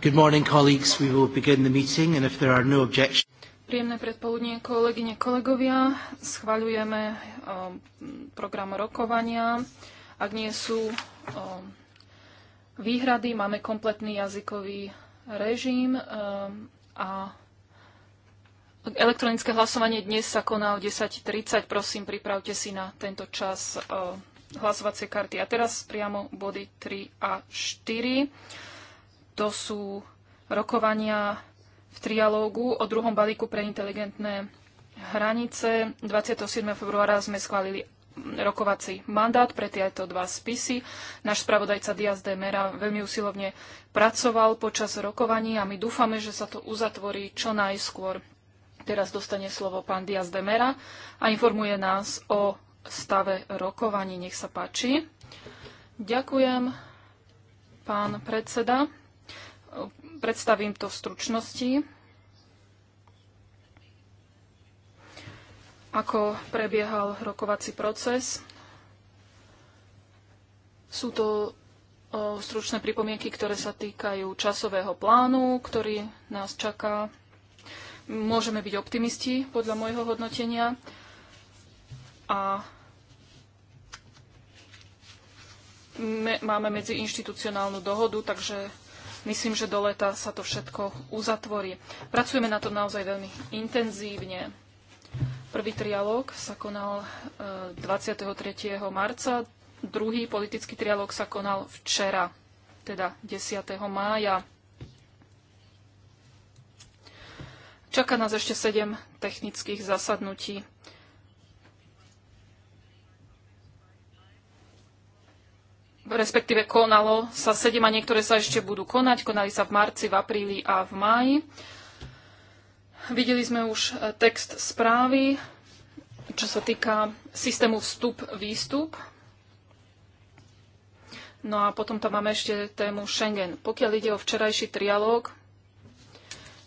Good morning, colleagues. We will begin the meeting, and if there are no objections... Príjemné predpoludnie, kolegyne, kolegovia. Schvaľujeme um, program rokovania. Ak nie sú um, výhrady, máme kompletný jazykový režim um, a elektronické hlasovanie dnes sa koná o 10.30. Prosím, pripravte si na tento čas hlasovacie karty. A teraz priamo body 3 a 4. To sú rokovania v trialógu o druhom balíku pre inteligentné hranice. 27. februára sme schválili rokovací mandát pre tieto dva spisy. Náš spravodajca Diaz de Mera veľmi usilovne pracoval počas rokovaní a my dúfame, že sa to uzatvorí čo najskôr. Teraz dostane slovo pán Diaz de Mera a informuje nás o stave rokovaní. Nech sa páči. Ďakujem, pán predseda. Predstavím to v stručnosti. Ako prebiehal rokovací proces? Sú to stručné pripomienky, ktoré sa týkajú časového plánu, ktorý nás čaká. Môžeme byť optimisti podľa môjho hodnotenia. A máme medziinštitucionálnu dohodu, takže Myslím, že do leta sa to všetko uzatvorí. Pracujeme na tom naozaj veľmi intenzívne. Prvý trialóg sa konal 23. E, marca, druhý politický trialóg sa konal včera, teda 10. mája. Čaká nás ešte 7 technických zasadnutí. respektíve konalo sa sedem a niektoré sa ešte budú konať. Konali sa v marci, v apríli a v máji. Videli sme už e, text správy, čo sa týka systému vstup-výstup. No a potom tam máme ešte tému Schengen. Pokiaľ ide o včerajší trialóg,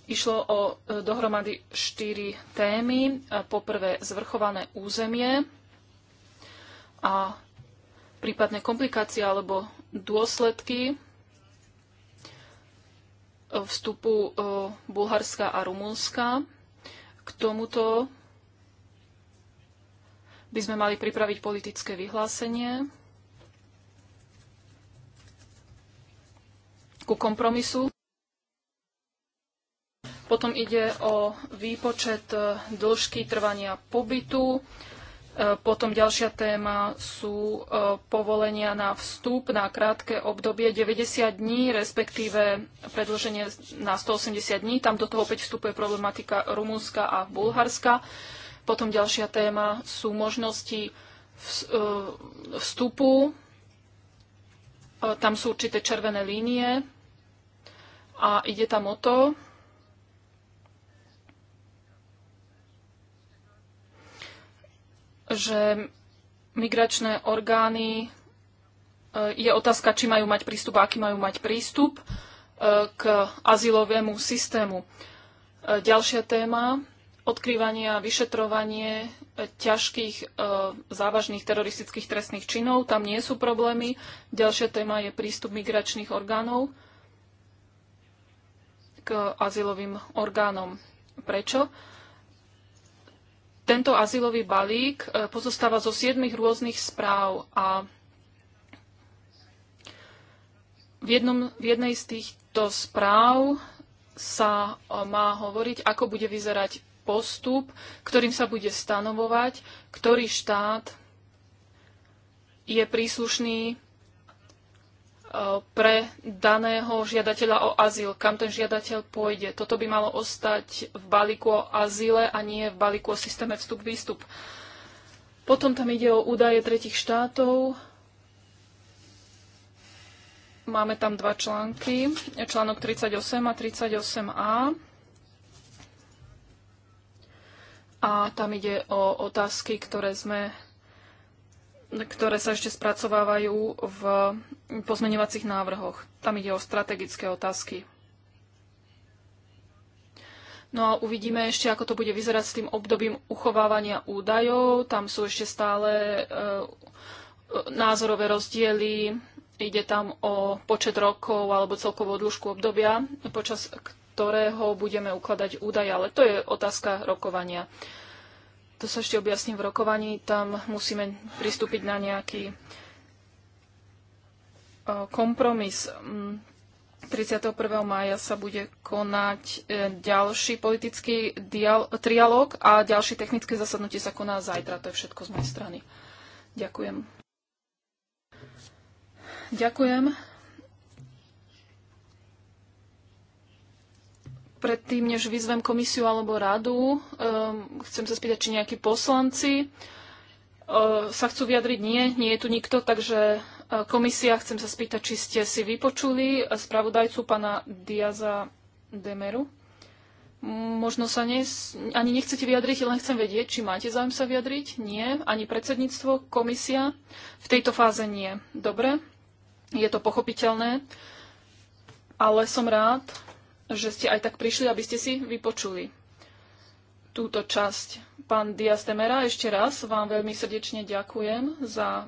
išlo o e, dohromady štyri témy. E, poprvé zvrchované územie a prípadné komplikácie alebo dôsledky vstupu e, Bulharska a Rumunska. K tomuto by sme mali pripraviť politické vyhlásenie ku kompromisu. Potom ide o výpočet e, dĺžky trvania pobytu E, potom ďalšia téma sú e, povolenia na vstup na krátke obdobie 90 dní, respektíve predloženie na 180 dní. Tam do toho opäť vstupuje problematika Rumunska a Bulharska. Potom ďalšia téma sú možnosti e, vstupu. Tam sú určité červené línie a ide tam o to, že migračné orgány e, je otázka, či majú mať prístup a aký majú mať prístup e, k azylovému systému. E, ďalšia téma odkrývanie a vyšetrovanie ťažkých závažných teroristických trestných činov. Tam nie sú problémy. Ďalšia téma je prístup migračných orgánov k azylovým orgánom. Prečo? Tento azylový balík e, pozostáva zo siedmých rôznych správ a v, jednom, v jednej z týchto správ sa e, má hovoriť, ako bude vyzerať postup, ktorým sa bude stanovovať, ktorý štát je príslušný E, pre daného žiadateľa o azyl, kam ten žiadateľ pôjde. Toto by malo ostať v balíku o azyle a nie v balíku o systéme vstup-výstup. Potom tam ide o údaje tretich štátov. Máme tam dva články, článok 38 a 38a. A tam ide o otázky, ktoré sme ktoré sa ešte spracovávajú v pozmeňovacích návrhoch. Tam ide o strategické otázky. No a uvidíme ešte, ako to bude vyzerať s tým obdobím uchovávania údajov. Tam sú ešte stále e, e názorové rozdiely. Ide tam o počet rokov alebo celkovú dĺžku obdobia, počas ktorého budeme ukladať údaje, ale to je otázka rokovania. E, to sa ešte objasním v rokovaní, tam musíme pristúpiť na nejaký e, kompromis. 31. Mm, mája sa bude konať e, ďalší politický dial- trialóg a ďalšie technické zasadnutie sa koná zajtra. To je všetko z mojej strany. Ďakujem. Ďakujem. predtým, než vyzvem komisiu alebo radu, um, chcem sa spýtať, či nejakí poslanci uh, sa chcú vyjadriť. Nie, nie je tu nikto, takže uh, komisia, chcem sa spýtať, či ste si vypočuli spravodajcu pána Diaza Demeru. Možno sa ne, ani nechcete vyjadriť, len chcem vedieť, či máte záujem sa vyjadriť. Nie, ani predsedníctvo, komisia. V tejto fáze nie. Dobre, je to pochopiteľné, ale som rád, že ste aj tak prišli, aby ste si vypočuli túto časť. Pán Dias Temera, ešte raz vám veľmi srdečne ďakujem za e,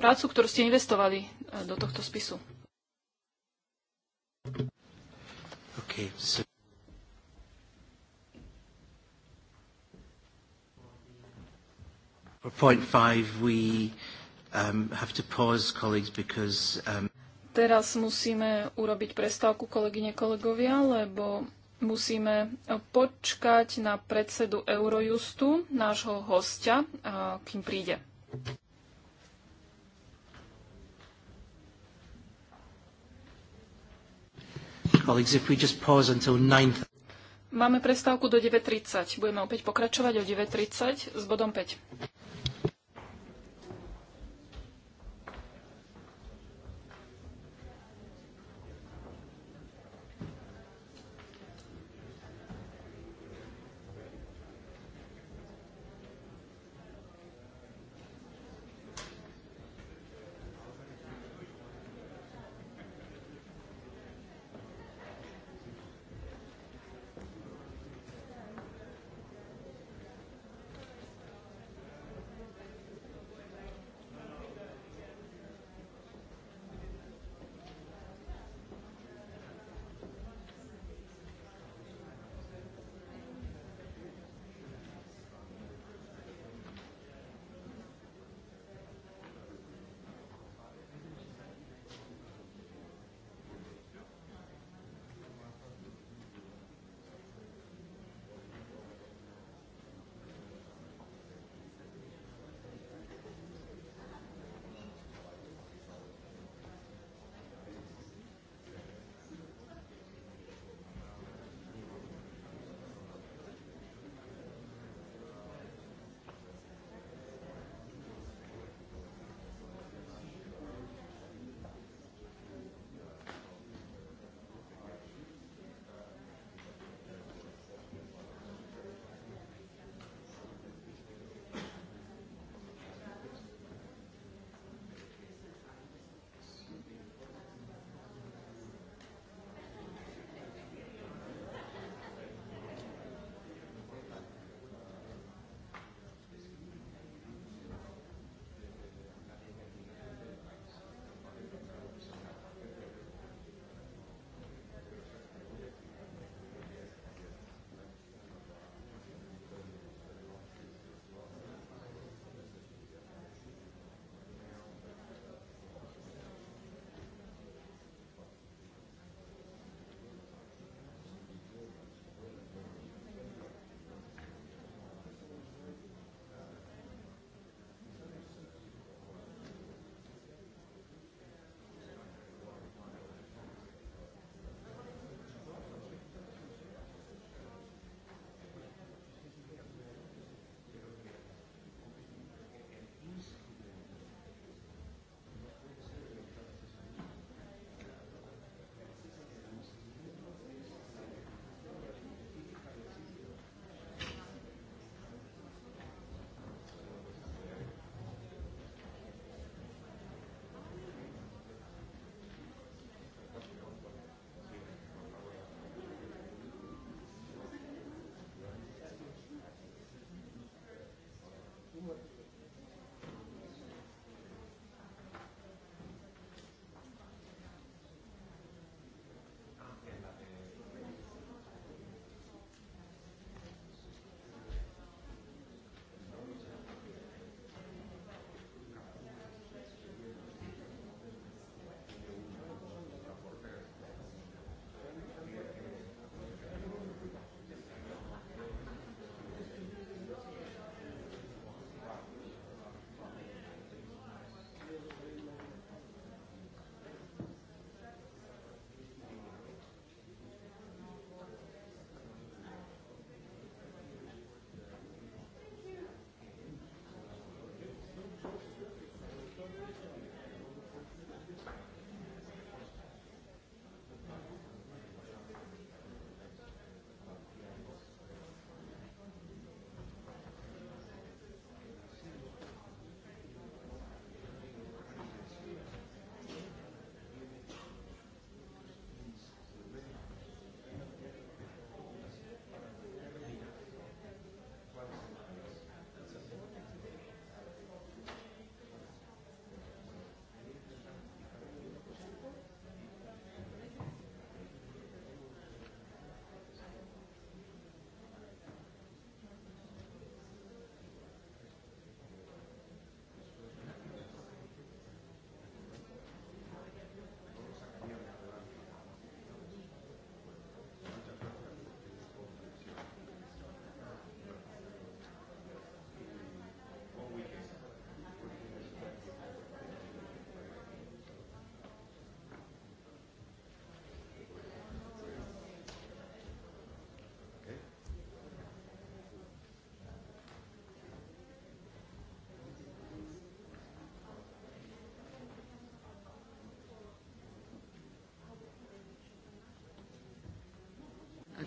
prácu, ktorú ste investovali e, do tohto spisu. Okay, so For point five, we um, have to pause, colleagues, because... Um... Teraz musíme urobiť prestávku, kolegyne, kolegovia, lebo musíme počkať na predsedu Eurojustu, nášho hostia, kým príde. Máme prestávku do 9.30. Budeme opäť pokračovať o 9.30 s bodom 5.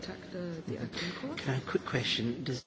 contact uh, the ACRIM court. Can I have a quick question? Does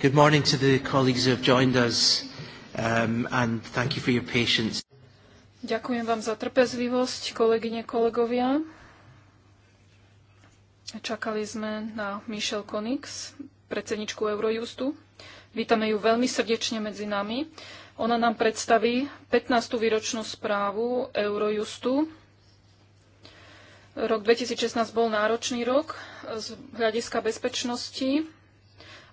Good morning to the colleagues who have joined us um, and thank you for your patience. Ďakujem vám za trpezlivosť, kolegyne, kolegovia. Čakali sme na Michelle Konix, predsedničku Eurojustu. Vítame ju veľmi srdečne medzi nami. Ona nám predstaví 15. výročnú správu Eurojustu. Rok 2016 bol náročný rok z hľadiska bezpečnosti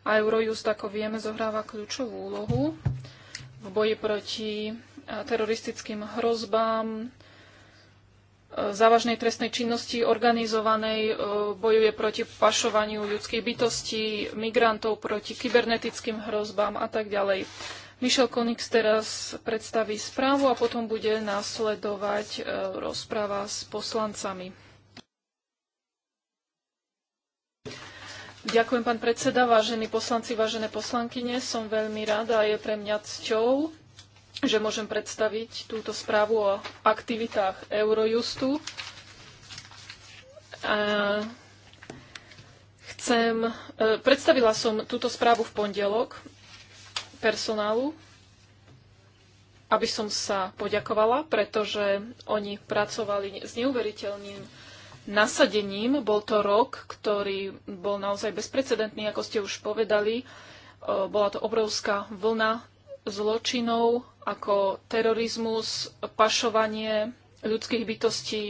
a Eurojust, ako vieme, zohráva kľúčovú úlohu v boji proti eh, teroristickým hrozbám, eh, závažnej trestnej činnosti organizovanej, eh, bojuje proti pašovaniu ľudských bytostí, migrantov proti kybernetickým hrozbám a tak ďalej. Michel Konix teraz predstaví správu a potom bude následovať rozpráva s poslancami. Ďakujem, pán predseda, vážení poslanci, vážené poslankyne. Som veľmi rada a je pre mňa cťou, že môžem predstaviť túto správu o aktivitách Eurojustu. chcem, e, predstavila som túto správu v pondelok personálu, aby som sa poďakovala, pretože oni pracovali s neuveriteľným nasadením. Bol to rok, ktorý bol naozaj bezprecedentný, ako ste už povedali. E, bola to obrovská vlna zločinov, ako terorizmus, pašovanie ľudských bytostí.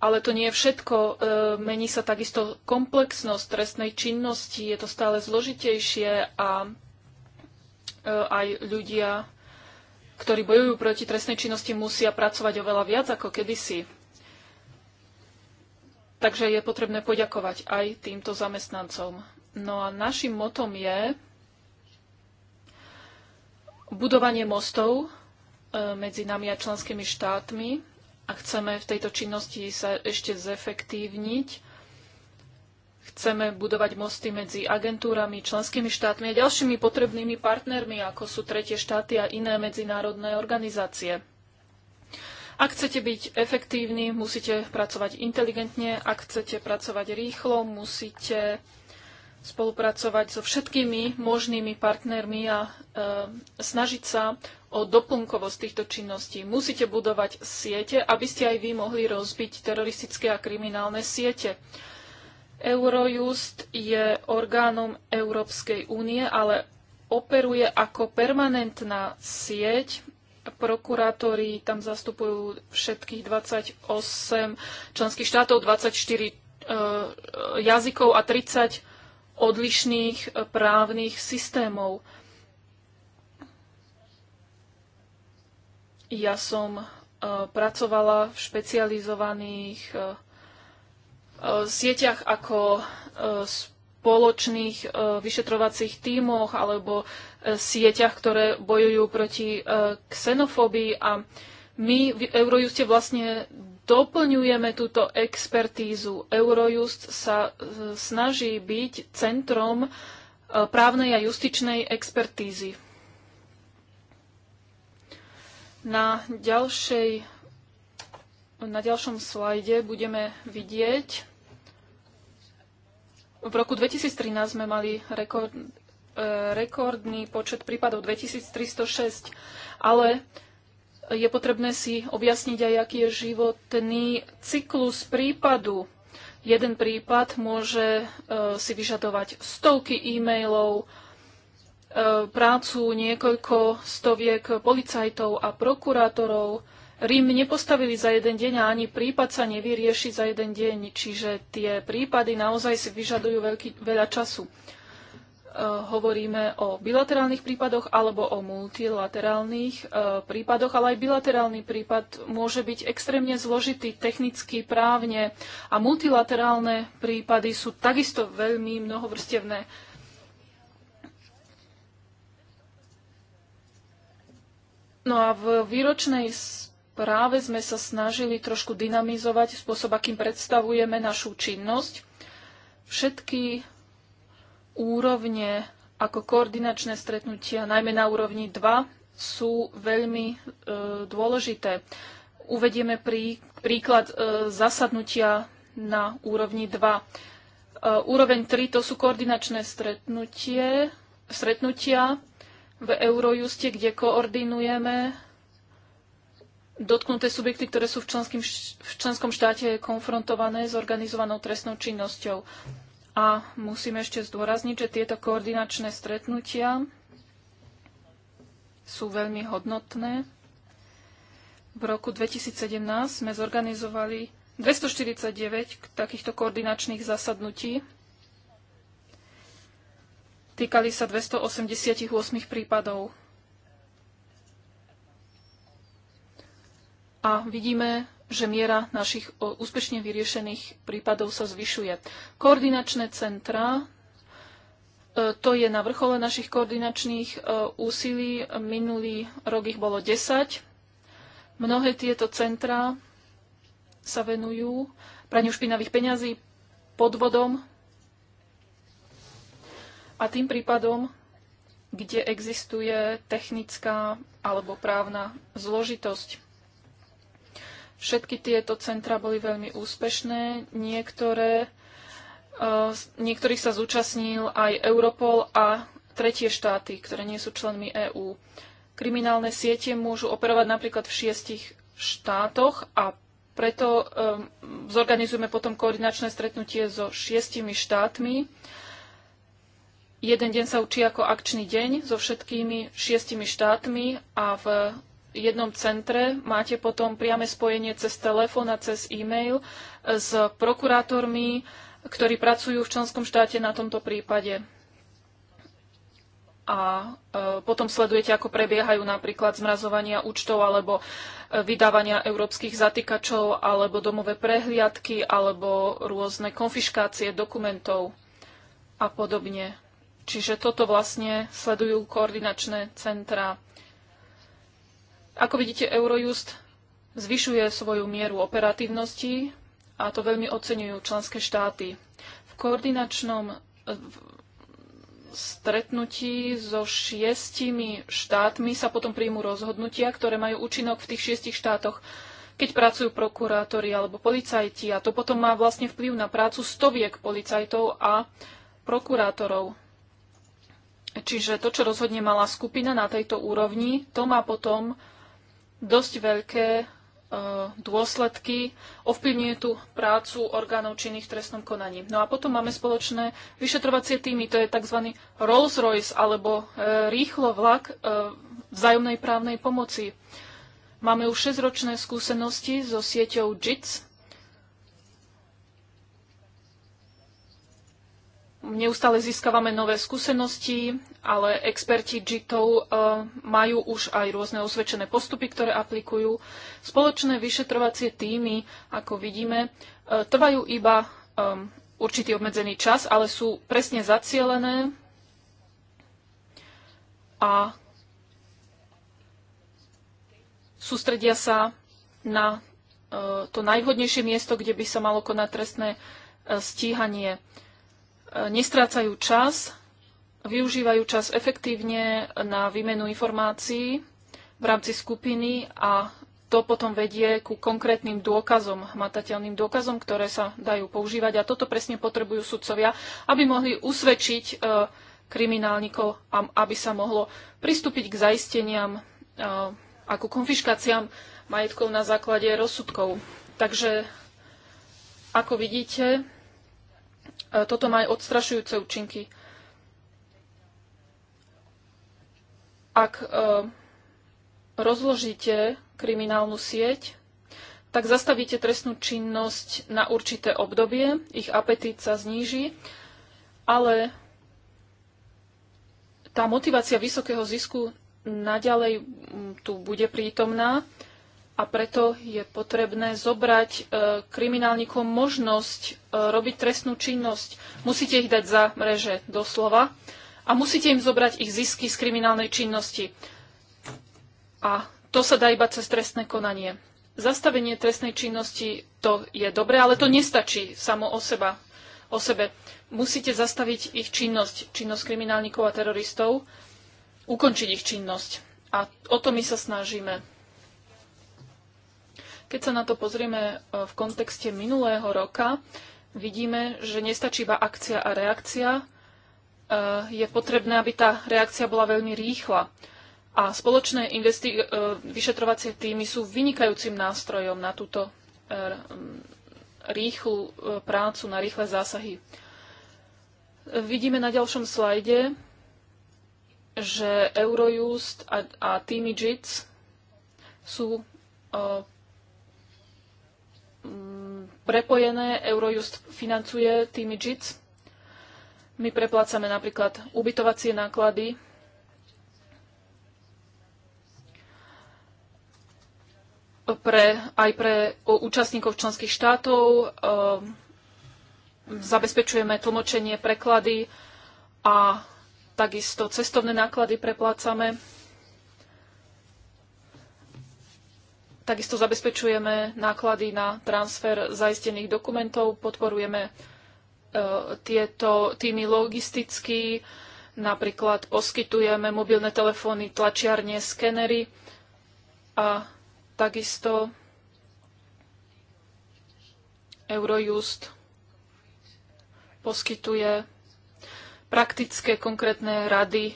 Ale to nie je všetko. E, mení sa takisto komplexnosť trestnej činnosti, je to stále zložitejšie a e, aj ľudia ktorí bojujú proti trestnej činnosti, musia pracovať oveľa viac ako kedysi. Takže je potrebné poďakovať aj týmto zamestnancom. No a našim motom je budovanie mostov e, medzi nami a členskými štátmi a chceme v tejto činnosti sa ešte zefektívniť. Chceme budovať mosty medzi agentúrami, členskými štátmi a ďalšími potrebnými partnermi, ako sú tretie štáty a iné medzinárodné organizácie. Ak chcete byť efektívni, musíte pracovať inteligentne, ak chcete pracovať rýchlo, musíte spolupracovať so všetkými možnými partnermi a e, snažiť sa o doplnkovosť týchto činností. Musíte budovať siete, aby ste aj vy mohli rozbiť teroristické a kriminálne siete. Eurojust je orgánom Európskej únie, ale operuje ako permanentná sieť prokurátori tam zastupujú všetkých 28 členských štátov, 24 eh, jazykov a 30 odlišných eh, právnych systémov. Ja som eh, pracovala v špecializovaných sieťach ako spoločných e, vyšetrovacích tímoch alebo e, sieťach, ktoré bojujú proti e, xenofóbii. A my v Eurojuste vlastne doplňujeme túto expertízu. Eurojust sa snaží byť centrom právnej a justičnej expertízy. Na ďalšej na ďalšom slajde budeme vidieť v roku 2013 sme mali rekord, e, rekordný počet prípadov 2306, ale je potrebné si objasniť aj, aký je životný cyklus prípadu. Jeden prípad môže e, si vyžadovať stovky e-mailov, e, prácu niekoľko stoviek policajtov a prokurátorov, Rím nepostavili za jeden deň a ani prípad sa nevyrieši za jeden deň, čiže tie prípady naozaj si vyžadujú veľký, veľa času. E, hovoríme o bilaterálnych prípadoch alebo o multilaterálnych e, prípadoch, ale aj bilaterálny prípad môže byť extrémne zložitý technicky, právne a multilaterálne prípady sú takisto veľmi mnohovrstevné. No a v výročnej práve sme sa snažili trošku dynamizovať spôsob, akým predstavujeme našu činnosť. Všetky úrovne ako koordinačné stretnutia, najmä na úrovni 2, sú veľmi e, dôležité. Uvedieme prí, príklad e, zasadnutia na úrovni 2. E, úroveň 3 to sú koordinačné stretnutie, stretnutia v Eurojuste, kde koordinujeme dotknuté subjekty, ktoré sú v, členským, v členskom štáte konfrontované s organizovanou trestnou činnosťou. A musíme ešte zdôrazniť, že tieto koordinačné stretnutia sú veľmi hodnotné. V roku 2017 sme zorganizovali 249 takýchto koordinačných zasadnutí. Týkali sa 288 prípadov a vidíme, že miera našich úspešne vyriešených prípadov sa zvyšuje. Koordinačné centra, e, to je na vrchole našich koordinačných e, úsilí. Minulý rok ich bolo 10. Mnohé tieto centra sa venujú praniu špinavých peňazí, pod vodom a tým prípadom, kde existuje technická alebo právna zložitosť. Všetky tieto centra boli veľmi úspešné. Niektoré, e, niektorých sa zúčastnil aj Europol a tretie štáty, ktoré nie sú členmi EÚ. Kriminálne siete môžu operovať napríklad v šiestich štátoch a preto um, zorganizujeme potom koordinačné stretnutie so šiestimi štátmi. Jeden deň sa učí ako akčný deň so všetkými šiestimi štátmi a v jednom centre máte potom priame spojenie cez telefón a cez e-mail e, s prokurátormi, ktorí pracujú v členskom štáte na tomto prípade. A e, potom sledujete, ako prebiehajú napríklad zmrazovania účtov alebo e, vydávania európskych zatýkačov alebo domové prehliadky alebo rôzne konfiškácie dokumentov a podobne. Čiže toto vlastne sledujú koordinačné centra. Ako vidíte, Eurojust zvyšuje svoju mieru operatívnosti a to veľmi oceňujú členské štáty. V koordinačnom eh, stretnutí so šiestimi štátmi sa potom príjmu rozhodnutia, ktoré majú účinok v tých šiestich štátoch, keď pracujú prokurátori alebo policajti. A to potom má vlastne vplyv na prácu stoviek policajtov a prokurátorov. Čiže to, čo rozhodne malá skupina na tejto úrovni, to má potom dosť veľké e, dôsledky, ovplyvňuje tú prácu orgánov činných v trestnom konaní. No a potom máme spoločné vyšetrovacie týmy, to je tzv. Rolls-Royce alebo e, rýchlo vlak e, vzájomnej právnej pomoci. Máme už 6-ročné skúsenosti so sieťou JITS, Neustále získavame nové skúsenosti, ale experti JITov eh, majú už aj rôzne osvedčené postupy, ktoré aplikujú. Spoločné vyšetrovacie týmy, ako vidíme, eh, trvajú iba eh, určitý obmedzený čas, ale sú presne zacielené a sústredia sa na to najvhodnejšie miesto, kde by sa malo konať trestné stíhanie nestrácajú čas, využívajú čas efektívne na výmenu informácií v rámci skupiny a to potom vedie ku konkrétnym dôkazom, hmatateľným dôkazom, ktoré sa dajú používať. A toto presne potrebujú sudcovia, aby mohli usvedčiť e, kriminálnikov, aby sa mohlo pristúpiť k zaisteniam e, a ku konfiškáciám majetkov na základe rozsudkov. Takže, ako vidíte, E, toto má aj odstrašujúce účinky. Ak e, rozložíte kriminálnu sieť, tak zastavíte trestnú činnosť na určité obdobie, ich apetít sa zníži, ale tá motivácia vysokého zisku naďalej tu bude prítomná a preto je potrebné zobrať e, kriminálnikom možnosť e, robiť trestnú činnosť. Musíte ich dať za mreže doslova a musíte im zobrať ich zisky z kriminálnej činnosti. A to sa dá iba cez trestné konanie. Zastavenie trestnej činnosti to je dobré, ale to nestačí samo o, seba, o sebe. Musíte zastaviť ich činnosť, činnosť kriminálnikov a teroristov, ukončiť ich činnosť. A o to my sa snažíme. Keď sa na to pozrieme e, v kontexte minulého roka, vidíme, že nestačí iba akcia a reakcia. E, je potrebné, aby tá reakcia bola veľmi rýchla. A spoločné investi- e, vyšetrovacie týmy sú vynikajúcim nástrojom na túto rýchlu prácu, na rýchle zásahy. Vidíme na ďalšom slajde, že Eurojust a, a týmy JITS sú Mm, prepojené. Eurojust financuje tými JITS. My preplácame napríklad ubytovacie náklady. Pre, aj pre účastníkov členských štátov ehm, zabezpečujeme tlmočenie, preklady a takisto cestovné náklady preplácame. Takisto zabezpečujeme náklady na transfer zaistených dokumentov, podporujeme e, tieto týmy logisticky, napríklad poskytujeme mobilné telefóny, tlačiarne, skenery a takisto Eurojust poskytuje praktické konkrétne rady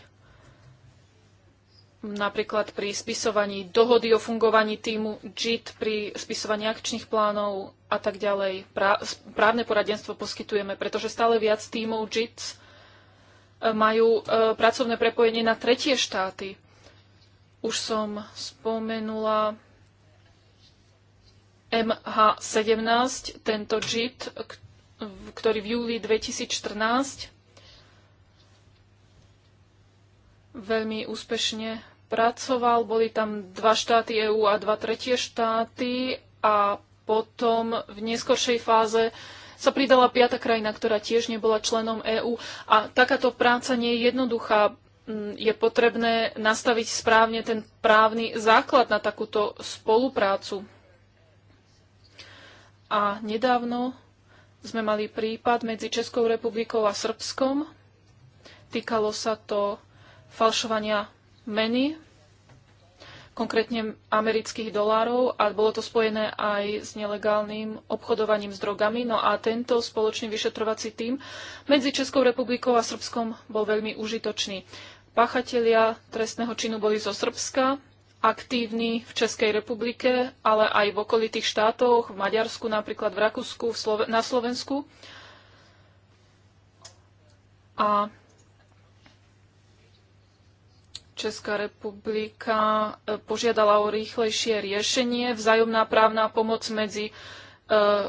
napríklad pri spisovaní dohody o fungovaní týmu JIT, pri spisovaní akčných plánov a tak ďalej. právne poradenstvo poskytujeme, pretože stále viac týmov JIT e, majú e, pracovné prepojenie na tretie štáty. Už som spomenula MH17, tento JIT, ktorý v júli 2014 veľmi úspešne pracoval, boli tam dva štáty EÚ a dva tretie štáty a potom v neskoršej fáze sa pridala piata krajina, ktorá tiež nebola členom EÚ. A takáto práca nie je jednoduchá. Mm, je potrebné nastaviť správne ten právny základ na takúto spoluprácu. A nedávno sme mali prípad medzi Českou republikou a Srbskom. Týkalo sa to falšovania meny, konkrétne amerických dolárov a bolo to spojené aj s nelegálnym obchodovaním s drogami. No a tento spoločný vyšetrovací tím medzi Českou republikou a Srbskom bol veľmi užitočný. Páchatelia trestného činu boli zo Srbska, aktívni v Českej republike, ale aj v okolitých štátoch, v Maďarsku, napríklad v Rakúsku, v Sloven- na Slovensku. A Česká republika e, požiadala o rýchlejšie riešenie. Vzájomná právna pomoc medzi e,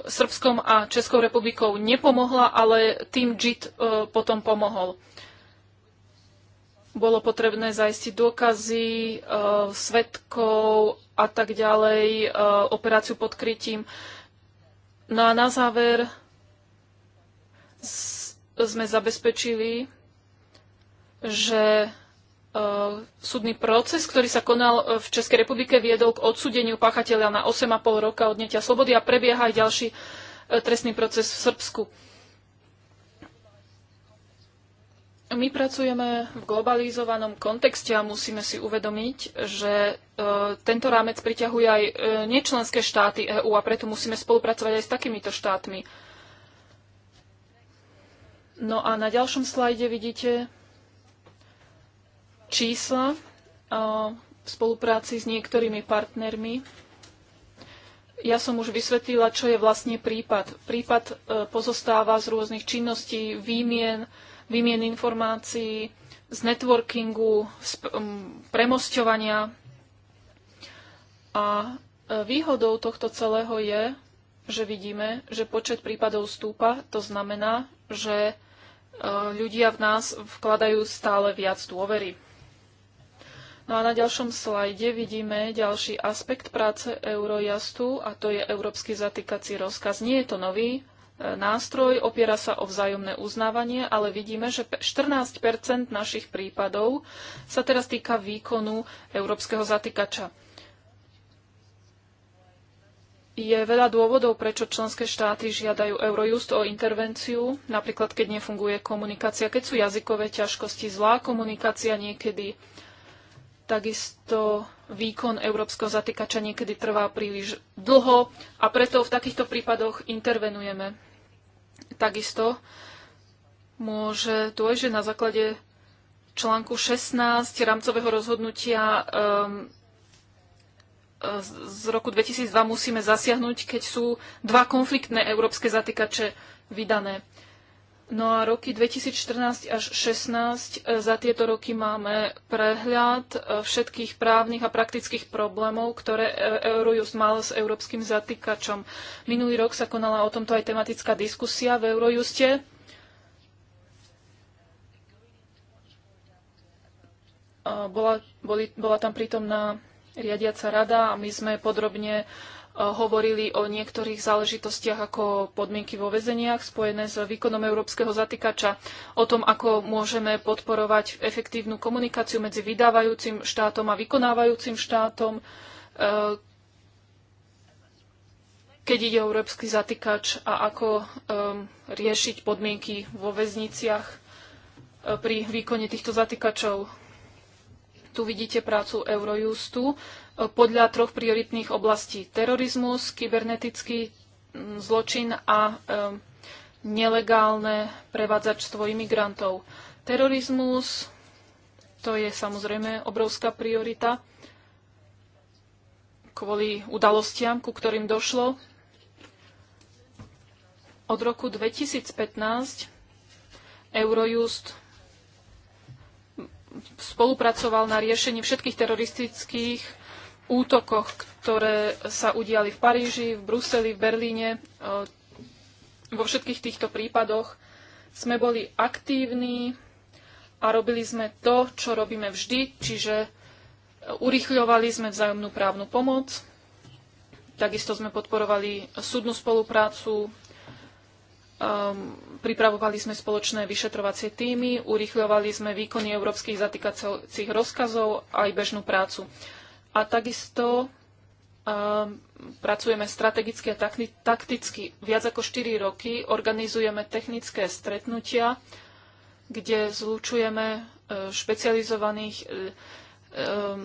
Srbskom a Českou republikou nepomohla, ale tým JIT e, potom pomohol. Bolo potrebné zaistiť dôkazy, svetkov a tak ďalej, operáciu pod krytím. No a na záver sme zabezpečili, že Ehm, súdny proces, ktorý sa konal e, v Českej republike, viedol k odsudeniu páchateľa na 8,5 roka odnetia slobody a prebieha aj ďalší e, trestný proces v Srbsku. My pracujeme v globalizovanom kontexte a musíme si uvedomiť, že e, tento rámec priťahuje aj nečlenské štáty EÚ a preto musíme spolupracovať aj s takýmito štátmi. No a na ďalšom slajde vidíte čísla v spolupráci s niektorými partnermi. Ja som už vysvetlila, čo je vlastne prípad. Prípad e, pozostáva z rôznych činností, výmien, výmien informácií, z networkingu, z premosťovania. A e, výhodou tohto celého je, že vidíme, že počet prípadov stúpa. To znamená, že e, ľudia v nás vkladajú stále viac dôvery. No a na ďalšom slajde vidíme ďalší aspekt práce Eurojastu a to je Európsky zatýkací rozkaz. Nie je to nový e, nástroj, opiera sa o vzájomné uznávanie, ale vidíme, že 14 našich prípadov sa teraz týka výkonu európskeho zatýkača. Je veľa dôvodov, prečo členské štáty žiadajú Eurojust o intervenciu, napríklad keď nefunguje komunikácia, keď sú jazykové ťažkosti, zlá komunikácia niekedy, Takisto výkon európskeho zatýkača niekedy trvá príliš dlho a preto v takýchto prípadoch intervenujeme. Takisto môže dôjsť, že na základe článku 16 rámcového rozhodnutia um, z roku 2002 musíme zasiahnuť, keď sú dva konfliktné európske zatýkače vydané. No a roky 2014 až 2016, e, za tieto roky máme prehľad e, všetkých právnych a praktických problémov, ktoré e- Eurojust mal s európskym zatýkačom. Minulý rok sa konala o tomto aj tematická diskusia v Eurojuste. Bola, boli, bola tam prítomná riadiaca rada a my sme podrobne uh, E, hovorili o niektorých záležitostiach ako podmienky vo väzeniach spojené s výkonom európskeho zatýkača, o tom, ako môžeme podporovať efektívnu komunikáciu medzi vydávajúcim štátom a vykonávajúcim štátom, e, keď ide o európsky zatýkač a ako e, riešiť podmienky vo väzniciach pri výkone týchto zatýkačov. Tu vidíte prácu Eurojustu podľa troch prioritných oblastí. Terorizmus, kybernetický mm, zločin a nelegálne prevádzačstvo imigrantov. Terorizmus, to je samozrejme obrovská priorita kvôli udalostiam, ku ktorým došlo. Od roku 2015 Eurojust spolupracoval na riešení všetkých teroristických útokoch, ktoré sa udiali v Paríži, v Bruseli, v Berlíne. E, vo všetkých týchto prípadoch sme boli aktívni a robili sme to, čo robíme vždy, čiže e, urychľovali sme vzájomnú právnu pomoc, takisto sme podporovali súdnu spoluprácu, Um, pripravovali sme spoločné vyšetrovacie týmy, urychľovali sme výkony európskych zatýkacích rozkazov a aj bežnú prácu a takisto ehm, pracujeme strategicky a takticky. Viac ako 4 roky organizujeme technické stretnutia, kde zlučujeme e, špecializovaných e, ehm,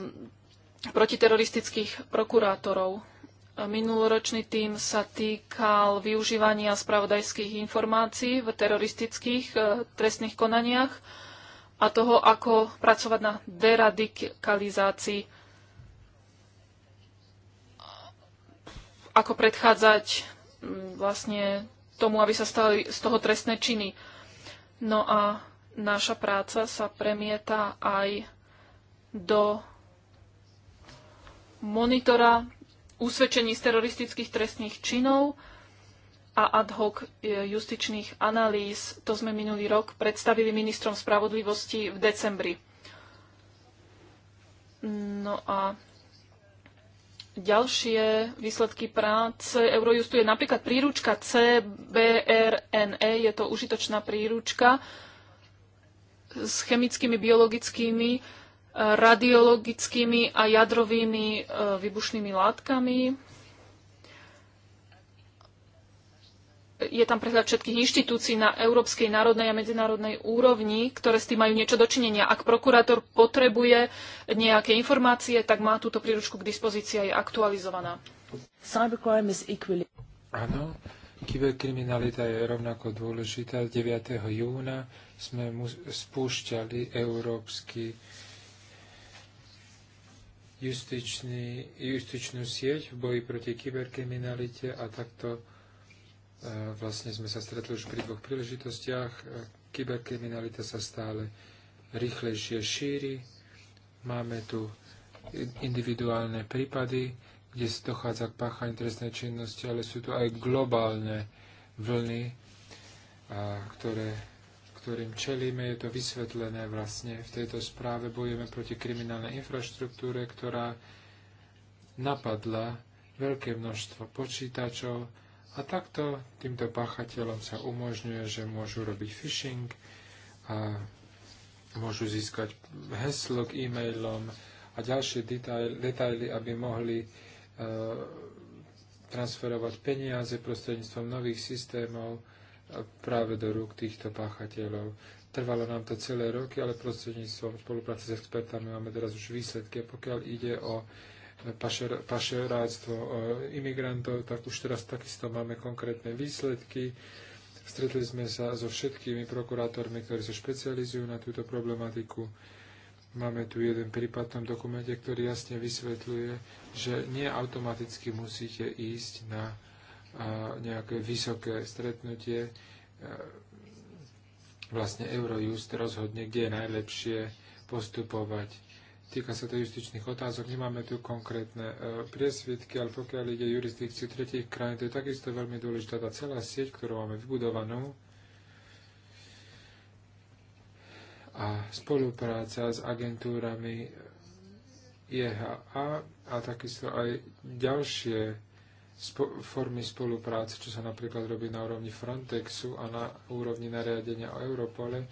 protiteroristických prokurátorov. Minuloročný tím sa týkal využívania spravodajských informácií v teroristických e, trestných konaniach a toho, ako pracovať na deradikalizácii ako predchádzať mm, vlastne tomu, aby sa stali z toho trestné činy. No a naša práca sa premieta aj do monitora usvedčení z teroristických trestných činov a ad hoc e, justičných analýz. To sme minulý rok predstavili ministrom spravodlivosti v decembri. No a ďalšie výsledky práce Eurojustu je napríklad príručka CBRNE, je to užitočná príručka s chemickými, biologickými, radiologickými a jadrovými e, výbušnými vybušnými látkami. je tam prehľad všetkých inštitúcií na európskej, národnej a medzinárodnej úrovni, ktoré s tým majú niečo dočinenia. Ak prokurátor potrebuje nejaké informácie, tak má túto príručku k dispozícii a je aktualizovaná. Cybercrime is equally... Áno, kyberkriminalita je rovnako dôležitá. 9. júna sme mu spúšťali európsky justičný, justičnú sieť v boji proti kyberkriminalite a takto Vlastne sme sa stretli už pri dvoch príležitostiach. Kyberkriminalita sa stále rýchlejšie šíri. Máme tu individuálne prípady, kde sa dochádza k páchaní trestnej činnosti, ale sú tu aj globálne vlny, ktoré, ktorým čelíme. Je to vysvetlené vlastne v tejto správe. Bojujeme proti kriminálnej infraštruktúre, ktorá napadla veľké množstvo počítačov, a takto týmto páchateľom sa umožňuje, že môžu robiť phishing a môžu získať heslo k e-mailom a ďalšie detaily, aby mohli e, transferovať peniaze prostredníctvom nových systémov e, práve do rúk týchto páchateľov. Trvalo nám to celé roky, ale prostredníctvom spolupráce s expertami máme teraz už výsledky. Pokiaľ ide o pašer, pašeráctvo e, imigrantov, tak už teraz takisto máme konkrétne výsledky. Stretli sme sa so všetkými prokurátormi, ktorí sa špecializujú na túto problematiku. Máme tu jeden prípad v tom dokumente, ktorý jasne vysvetľuje, že nie automaticky musíte ísť na e, nejaké vysoké stretnutie. E, vlastne Eurojust rozhodne, kde je najlepšie postupovať Týka sa to justičných otázok. Nemáme tu konkrétne e, priesvitky, ale pokiaľ ide jurisdikciu tretich krajín, to je takisto veľmi dôležitá tá celá sieť, ktorú máme vybudovanú. A spolupráca s agentúrami IHA a takisto aj ďalšie spo- formy spolupráce, čo sa napríklad robí na úrovni Frontexu a na úrovni nariadenia o Europole,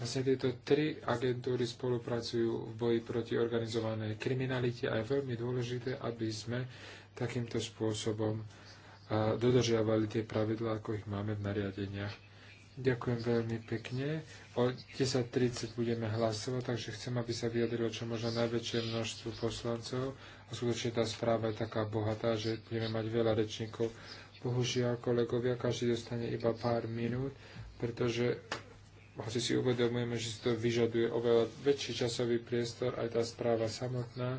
Vlastne tieto tri agentúry spolupracujú v boji proti organizovanej kriminalite a je veľmi dôležité, aby sme takýmto spôsobom dodržiavali tie pravidlá, ako ich máme v nariadeniach. Ďakujem veľmi pekne. O 10.30 budeme hlasovať, takže chcem, aby sa vyjadrilo čo možno najväčšie množstvo poslancov. A skutočne tá správa je taká bohatá, že budeme mať veľa rečníkov. Bohužiaľ, kolegovia, každý dostane iba pár minút, pretože hoci si uvedomujeme, že si to vyžaduje oveľa väčší časový priestor, aj tá správa samotná,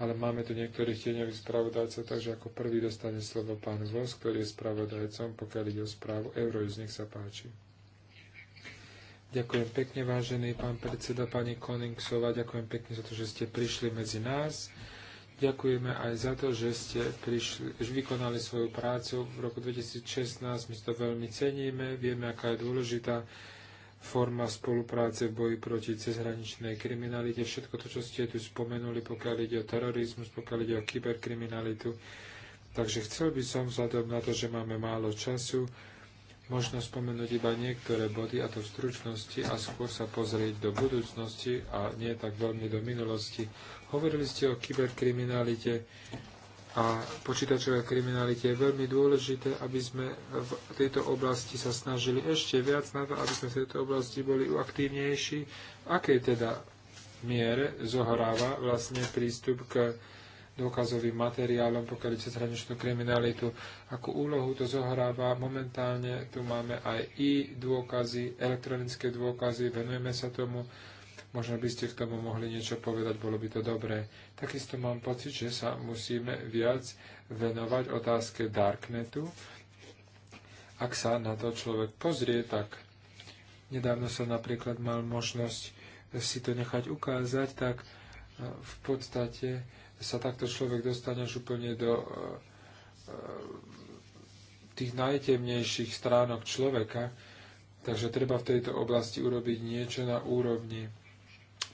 ale máme tu niektorých tieňových spravodajcov, takže ako prvý dostane slovo pán Vos, ktorý je spravodajcom, pokiaľ ide o správu z nech sa páči. Ďakujem pekne, vážený pán predseda, pani Koningsova, ďakujem pekne za to, že ste prišli medzi nás. Ďakujeme aj za to, že ste prišli, že vykonali svoju prácu v roku 2016. My to veľmi ceníme, vieme, aká je dôležitá forma spolupráce v boji proti cezhraničnej kriminalite, všetko to, čo ste tu spomenuli, pokiaľ ide o terorizmus, pokiaľ ide o kyberkriminalitu. Takže chcel by som vzhľadom na to, že máme málo času, možno spomenúť iba niektoré body, a to v stručnosti, a skôr sa pozrieť do budúcnosti a nie tak veľmi do minulosti. Hovorili ste o kyberkriminalite a počítačovej kriminalite je veľmi dôležité, aby sme v tejto oblasti sa snažili ešte viac na to, aby sme v tejto oblasti boli aktívnejší. Aké akej teda miere zohráva vlastne prístup k dôkazovým materiálom, pokiaľ ide cezhraničnú kriminalitu. Akú úlohu to zohráva momentálne, tu máme aj i dôkazy, elektronické dôkazy, venujeme sa tomu Možno by ste k tomu mohli niečo povedať, bolo by to dobré. Takisto mám pocit, že sa musíme viac venovať otázke Darknetu. Ak sa na to človek pozrie, tak nedávno som napríklad mal možnosť si to nechať ukázať, tak e, v podstate sa takto človek dostane až úplne do e, e, tých najtemnejších stránok človeka, takže treba v tejto oblasti urobiť niečo na úrovni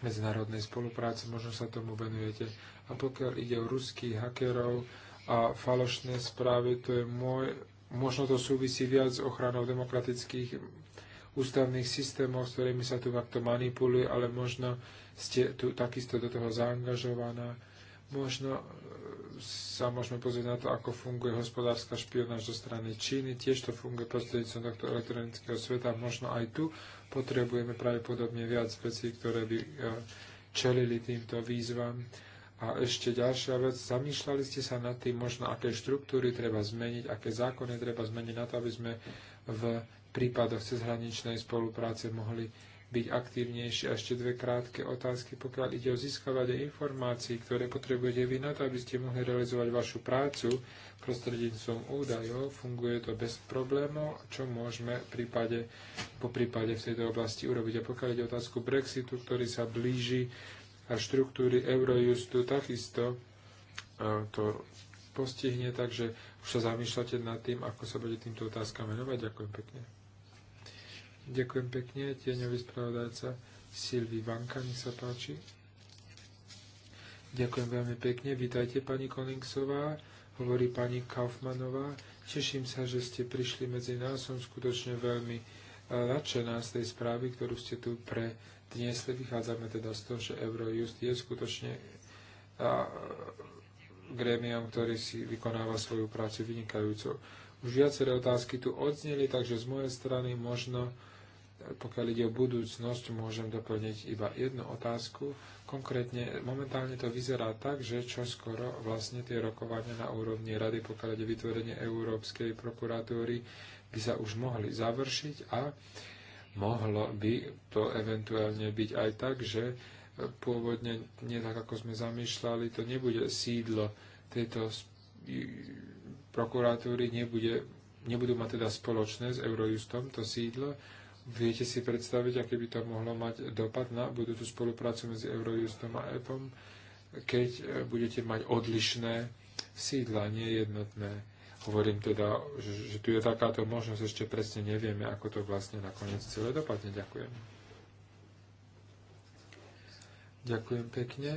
medzinárodnej spolupráce, možno sa tomu venujete. A pokiaľ ide o ruských hakerov a falošné správy, to je môj, možno to súvisí viac s ochranou demokratických ústavných systémov, s ktorými sa tu takto manipuluje, ale možno ste tu takisto do toho zaangažovaná Možno e, sa môžeme pozrieť na to, ako funguje hospodárska špionáž zo strany Číny. Tiež to funguje prostredníctvom tohto elektronického sveta. Možno aj tu potrebujeme pravdepodobne viac vecí, ktoré by e, čelili týmto výzvam. A ešte ďalšia vec, zamýšľali ste sa nad tým možno, aké štruktúry treba zmeniť, aké zákony treba zmeniť na to, aby sme v prípadoch cezhraničnej spolupráce mohli byť aktívnejší. A ešte dve krátke otázky, pokiaľ ide o získavanie informácií, ktoré potrebujete vy na to, aby ste mohli realizovať vašu prácu prostredníctvom údajov. Funguje to bez problémov, čo môžeme v prípade, po prípade v tejto oblasti urobiť. A pokiaľ ide o otázku Brexitu, ktorý sa blíži a štruktúry Eurojustu, takisto e, to postihne, takže už sa zamýšľate nad tým, ako sa bude týmto otázkam venovať. Ďakujem pekne. Ďakujem pekne, tieňový spravodajca Silvi Vanka, nech sa páči. Ďakujem veľmi pekne, vítajte pani Koningsová. hovorí pani Kaufmanová. Teším sa, že ste prišli medzi nás, som skutočne veľmi eh, nadšená z tej správy, ktorú ste tu pre dnes vychádzame teda z toho, že Eurojust je skutočne a, eh, ktorý si vykonáva svoju prácu vynikajúco. Už viaceré otázky tu odzneli, takže z mojej strany možno pokiaľ ide o budúcnosť, môžem doplniť iba jednu otázku. Konkrétne, momentálne to vyzerá tak, že čo skoro vlastne tie rokovania na úrovni rady, pokiaľ ide vytvorenie Európskej prokuratúry, by sa už mohli završiť a mohlo by to eventuálne byť aj tak, že pôvodne, nie tak ako sme zamýšľali, to nebude sídlo tejto prokuratúry, nebude, nebudú mať teda spoločné s Eurojustom to sídlo, Viete si predstaviť, aký by to mohlo mať dopad na budúcu spoluprácu medzi Eurojustom a EPom, keď e, budete mať odlišné sídla, nie jednotné. Hovorím teda, že tu je takáto možnosť, ešte presne nevieme, ako to vlastne nakoniec celé dopadne. Ďakujem. Ďakujem pekne.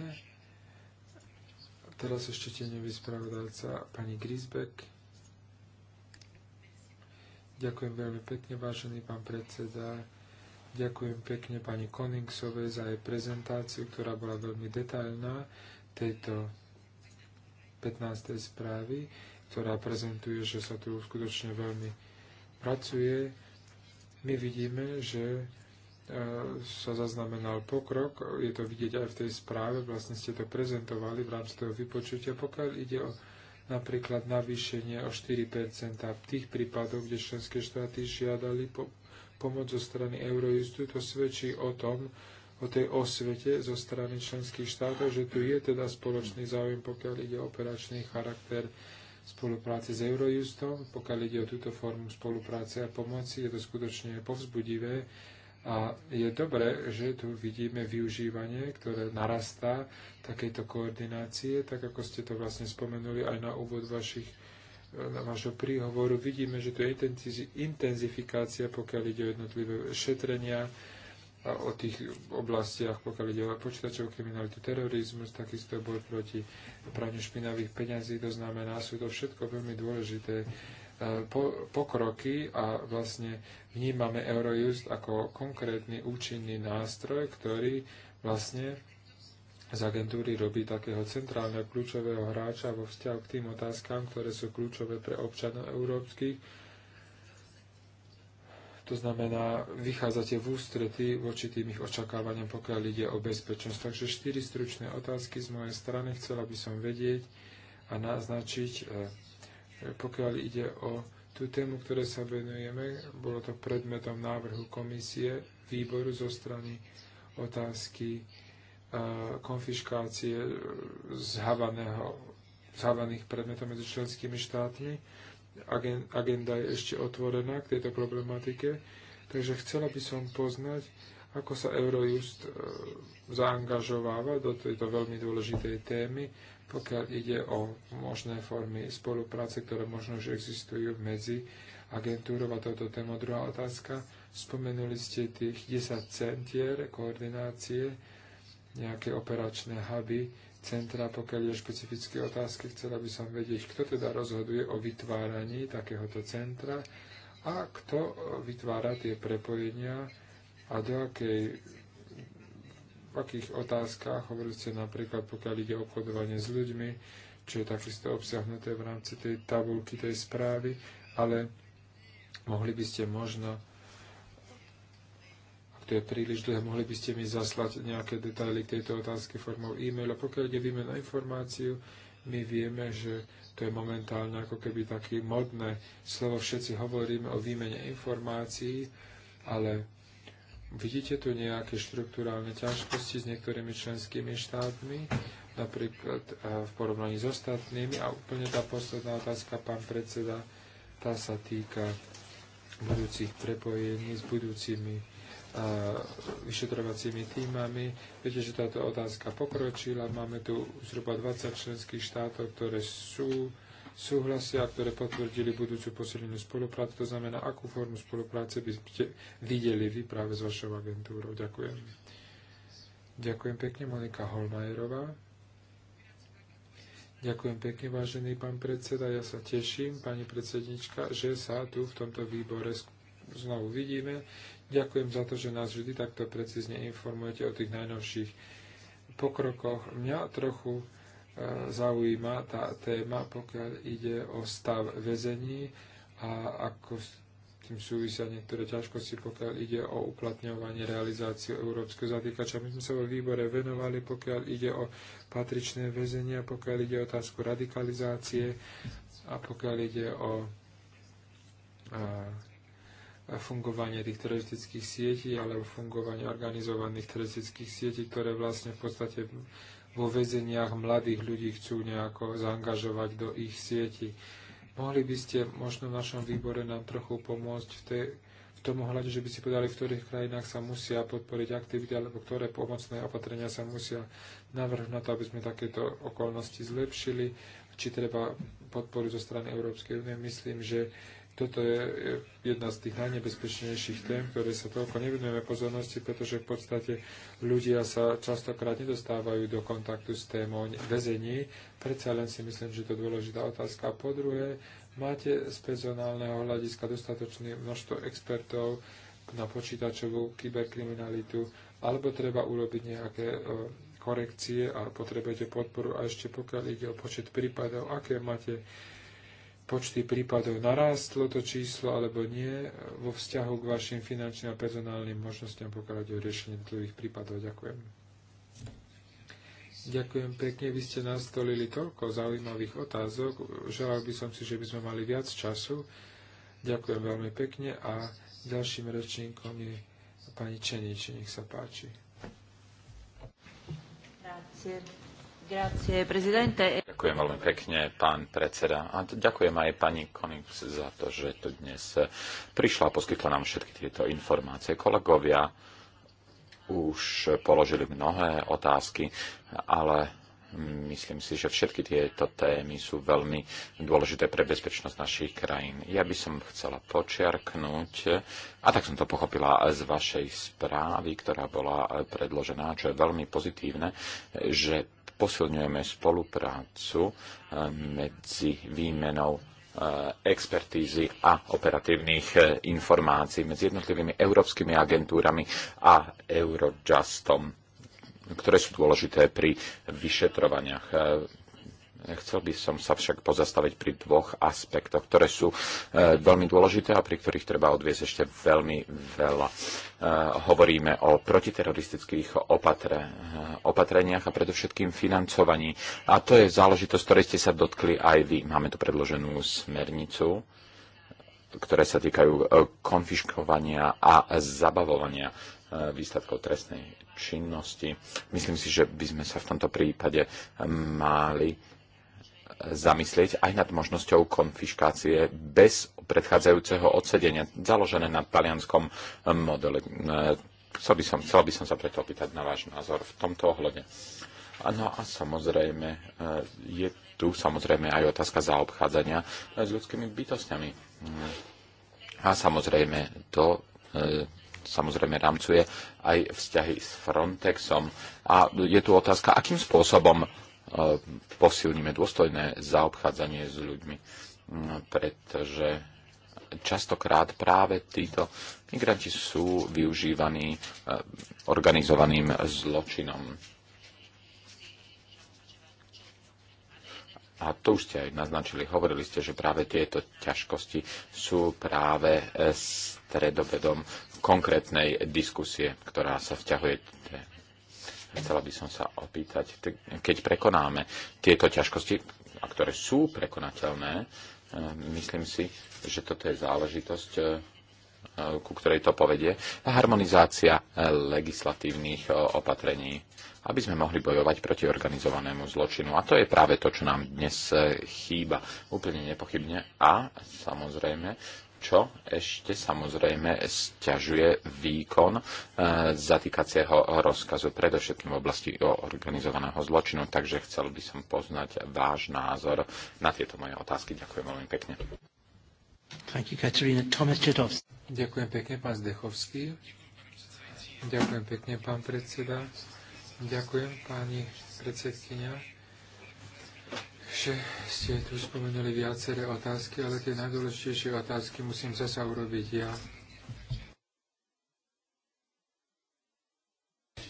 Teraz ešte tieňový spravodajca pani Grisbeck. Ďakujem veľmi pekne, vážený pán predseda. Ďakujem pekne pani Koningsovej za jej prezentáciu, ktorá bola veľmi detailná tejto 15. správy, ktorá prezentuje, že sa tu skutočne veľmi pracuje. My vidíme, že e, sa zaznamenal pokrok, je to vidieť aj v tej správe, vlastne ste to prezentovali v rámci toho vypočutia. Pokiaľ ide o napríklad navýšenie o 4% v tých prípadoch, kde členské štáty žiadali po, pomoc zo strany Eurojustu. To svedčí o tom, o tej osvete zo strany členských štátov, že tu je teda spoločný záujem, pokiaľ ide o operačný charakter spolupráce s Eurojustom, pokiaľ ide o túto formu spolupráce a pomoci, je to skutočne povzbudivé, a je dobré, že tu vidíme využívanie, ktoré narastá takejto koordinácie, tak ako ste to vlastne spomenuli aj na úvod vašich, na vašho príhovoru. Vidíme, že tu je intenzifikácia, pokiaľ ide o jednotlivé šetrenia a o tých oblastiach, pokiaľ ide o počítačov kriminalitu, terorizmus, takisto boj proti praniu špinavých peňazí, to znamená, sú to všetko veľmi dôležité pokroky a vlastne vnímame Eurojust ako konkrétny účinný nástroj, ktorý vlastne z agentúry robí takého centrálneho kľúčového hráča vo vzťahu k tým otázkam, ktoré sú kľúčové pre občanov európskych. To znamená, vychádzate v ústretí voči tým ich očakávaniam, pokiaľ ide o bezpečnosť. Takže štyri stručné otázky z mojej strany. Chcela by som vedieť a naznačiť, e, pokiaľ ide o tú tému, ktoré sa venujeme, bolo to predmetom návrhu komisie výboru zo strany otázky konfiškácie zhavaných predmetov medzi členskými štátmi. Agenda je ešte otvorená k tejto problematike, takže chcela by som poznať, ako sa Eurojust e, zaangažováva do tejto veľmi dôležitej témy, pokiaľ ide o možné formy spolupráce, ktoré možno už existujú medzi agentúrou a toto téma. Druhá otázka. Spomenuli ste tých 10 centier koordinácie, nejaké operačné huby, centra, pokiaľ je špecifické otázky, chcela by som vedieť, kto teda rozhoduje o vytváraní takéhoto centra a kto vytvára tie prepojenia a do akej v akých otázkach, hovorili ste napríklad, pokiaľ ide o obchodovanie s ľuďmi, čo je takisto obsiahnuté v rámci tej tabulky, tej správy, ale mohli by ste možno, ak to je príliš dlhé, mohli by ste mi zaslať nejaké detaily k tejto otázke formou e-mail. A pokiaľ ide na informáciu, my vieme, že to je momentálne ako keby také modné slovo. Všetci hovoríme o výmene informácií, ale Vidíte tu nejaké štruktúrálne ťažkosti s niektorými členskými štátmi, napríklad eh, v porovnaní s ostatnými. A úplne tá posledná otázka, pán predseda, tá sa týka budúcich prepojení s budúcimi eh, vyšetrovacími týmami. Viete, že táto otázka pokročila. Máme tu zhruba 20 členských štátov, ktoré sú súhlasia, ktoré potvrdili budúcu posilnenú spoluprácu. To znamená, akú formu spolupráce by ste videli vy práve s vašou agentúrou. Ďakujem. Ďakujem pekne, Monika Holmajerová. Ďakujem pekne, vážený pán predseda. Ja sa teším, pani predsednička, že sa tu v tomto výbore znovu vidíme. Ďakujem za to, že nás vždy takto precízne informujete o tých najnovších pokrokoch. Mňa trochu zaujíma tá téma, pokiaľ ide o stav väzení a ako s tým súvisia niektoré ťažkosti, pokiaľ ide o uplatňovanie realizáciu európskeho zatýkača. My sme sa vo výbore venovali, pokiaľ ide o patričné väzenia, pokiaľ ide o otázku radikalizácie a pokiaľ ide o fungovanie tých teroristických sietí alebo fungovanie organizovaných teroristických sietí, ktoré vlastne v podstate vo vezeniach mladých ľudí chcú nejako zaangažovať do ich sieti. Mohli by ste možno v našom výbore nám trochu pomôcť v, tej, v tom ohľade, že by si podali, v ktorých krajinách sa musia podporiť aktivity, alebo ktoré pomocné opatrenia sa musia navrhnúť na to, aby sme takéto okolnosti zlepšili, či treba podporu zo strany Európskej únie. Myslím, že toto je jedna z tých najnebezpečnejších tém, ktoré sa toľko nevenujeme pozornosti, pretože v podstate ľudia sa častokrát nedostávajú do kontaktu s témou väzení. Predsa len si myslím, že to je dôležitá otázka. A po druhé, máte z personálneho hľadiska dostatočné množstvo expertov na počítačovú kyberkriminalitu, alebo treba urobiť nejaké e, korekcie a potrebujete podporu. A ešte pokiaľ ide o počet prípadov, aké máte počty prípadov narástlo to číslo alebo nie vo vzťahu k vašim finančným a personálnym možnostiam, pokiaľ o riešenie jednotlivých prípadov. Ďakujem. Ďakujem pekne, vy ste nastolili toľko zaujímavých otázok. Želal by som si, že by sme mali viac času. Ďakujem veľmi pekne a ďalším rečníkom je pani Čenič, nech sa páči. Grazie. Grazie, Ďakujem veľmi pekne, pán predseda. A ďakujem aj pani Konings za to, že tu dnes prišla a poskytla nám všetky tieto informácie. Kolegovia už položili mnohé otázky, ale myslím si, že všetky tieto témy sú veľmi dôležité pre bezpečnosť našich krajín. Ja by som chcela počiarknúť, a tak som to pochopila z vašej správy, ktorá bola predložená, čo je veľmi pozitívne, že posilňujeme spoluprácu eh, medzi výmenou eh, expertízy a operatívnych eh, informácií medzi jednotlivými európskymi agentúrami a Eurojustom, ktoré sú dôležité pri vyšetrovaniach Chcel by som sa však pozastaviť pri dvoch aspektoch, ktoré sú e, veľmi dôležité a pri ktorých treba odviesť ešte veľmi veľa. E, hovoríme o protiteroristických opatre, e, opatreniach a predovšetkým financovaní. A to je záležitosť, ktorej ste sa dotkli aj vy. Máme tu predloženú smernicu, ktoré sa týkajú e, konfiškovania a zabavovania e, výsledkov trestnej činnosti. Myslím si, že by sme sa v tomto prípade mali zamyslieť aj nad možnosťou konfiškácie bez predchádzajúceho odsedenia, založené na talianskom modele. Chcel by som, chcel by som sa preto opýtať na váš názor v tomto ohľade. No a samozrejme, e, je tu samozrejme aj otázka zaobchádzania e, s ľudskými bytostiami. Mm. A samozrejme, to e, samozrejme rámcuje aj vzťahy s Frontexom. A je tu otázka, akým spôsobom E, posilníme dôstojné zaobchádzanie s ľuďmi, pretože častokrát práve títo migranti sú využívaní e, organizovaným zločinom. A to už ste aj naznačili, hovorili ste, že práve tieto ťažkosti sú práve e, stredobedom konkrétnej diskusie, ktorá sa vťahuje Chcela by som sa opýtať, keď prekonáme tieto ťažkosti, a ktoré sú prekonateľné, e, myslím si, že toto je záležitosť, e, e, ku ktorej to povedie, harmonizácia legislatívnych opatrení, aby sme mohli bojovať proti organizovanému zločinu. A to je práve to, čo nám dnes chýba. Úplne nepochybne. A samozrejme, čo ešte samozrejme stiažuje výkon e, zatýkacieho rozkazu, predovšetkým v oblasti organizovaného zločinu. Takže chcel by som poznať váš názor na tieto moje otázky. Ďakujem veľmi pekne. Ďakujem pekne, pán Zdechovský. Ďakujem pekne, pán predseda. Ďakujem, pani predsedkynia že ste tu spomenuli viaceré otázky, ale tie najdôležitejšie otázky musím zasa urobiť ja.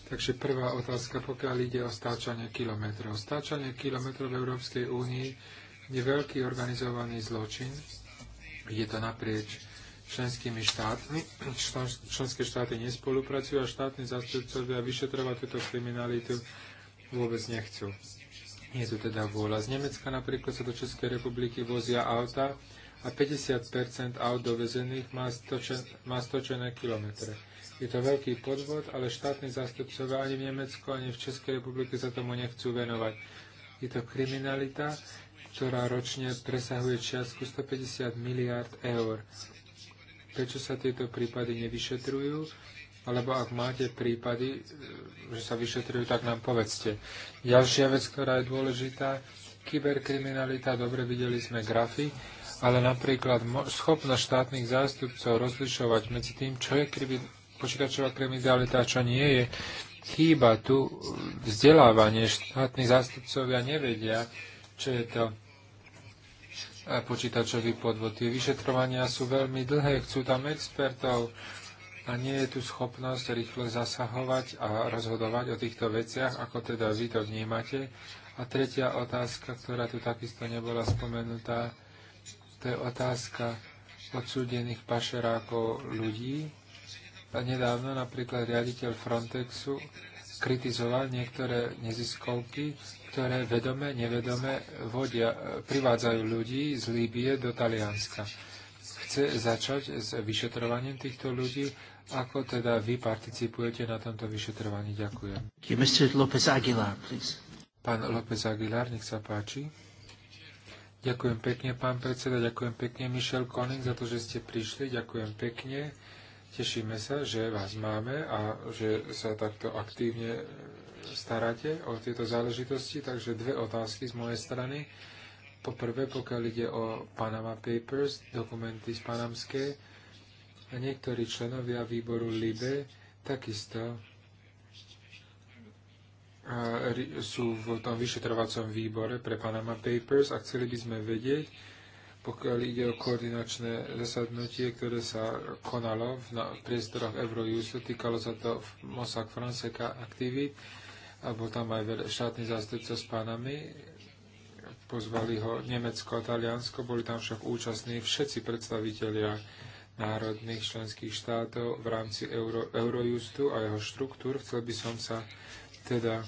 Takže prvá otázka, pokiaľ ide o stáčanie kilometrov. Stáčanie kilometrov v Európskej únii je veľký organizovaný zločin. Je to naprieč členskými štátmi. Členské štáty nespolupracujú a štátni zastupcovia vyšetrovať túto kriminalitu vôbec nechcú. Nie je to teda vôľa. Z Nemecka napríklad sa do Českej republiky vozia auta a 50 aut dovezených má, stočen, má stočené kilometre. Je to veľký podvod, ale štátni zástupcovia ani v Nemecku, ani v Českej republike sa tomu nechcú venovať. Je to kriminalita, ktorá ročne presahuje čiastku 150 miliard eur. Prečo sa tieto prípady nevyšetrujú? alebo ak máte prípady, e, že sa vyšetrujú, tak nám povedzte. Ďalšia vec, ktorá je dôležitá, kyberkriminalita, dobre videli sme grafy, ale napríklad schopnosť štátnych zástupcov rozlišovať medzi tým, čo je počítačová kriminalita a čo nie je, chýba tu vzdelávanie. Štátni zástupcovia nevedia, čo je to e, počítačový podvod. Tie vyšetrovania sú veľmi dlhé, chcú tam expertov, a nie je tu schopnosť rýchlo zasahovať a rozhodovať o týchto veciach, ako teda vy to vnímate. A tretia otázka, ktorá tu takisto nebola spomenutá, to je otázka odsúdených pašerákov ľudí. A nedávno napríklad riaditeľ Frontexu kritizoval niektoré neziskovky, ktoré vedome, nevedome vodia, privádzajú ľudí z Líbie do Talianska. Chce začať s vyšetrovaním týchto ľudí ako teda vy participujete na tomto vyšetrovaní? Ďakujem. Mr. López Aguilar, please. Pán López Aguilar, nech sa páči. Ďakujem pekne, pán predseda, ďakujem pekne, Michel Koning, za to, že ste prišli, ďakujem pekne. Tešíme sa, že vás máme a že sa takto aktívne staráte o tieto záležitosti, takže dve otázky z mojej strany. Poprvé, pokiaľ ide o Panama Papers, dokumenty z Panamskej, a niektorí členovia výboru LIBE takisto sú v tom vyšetrovacom výbore pre Panama Papers a chceli by sme vedieť, pokiaľ ide o koordinačné zasadnutie, ktoré sa konalo v, priestoroch Eurojusu, týkalo sa to Mossack Fonseca aktivít a bol tam aj štátny zástupca s pánami. Pozvali ho Nemecko a Taliansko, boli tam však účastní všetci predstavitelia národných členských štátov v rámci Euro, Eurojustu a jeho štruktúr. Chcel by som sa teda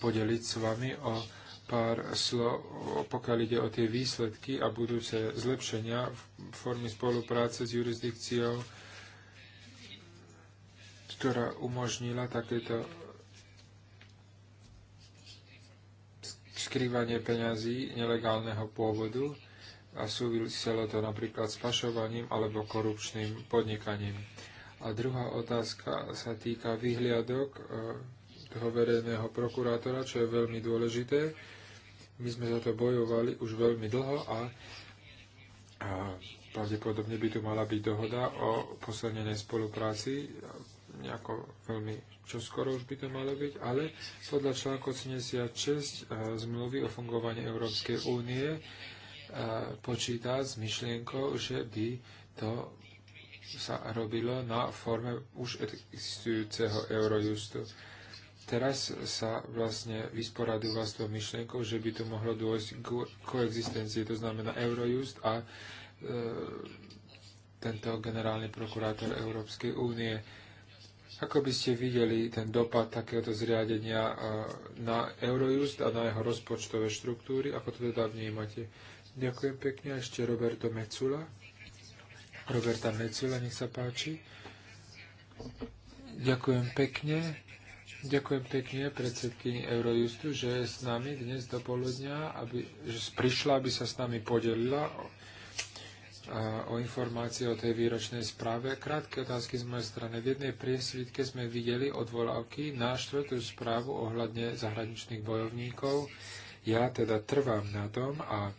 podeliť s vami o pár slov, pokiaľ ide o tie výsledky a budúce zlepšenia v formy spolupráce s jurisdikciou, ktorá umožnila takéto skrývanie peňazí nelegálneho pôvodu a súviselo to napríklad s pašovaním alebo korupčným podnikaním. A druhá otázka sa týka vyhliadok eh, toho verejného prokurátora, čo je veľmi dôležité. My sme za to bojovali už veľmi dlho a, a pravdepodobne by tu mala byť dohoda o posilnenej spolupráci nejako veľmi čoskoro už by to malo byť, ale podľa článku 76 eh, zmluvy o fungovaní Európskej únie počíta s myšlienkou, že by to sa robilo na forme už existujúceho Eurojustu. Teraz sa vlastne vysporadúva s tou myšlienkou, že by to mohlo dôjsť k koexistencii, to znamená Eurojust a e, tento generálny prokurátor Európskej únie. Ako by ste videli ten dopad takéhoto zriadenia e, na Eurojust a na jeho rozpočtové štruktúry? Ako to teda vnímate? Ďakujem pekne. A ešte Roberto Mecula. Roberta Mecula, nech sa páči. Ďakujem pekne. Ďakujem pekne predsedkyni Eurojustu, že je s nami dnes do poludnia, aby, že prišla, aby sa s nami podelila o, a, o informácie o tej výročnej správe. Krátke otázky z mojej strany. V jednej priesvitke sme videli odvolávky na štvrtú správu ohľadne zahraničných bojovníkov. Ja teda trvám na tom a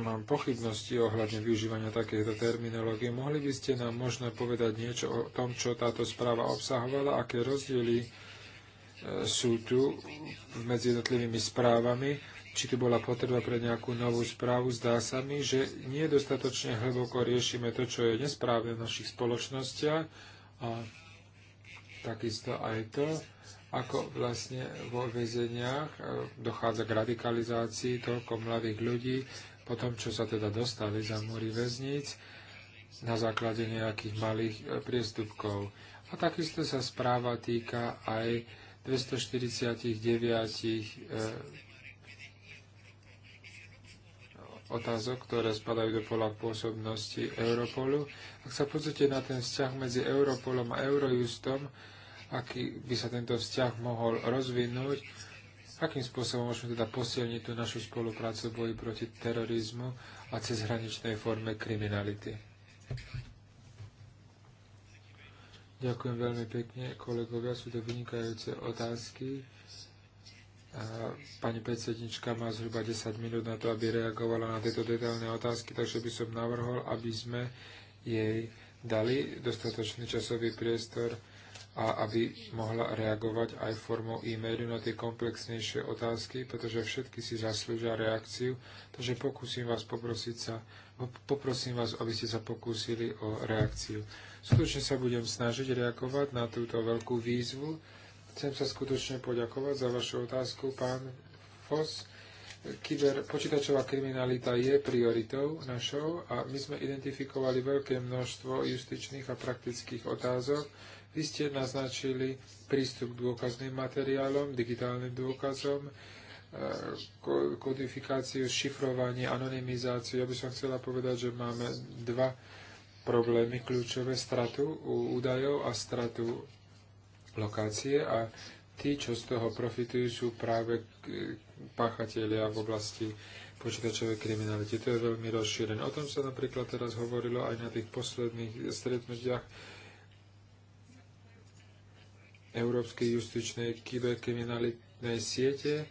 mám pochybnosti ohľadne využívania takéto terminológie. Mohli by ste nám možno povedať niečo o tom, čo táto správa obsahovala, aké rozdiely e, sú tu medzi jednotlivými správami, či tu bola potreba pre nejakú novú správu. Zdá sa mi, že nedostatočne hlboko riešime to, čo je nesprávne v našich spoločnostiach a takisto aj to, ako vlastne vo väzeniach e, dochádza k radikalizácii toľko mladých ľudí, po tom, čo sa teda dostali za múry väzníc na základe nejakých malých e, priestupkov. A takisto sa správa týka aj 249 e, otázok, ktoré spadajú do pola pôsobnosti Europolu. Ak sa pozrite na ten vzťah medzi Europolom a Eurojustom, aký by sa tento vzťah mohol rozvinúť, Akým spôsobom môžeme teda posilniť tú našu spoluprácu v boji proti terorizmu a cezhraničnej forme kriminality? Ďakujem veľmi pekne, kolegovia, sú to vynikajúce otázky. Pani predsednička má zhruba 10 minút na to, aby reagovala na tieto detailné otázky, takže by som navrhol, aby sme jej dali dostatočný časový priestor a aby mohla reagovať aj formou e-mailu na tie komplexnejšie otázky, pretože všetky si zaslúžia reakciu. Takže pokúsim vás poprosiť sa, poprosím vás, aby ste sa pokúsili o reakciu. Skutočne sa budem snažiť reagovať na túto veľkú výzvu. Chcem sa skutočne poďakovať za vašu otázku, pán Foss. Kyber, počítačová kriminalita je prioritou našou a my sme identifikovali veľké množstvo justičných a praktických otázok, vy ste naznačili prístup k dôkazným materiálom, digitálnym dôkazom, e, kodifikáciu, šifrovanie, anonymizáciu. Ja by som chcela povedať, že máme dva problémy kľúčové, stratu údajov a stratu lokácie a tí, čo z toho profitujú, sú práve páchatelia v oblasti počítačovej kriminality. To je veľmi rozšírené. O tom sa napríklad teraz hovorilo aj na tých posledných stretnutiach Európskej justičnej kyberkriminalitnej siete.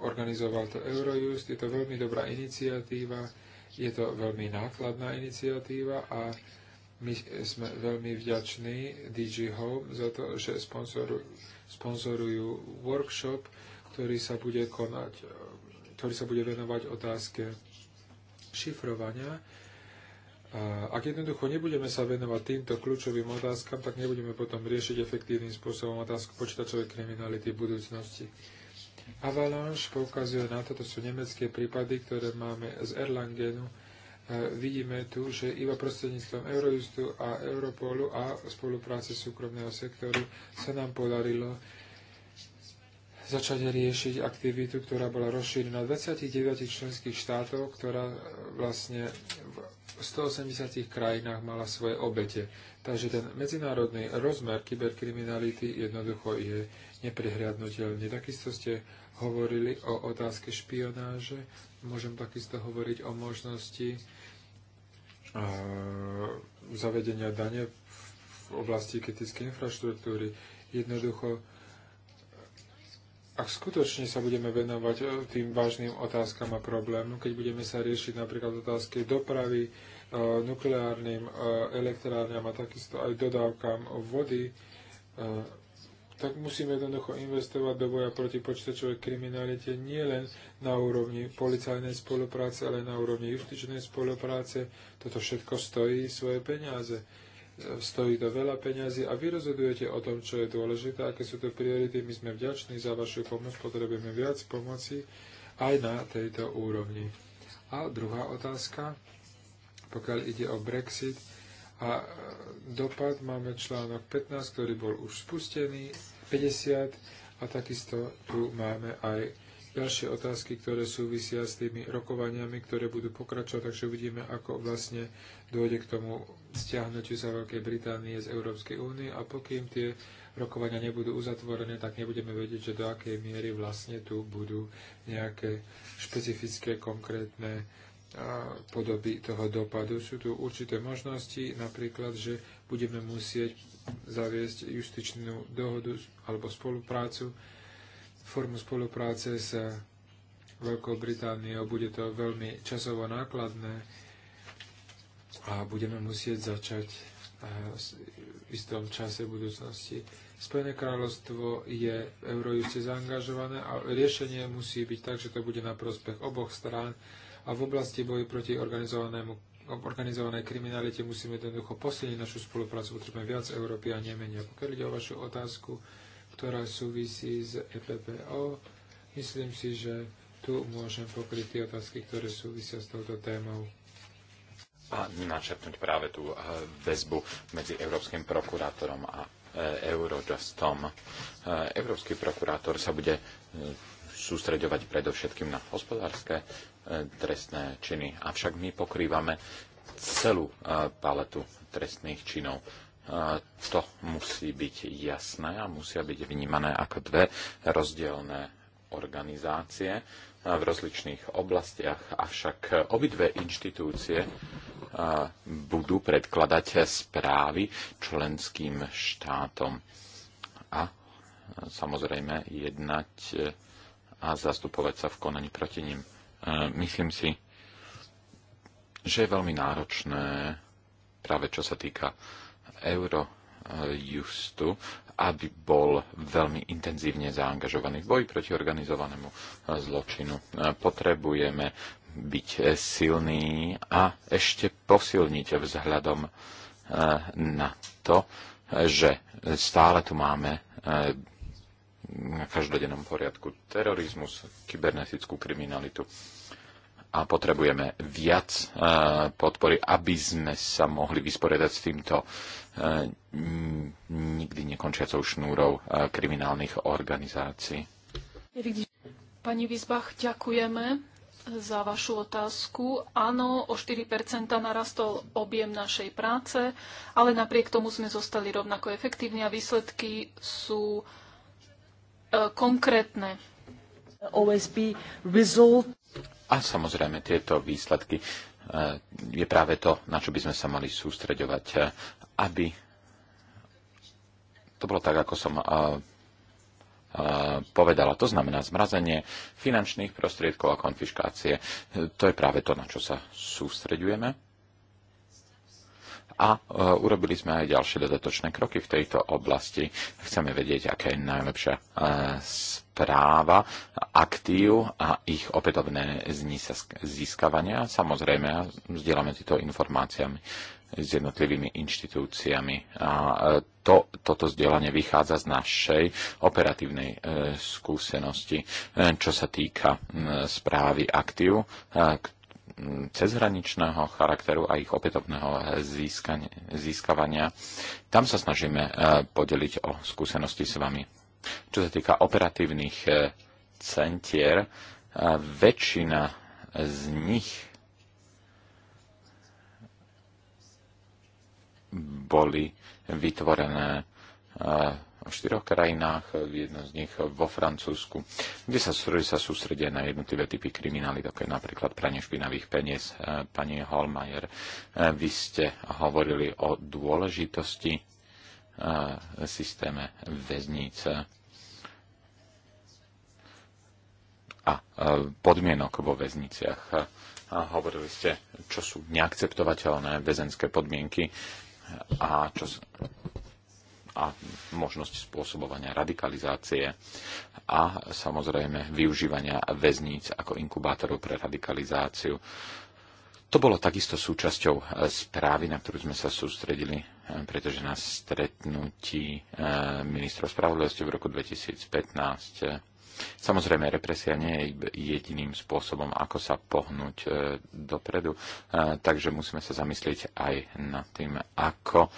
Organizoval to Eurojust. Je to veľmi dobrá iniciatíva, je to veľmi nákladná iniciatíva a my sme veľmi vďační DG Home za to, že sponsorujú, sponsorujú workshop, ktorý sa bude konať, ktorý sa bude venovať otázke šifrovania ak jednoducho nebudeme sa venovať týmto kľúčovým otázkam, tak nebudeme potom riešiť efektívnym spôsobom otázku počítačovej kriminality v budúcnosti. Avalanche poukazuje na to, to sú nemecké prípady, ktoré máme z Erlangenu. E, vidíme tu, že iba prostredníctvom Eurojustu a Europolu a spolupráce súkromného sektoru sa nám podarilo začať riešiť aktivitu, ktorá bola rozšírená 29 členských štátov, ktorá e, vlastne 180 krajinách mala svoje obete. Takže ten medzinárodný rozmer kyberkriminality jednoducho je neprehľadnutelný. Takisto ste hovorili o otázke špionáže. Môžem takisto hovoriť o možnosti zavedenia dane v oblasti kritickej infraštruktúry. Jednoducho, ak skutočne sa budeme venovať e, tým vážnym otázkam a problémom, keď budeme sa riešiť napríklad otázky dopravy, nukleárnym elektrárňam a takisto aj dodávkam vody, tak musíme jednoducho investovať do boja proti počítačovej kriminalite nie len na úrovni policajnej spolupráce, ale na úrovni justičnej spolupráce. Toto všetko stojí svoje peniaze. Stojí to veľa peniazy a vy rozhodujete o tom, čo je dôležité, aké sú to priority. My sme vďační za vašu pomoc, potrebujeme viac pomoci aj na tejto úrovni. A druhá otázka pokiaľ ide o Brexit. A e, dopad máme článok 15, ktorý bol už spustený, 50 a takisto tu máme aj ďalšie otázky, ktoré súvisia s tými rokovaniami, ktoré budú pokračovať, takže uvidíme, ako vlastne dôjde k tomu stiahnutiu sa Veľkej Británie z Európskej únie a pokým tie rokovania nebudú uzatvorené, tak nebudeme vedieť, že do akej miery vlastne tu budú nejaké špecifické, konkrétne podoby toho dopadu. Sú tu určité možnosti, napríklad, že budeme musieť zaviesť justičnú dohodu alebo spoluprácu, formu spolupráce s Veľkou Britániou. Bude to veľmi časovo nákladné a budeme musieť začať v istom čase budúcnosti. Spojené kráľovstvo je Eurojuste zaangažované a riešenie musí byť tak, že to bude na prospech oboch strán a v oblasti boju proti organizovanému organizovanej kriminalite musíme jednoducho posilniť našu spoluprácu, potrebujeme viac Európy a nemenej. Pokiaľ ide o vašu otázku, ktorá súvisí s EPPO, myslím si, že tu môžem pokryť tie otázky, ktoré súvisia s touto témou. A načrtnúť práve tú eh, väzbu medzi Európskym prokurátorom a eh, Eurojustom. Eh, Európsky prokurátor sa bude sústreďovať predovšetkým na hospodárske e, trestné činy. Avšak my pokrývame celú e, paletu trestných činov. E, to musí byť jasné a musia byť vnímané ako dve rozdielne organizácie v rozličných oblastiach, avšak obidve inštitúcie budú predkladať správy členským štátom a samozrejme jednať a zastupovať sa v konaní proti ním. E, myslím si, že je veľmi náročné práve čo sa týka Eurojustu, aby bol veľmi intenzívne zaangažovaný v boji proti organizovanému e, zločinu. E, potrebujeme byť silný a ešte posilniť vzhľadom na to, že stále tu máme na každodennom poriadku terorizmus, kybernetickú kriminalitu a potrebujeme viac e, podpory, aby sme sa mohli vysporiadať s týmto e, nikdy nekončiacou šnúrou e, kriminálnych organizácií. Pani Vizbach, ďakujeme za vašu otázku. Áno, o 4 narastol objem našej práce, ale napriek tomu sme zostali rovnako efektívni a výsledky sú E, konkrétne. A samozrejme tieto výsledky e, je práve to, na čo by sme sa mali sústreďovať, e, aby to bolo tak, ako som povedala. To znamená zmrazenie finančných prostriedkov a konfiškácie. To je práve to, na čo sa sústreďujeme a e, urobili sme aj ďalšie dodatočné kroky v tejto oblasti. Chceme vedieť, aká je najlepšia e, správa aktív a ich opätovné získavania. Samozrejme, vzdielame tieto informáciami s jednotlivými inštitúciami. A e, to, toto vzdelanie vychádza z našej operatívnej e, skúsenosti, e, čo sa týka e, správy aktív, e, cezhraničného charakteru a ich opätovného získavania. Tam sa snažíme e, podeliť o skúsenosti s vami. Čo sa týka operatívnych e, centier, e, väčšina z nich boli vytvorené v štyroch krajinách, jedno z nich vo Francúzsku, kde sa, sa sústredia na jednotlivé typy kriminality, ako je napríklad pranie špinavých peniaz. E, pani Holmajer, e, vy ste hovorili o dôležitosti e, systéme väznice a podmienok vo väzniciach. A hovorili ste, čo sú neakceptovateľné väzenské podmienky a čo, a možnosť spôsobovania radikalizácie a samozrejme využívania väzníc ako inkubátorov pre radikalizáciu. To bolo takisto súčasťou eh, správy, na ktorú sme sa sústredili, eh, pretože na stretnutí eh, ministrov spravodlivosti v roku 2015 Samozrejme, represia nie je jediným spôsobom, ako sa pohnúť dopredu, takže musíme sa zamyslieť aj nad tým, ako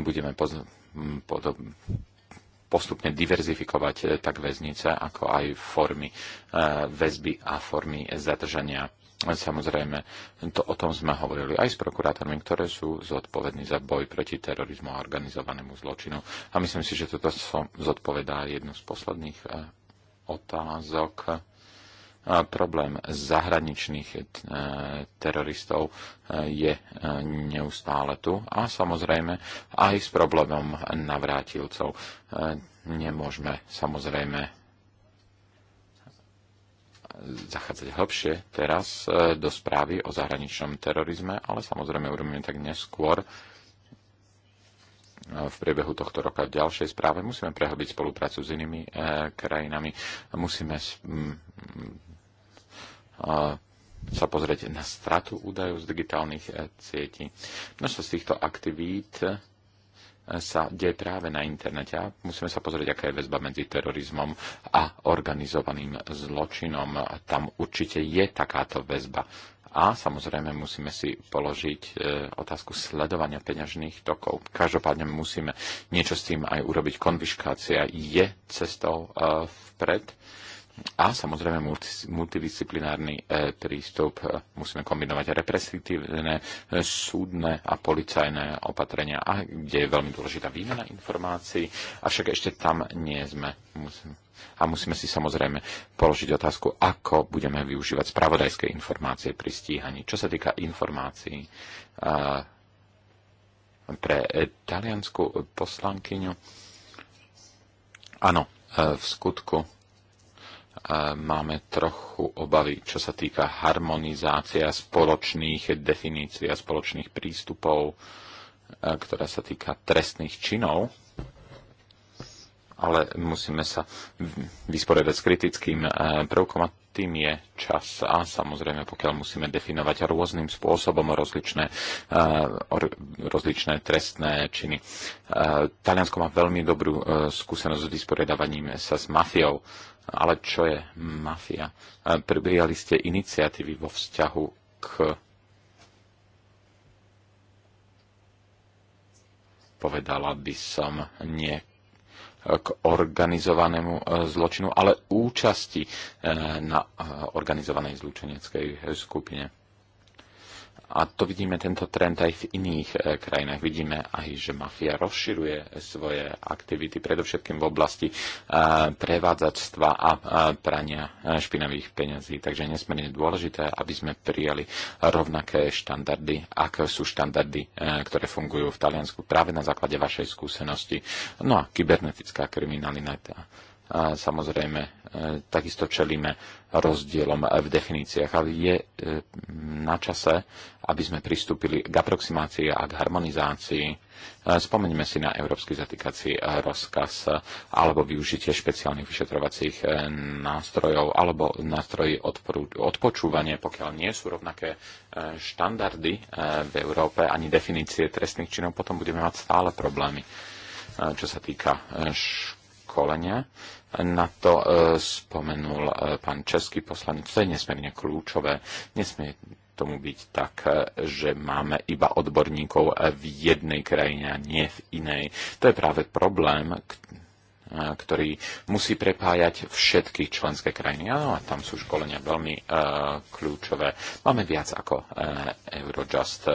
budeme postupne diverzifikovať e, tak väznice, ako aj formy e, väzby a formy zadržania. Samozrejme, to, o tom sme hovorili aj s prokurátormi, ktoré sú zodpovední za boj proti terorizmu a organizovanému zločinu. A myslím si, že toto som zodpovedá jednu z posledných e, otázok problém zahraničných e, teroristov e, je e, neustále tu a samozrejme aj s problémom navrátilcov. Nemôžeme samozrejme zachádzať hlbšie teraz do správy o zahraničnom terorizme, ale samozrejme urobíme tak neskôr v priebehu tohto roka v ďalšej správe. Musíme prehlbiť spoluprácu s inými e, krajinami. Musíme m, sa pozrieť na stratu údajov z digitálnych eh, sietí. Množstvo z týchto aktivít eh, sa deje práve na internete a musíme sa pozrieť, aká je väzba medzi terorizmom a organizovaným zločinom. Tam určite je takáto väzba. A samozrejme musíme si položiť eh, otázku sledovania peňažných tokov. Každopádne musíme niečo s tým aj urobiť. Konfiškácia je cestou vpred a samozrejme multidisciplinárny e, prístup. E, musíme kombinovať represitívne, e, súdne a policajné opatrenia, a kde je veľmi dôležitá výmena informácií, avšak ešte tam nie sme. Musíme. A musíme si samozrejme položiť otázku, ako budeme využívať spravodajské informácie pri stíhaní. Čo sa týka informácií pre taliansku poslankyňu, áno, v skutku máme trochu obavy, čo sa týka harmonizácia spoločných definícií a spoločných prístupov, e, ktorá sa týka trestných činov ale musíme sa vysporiadať s kritickým eh, prvkom a tým je čas. A samozrejme, pokiaľ musíme definovať rôznym spôsobom rozličné, eh, rozličné trestné činy. Eh, Taliansko má veľmi dobrú skúsenosť s vysporiadavaním sa s mafiou. Ale čo je mafia? Prebiehali ste iniciatívy vo vzťahu k povedala by som nie k organizovanému e, zločinu, ale účasti e, na e, organizovanej zločineckej skupine. A to vidíme tento trend aj v iných e, krajinách. Vidíme aj, že mafia rozširuje svoje aktivity, predovšetkým v oblasti e, prevádzačstva a e, prania špinavých peňazí. Takže nesmierne dôležité, aby sme prijali rovnaké štandardy, ako sú štandardy, ktoré fungujú v Taliansku práve na základe vašej skúsenosti. No a kybernetická kriminalita Samozrejme, e, takisto čelíme rozdielom v definíciách, ale je e, na čase, aby sme pristúpili k aproximácii a k harmonizácii. E, spomeňme si na európsky zatýkací rozkaz alebo využitie špeciálnych vyšetrovacích nástrojov alebo nástroji odpočúvania, pokiaľ nie sú rovnaké štandardy v Európe ani definície trestných činov, potom budeme mať stále problémy, čo sa týka školenia na to e, spomenul e, pán český poslanec. To je nesmierne kľúčové. Nesmie tomu byť tak, e, že máme iba odborníkov v jednej krajine a nie v inej. To je práve problém, ktorý musí prepájať všetky členské krajiny. Áno, a tam sú školenia veľmi uh, kľúčové. Máme viac ako uh, Eurojust.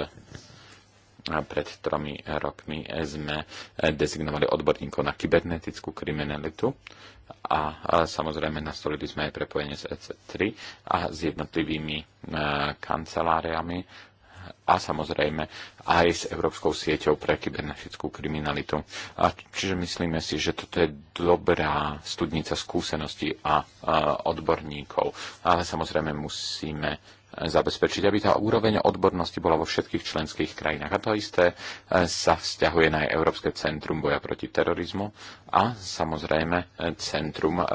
A pred tromi rokmi sme dezignovali odborníkov na kybernetickú kriminalitu a, a samozrejme nastolili sme aj prepojenie s EC3 a s jednotlivými e, kanceláriami a samozrejme aj s Európskou sieťou pre kybernetickú kriminalitu. A čiže myslíme si, že toto je dobrá studnica skúseností a, a e, odborníkov. Ale samozrejme musíme zabezpečiť, aby tá úroveň odbornosti bola vo všetkých členských krajinách. A to isté e, sa vzťahuje na Európske centrum boja proti terorizmu a samozrejme e, centrum e,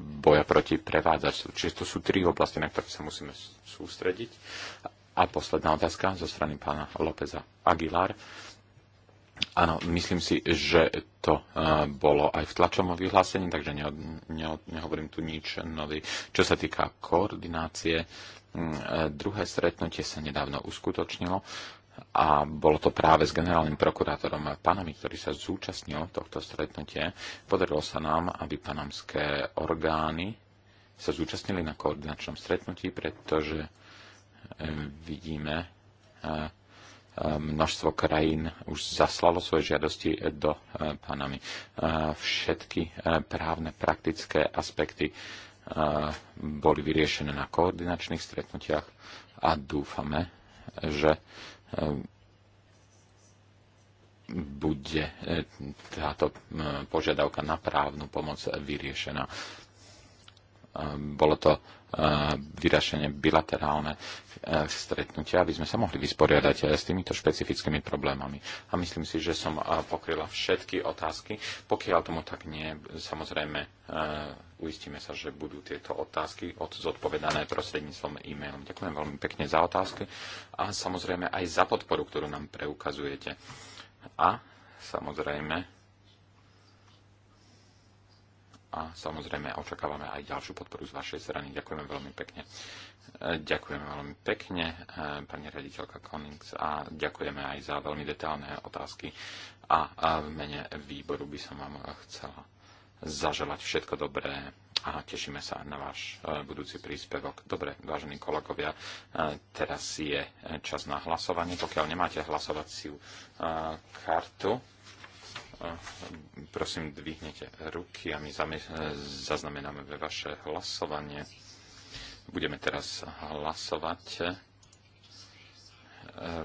boja proti prevádzačstvu. Čiže to sú tri oblasti, na ktoré sa musíme sústrediť. A posledná otázka zo strany pána Lópeza Aguilar. Áno, myslím si, že to bolo aj v tlačovom vyhlásení, takže nehovorím tu nič nový. Čo sa týka koordinácie, Mm, e, druhé stretnutie sa nedávno uskutočnilo a bolo to práve s generálnym prokurátorom panami, ktorý sa zúčastnil tohto stretnutie. Podarilo sa nám, aby panamské orgány sa zúčastnili na koordinačnom stretnutí, pretože e, vidíme, e, množstvo krajín už zaslalo svoje žiadosti do panami Všetky právne praktické aspekty boli vyriešené na koordinačných stretnutiach a dúfame, že e, bude e, táto e, požiadavka na právnu pomoc vyriešená. Bolo to E, vyrašenie bilaterálne e, stretnutia, aby sme sa mohli vysporiadať s týmito špecifickými problémami. A myslím si, že som e, pokryla všetky otázky. Pokiaľ tomu tak nie, samozrejme uistíme sa, že budú tieto otázky zodpovedané prostredníctvom e-mailom. Ďakujem veľmi pekne za otázky a samozrejme aj za podporu, ktorú nám preukazujete. A samozrejme a samozrejme očakávame aj ďalšiu podporu z vašej strany. Ďakujeme veľmi pekne. E, ďakujeme veľmi pekne, e, pani raditeľka Konings, a ďakujeme aj za veľmi detálne otázky. A v mene výboru by som vám chcela zaželať všetko dobré a tešíme sa na váš e, budúci príspevok. Dobre, vážení kolegovia, teraz je čas na hlasovanie. Pokiaľ nemáte hlasovaciu kartu, Prosím, dvihnete ruky a my zaznamenáme ve vaše hlasovanie. Budeme teraz hlasovať. E,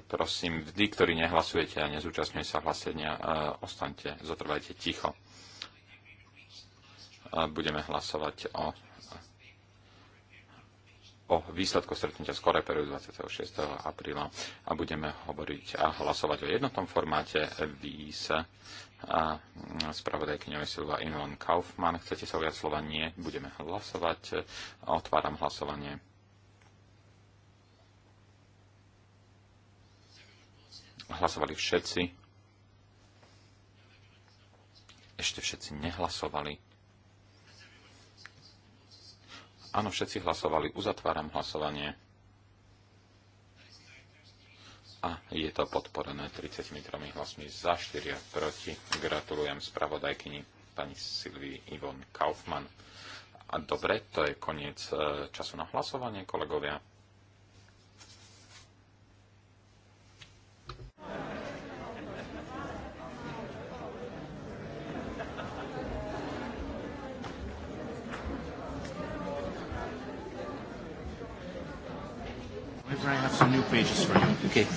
prosím, vždy, ktorí nehlasujete a nezúčastňujú sa hlasenia, e, ostaňte, zotrvajte ticho. E, budeme hlasovať o o výsledku stretnutia z Koreperu 26. apríla a budeme hovoriť a hlasovať o jednotnom formáte víz a spravodajkyňou Silva Inlon Kaufmann. Chcete sa ujať slova? Nie. Budeme hlasovať. Otváram hlasovanie. Hlasovali všetci. Ešte všetci nehlasovali. Áno, všetci hlasovali. Uzatváram hlasovanie a je to podporené 33 hlasmi za 4 proti. Gratulujem spravodajkyni pani Silvii Ivon Kaufmann. A dobre, to je koniec e, času na hlasovanie, kolegovia. I have some new pages for you. Okay.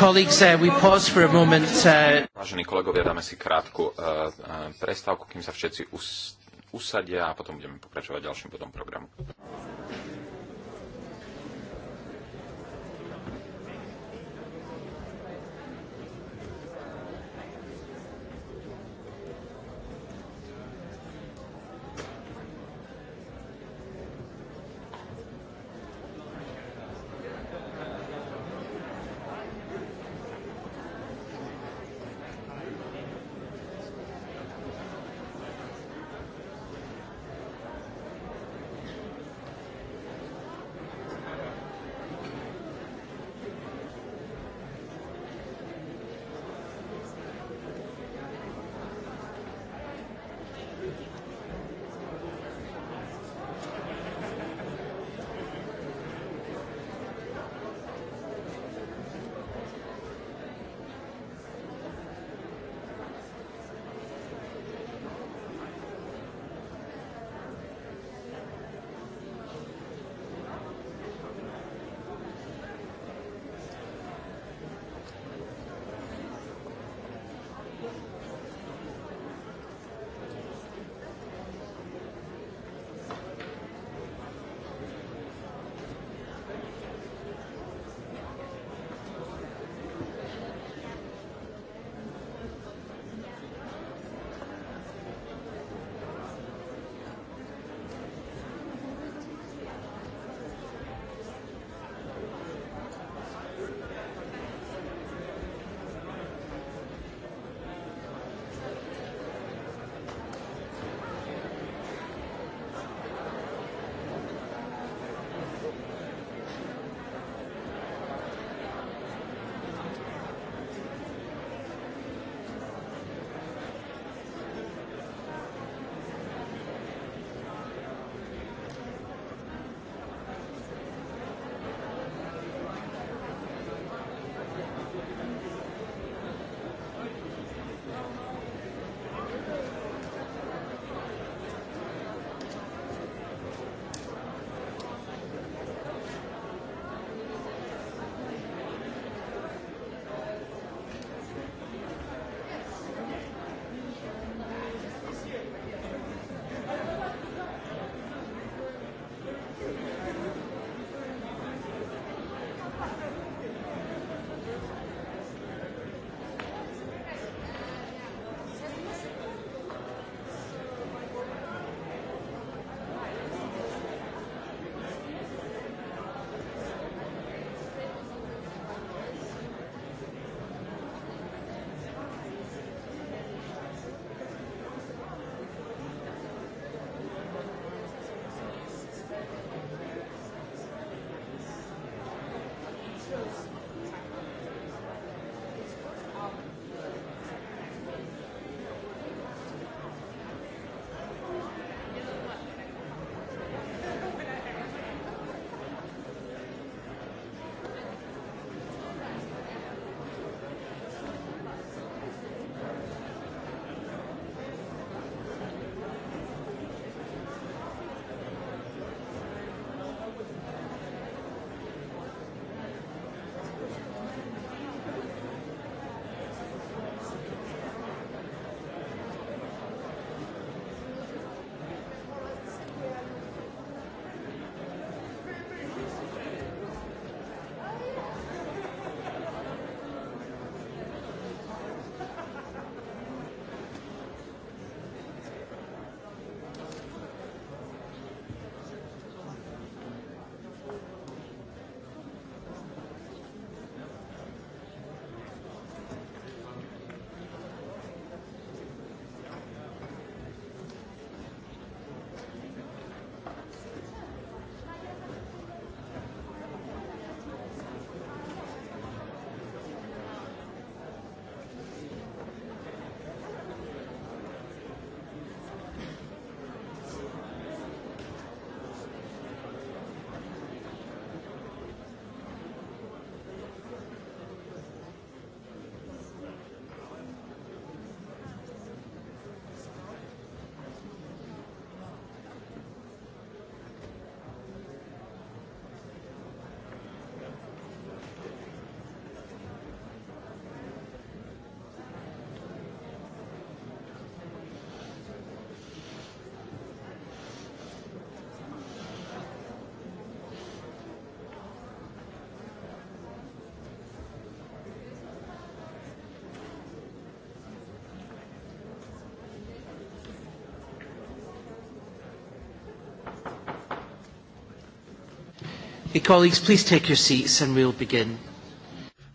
Uh, uh, Vážení kolegovia, dáme si krátku uh, prestávku, kým sa všetci usadia a potom budeme pokračovať ďalším bodom programu.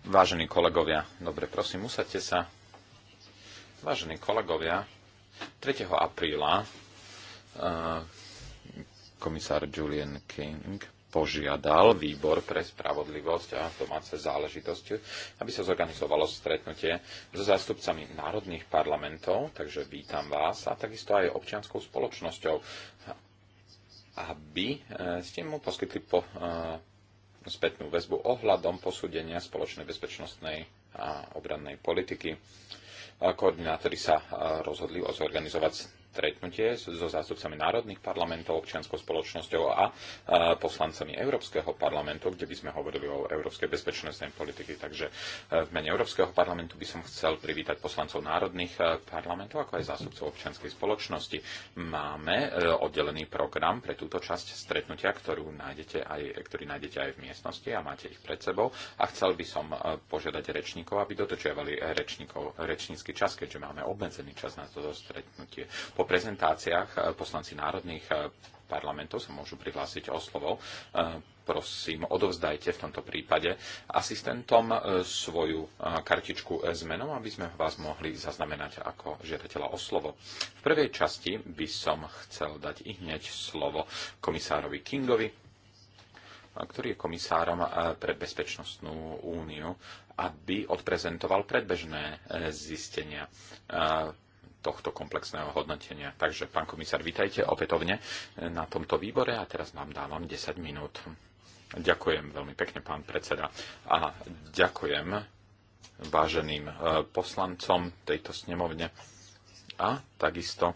Vážení kolegovia, dobre, prosím, usadte sa. Vážení kolegovia, 3. apríla eh, komisár Julian King požiadal výbor pre spravodlivosť a domáce záležitosti, aby sa zorganizovalo stretnutie so zástupcami národných parlamentov, takže vítam vás, a takisto aj občianskou spoločnosťou, aby e, ste mu poskytli po, e, spätnú väzbu ohľadom posúdenia spoločnej bezpečnostnej a obrannej politiky. Koordinátori sa e, rozhodli zorganizovať stretnutie so zástupcami národných parlamentov, občianskou spoločnosťou a poslancami Európskeho parlamentu, kde by sme hovorili o európskej bezpečnostnej politiky. Takže e, v mene Európskeho parlamentu by som chcel privítať poslancov národných e, parlamentov, ako aj zástupcov občianskej spoločnosti. Máme e, oddelený program pre túto časť stretnutia, ktorú nájdete aj, ktorý nájdete aj v miestnosti a máte ich pred sebou. A chcel by som požiadať rečníkov, aby dotočiavali rečníkov, rečnícky čas, keďže máme obmedzený čas na toto stretnutie. Po po prezentáciách e, poslanci národných e, parlamentov sa môžu prihlásiť o slovo. E, prosím, odovzdajte v tomto prípade asistentom svoju kartičku s menom, aby sme vás mohli zaznamenať ako žiadateľa o slovo. V prvej časti by som chcel dať i hneď slovo komisárovi Kingovi, ktorý je komisárom pre bezpečnostnú úniu, aby odprezentoval predbežné zistenia tohto komplexného hodnotenia. Takže, pán komisár, vítajte opätovne na tomto výbore a teraz vám dávam 10 minút. Ďakujem veľmi pekne, pán predseda. A ďakujem váženým eh, poslancom tejto snemovne a takisto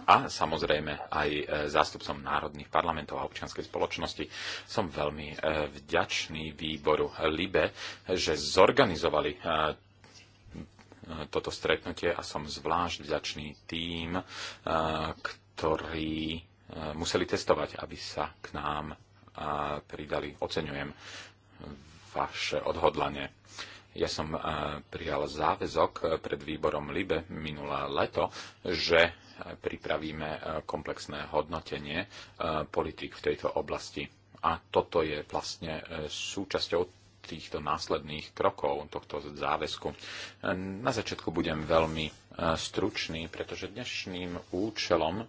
a samozrejme aj e, zástupcom národných parlamentov a občianskej spoločnosti. Som veľmi e, vďačný výboru LIBE, že zorganizovali e, toto stretnutie a som zvlášť vďačný tým, ktorí museli testovať, aby sa k nám pridali. Oceňujem vaše odhodlanie. Ja som e, prijal záväzok e, pred výborom LIBE minulé leto, že e, pripravíme komplexné hodnotenie politik v tejto oblasti. A toto je vlastne súčasťou týchto následných krokov, tohto záväzku. Na začiatku budem veľmi stručný, pretože dnešným účelom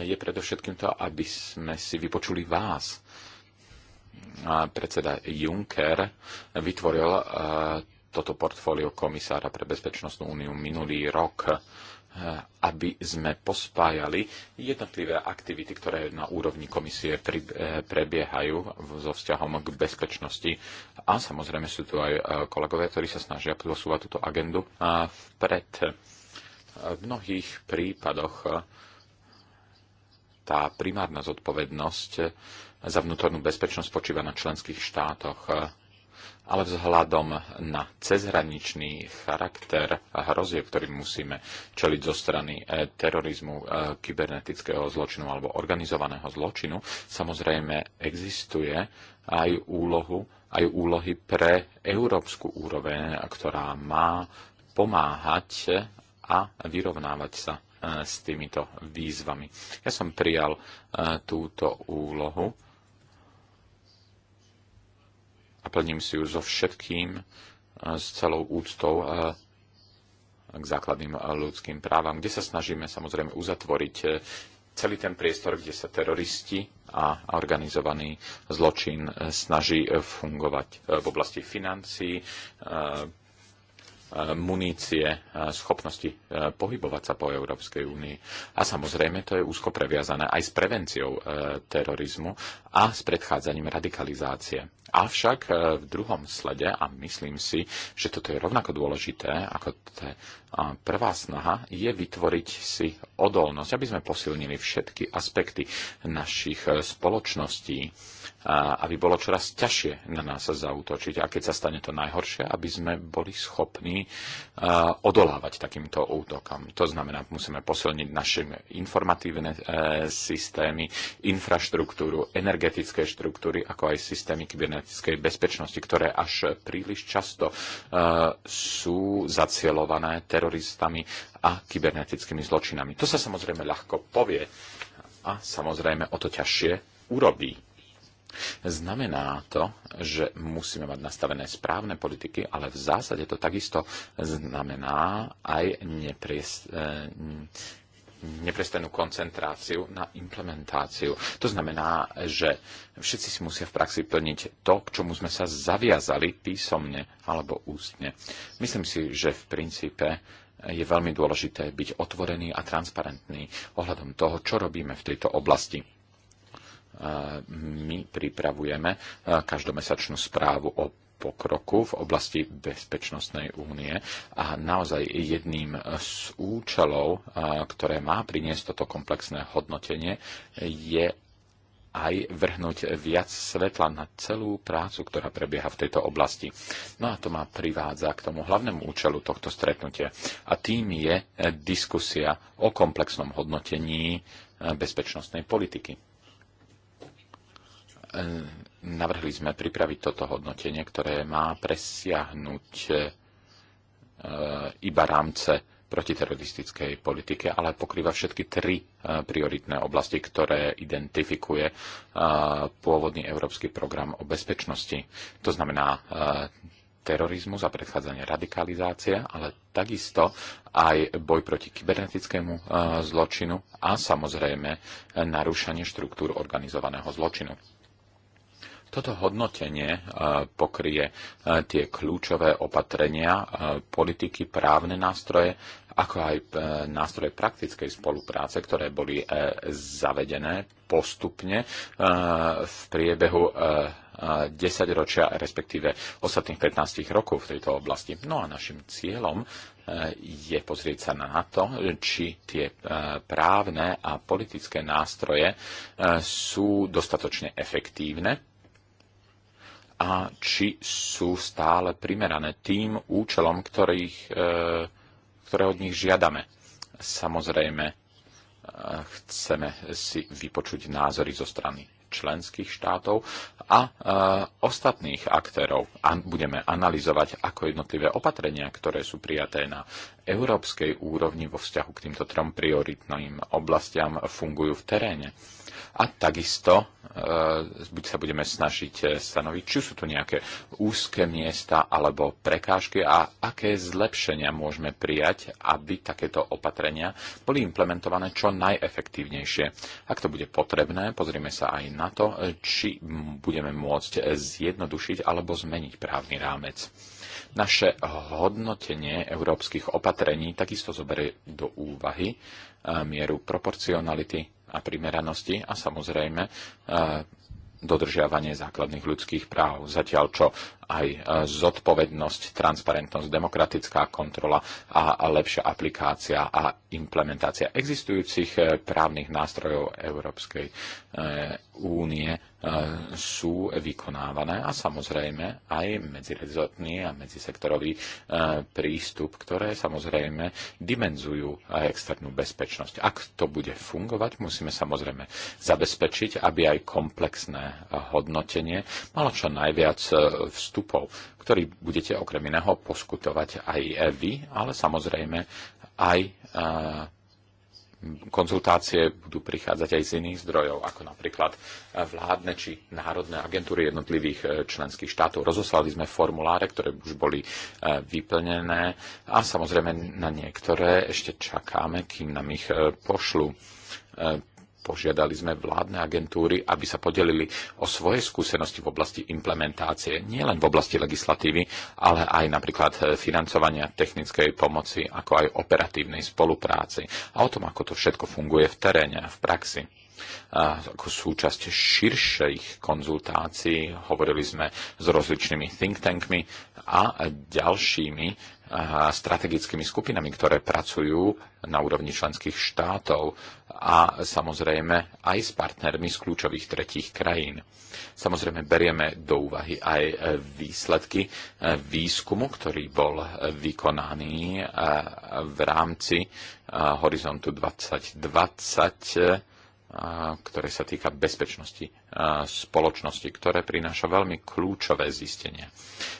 je predovšetkým to, aby sme si vypočuli vás predseda Juncker vytvoril e, toto portfólio komisára pre bezpečnostnú úniu minulý rok e, aby sme pospájali jednotlivé aktivity, ktoré na úrovni komisie e, prebiehajú so vzťahom k bezpečnosti. A samozrejme sú tu aj kolegovia, ktorí sa snažia posúvať túto agendu vpred. V mnohých prípadoch tá primárna zodpovednosť za vnútornú bezpečnosť počíva na členských štátoch, ale vzhľadom na cezhraničný charakter a hrozie, ktorým musíme čeliť zo strany e, terorizmu, e, kybernetického zločinu alebo organizovaného zločinu, samozrejme existuje aj úlohu, aj úlohy pre európsku úroveň, ktorá má pomáhať a vyrovnávať sa e, s týmito výzvami. Ja som prijal túto úlohu a plním si ju so všetkým, e, s celou úctou e, k základným e, ľudským právam, kde sa snažíme samozrejme uzatvoriť celý ten priestor, kde sa teroristi a organizovaný zločin snaží fungovať v oblasti financií, E, munície, schopnosti e, pohybovať sa po Európskej únii. A samozrejme, to je úzko previazané aj s prevenciou e, terorizmu a s predchádzaním radikalizácie. Avšak v druhom slede, a myslím si, že toto je rovnako dôležité ako tá prvá snaha, je vytvoriť si odolnosť, aby sme posilnili všetky aspekty našich spoločností aby bolo čoraz ťažšie na nás zautočiť a keď sa stane to najhoršie, aby sme boli schopní odolávať takýmto útokom. To znamená, musíme posilniť naše informatívne e, systémy, infraštruktúru, energetické štruktúry, ako aj systémy kybernetickej bezpečnosti, ktoré až príliš často e, sú zacielované teroristami a kybernetickými zločinami. To sa samozrejme ľahko povie a samozrejme o to ťažšie urobí. Znamená to, že musíme mať nastavené správne politiky, ale v zásade to takisto znamená aj nepries, e, koncentráciu na implementáciu. To znamená, že všetci si musia v praxi plniť to, k čomu sme sa zaviazali písomne alebo ústne. Myslím si, že v princípe je veľmi dôležité byť otvorený a transparentný ohľadom toho, čo robíme v tejto oblasti my pripravujeme každomesačnú správu o pokroku v oblasti bezpečnostnej únie a naozaj jedným z účelov, ktoré má priniesť toto komplexné hodnotenie, je aj vrhnúť viac svetla na celú prácu, ktorá prebieha v tejto oblasti. No a to ma privádza k tomu hlavnému účelu tohto stretnutia. A tým je e, diskusia o komplexnom hodnotení e, bezpečnostnej politiky. Navrhli sme pripraviť toto hodnotenie, ktoré má presiahnuť e, iba rámce protiteroristickej politike, ale pokrýva všetky tri e, prioritné oblasti, ktoré identifikuje e, pôvodný európsky program o bezpečnosti. To znamená terorizmus a predchádzanie radikalizácie, ale takisto aj boj proti kybernetickému zločinu a samozrejme narúšanie štruktúr organizovaného zločinu toto hodnotenie e, pokrie e, tie kľúčové opatrenia, e, politiky, právne nástroje, ako aj nástroje praktickej spolupráce, ktoré boli zavedené postupne v priebehu 10 ročia, respektíve ostatných 15 rokov v tejto oblasti. No a našim cieľom je pozrieť sa na to, či tie právne a politické nástroje sú dostatočne efektívne a či sú stále primerané tým účelom, ktorých, e, ktoré od nich žiadame. Samozrejme, e, chceme si vypočuť názory zo strany členských štátov a e, ostatných aktérov. A budeme analyzovať, ako jednotlivé opatrenia, ktoré sú prijaté na európskej úrovni vo vzťahu k týmto trom prioritným oblastiam, fungujú v teréne a takisto e, buď sa budeme snažiť e, stanoviť, či sú tu nejaké úzke miesta alebo prekážky a aké zlepšenia môžeme prijať, aby takéto opatrenia boli implementované čo najefektívnejšie. Ak to bude potrebné, pozrieme sa aj na to, či budeme môcť zjednodušiť alebo zmeniť právny rámec. Naše hodnotenie európskych opatrení takisto zoberie do úvahy e, mieru proporcionality, a primeranosti a samozrejme eh, dodržiavanie základných ľudských práv. Zatiaľ čo aj e, zodpovednosť, transparentnosť, demokratická kontrola a lepšia aplikácia a implementácia existujúcich e, právnych nástrojov Európskej e, únie sú vykonávané a samozrejme aj medzirezotný a medzisektorový prístup, ktoré samozrejme dimenzujú externú bezpečnosť. Ak to bude fungovať, musíme samozrejme zabezpečiť, aby aj komplexné hodnotenie malo čo najviac vstup postupov, ktorý budete okrem iného poskutovať aj vy, ale samozrejme aj e, konzultácie budú prichádzať aj z iných zdrojov, ako napríklad e, vládne či národné agentúry jednotlivých e, členských štátov. Rozoslali sme formuláre, ktoré už boli vyplnené a samozrejme na niektoré ešte čakáme, kým nám ich pošlu Požiadali sme vládne agentúry, aby sa podelili o svoje skúsenosti v oblasti implementácie, nielen v oblasti legislatívy, ale aj napríklad e, financovania technickej pomoci, ako aj operatívnej spolupráci a o tom, ako to všetko funguje v teréne a v praxi e, ako súčasť širších konzultácií. Hovorili sme s rozličnými think tankmi a ďalšími strategickými skupinami, ktoré pracujú na úrovni členských štátov a samozrejme aj s partnermi z kľúčových tretích krajín. Samozrejme berieme do úvahy aj výsledky výskumu, ktorý bol vykonaný eh, v rámci eh, Horizontu 2020 ktoré sa týka bezpečnosti spoločnosti, ktoré prináša veľmi kľúčové zistenia.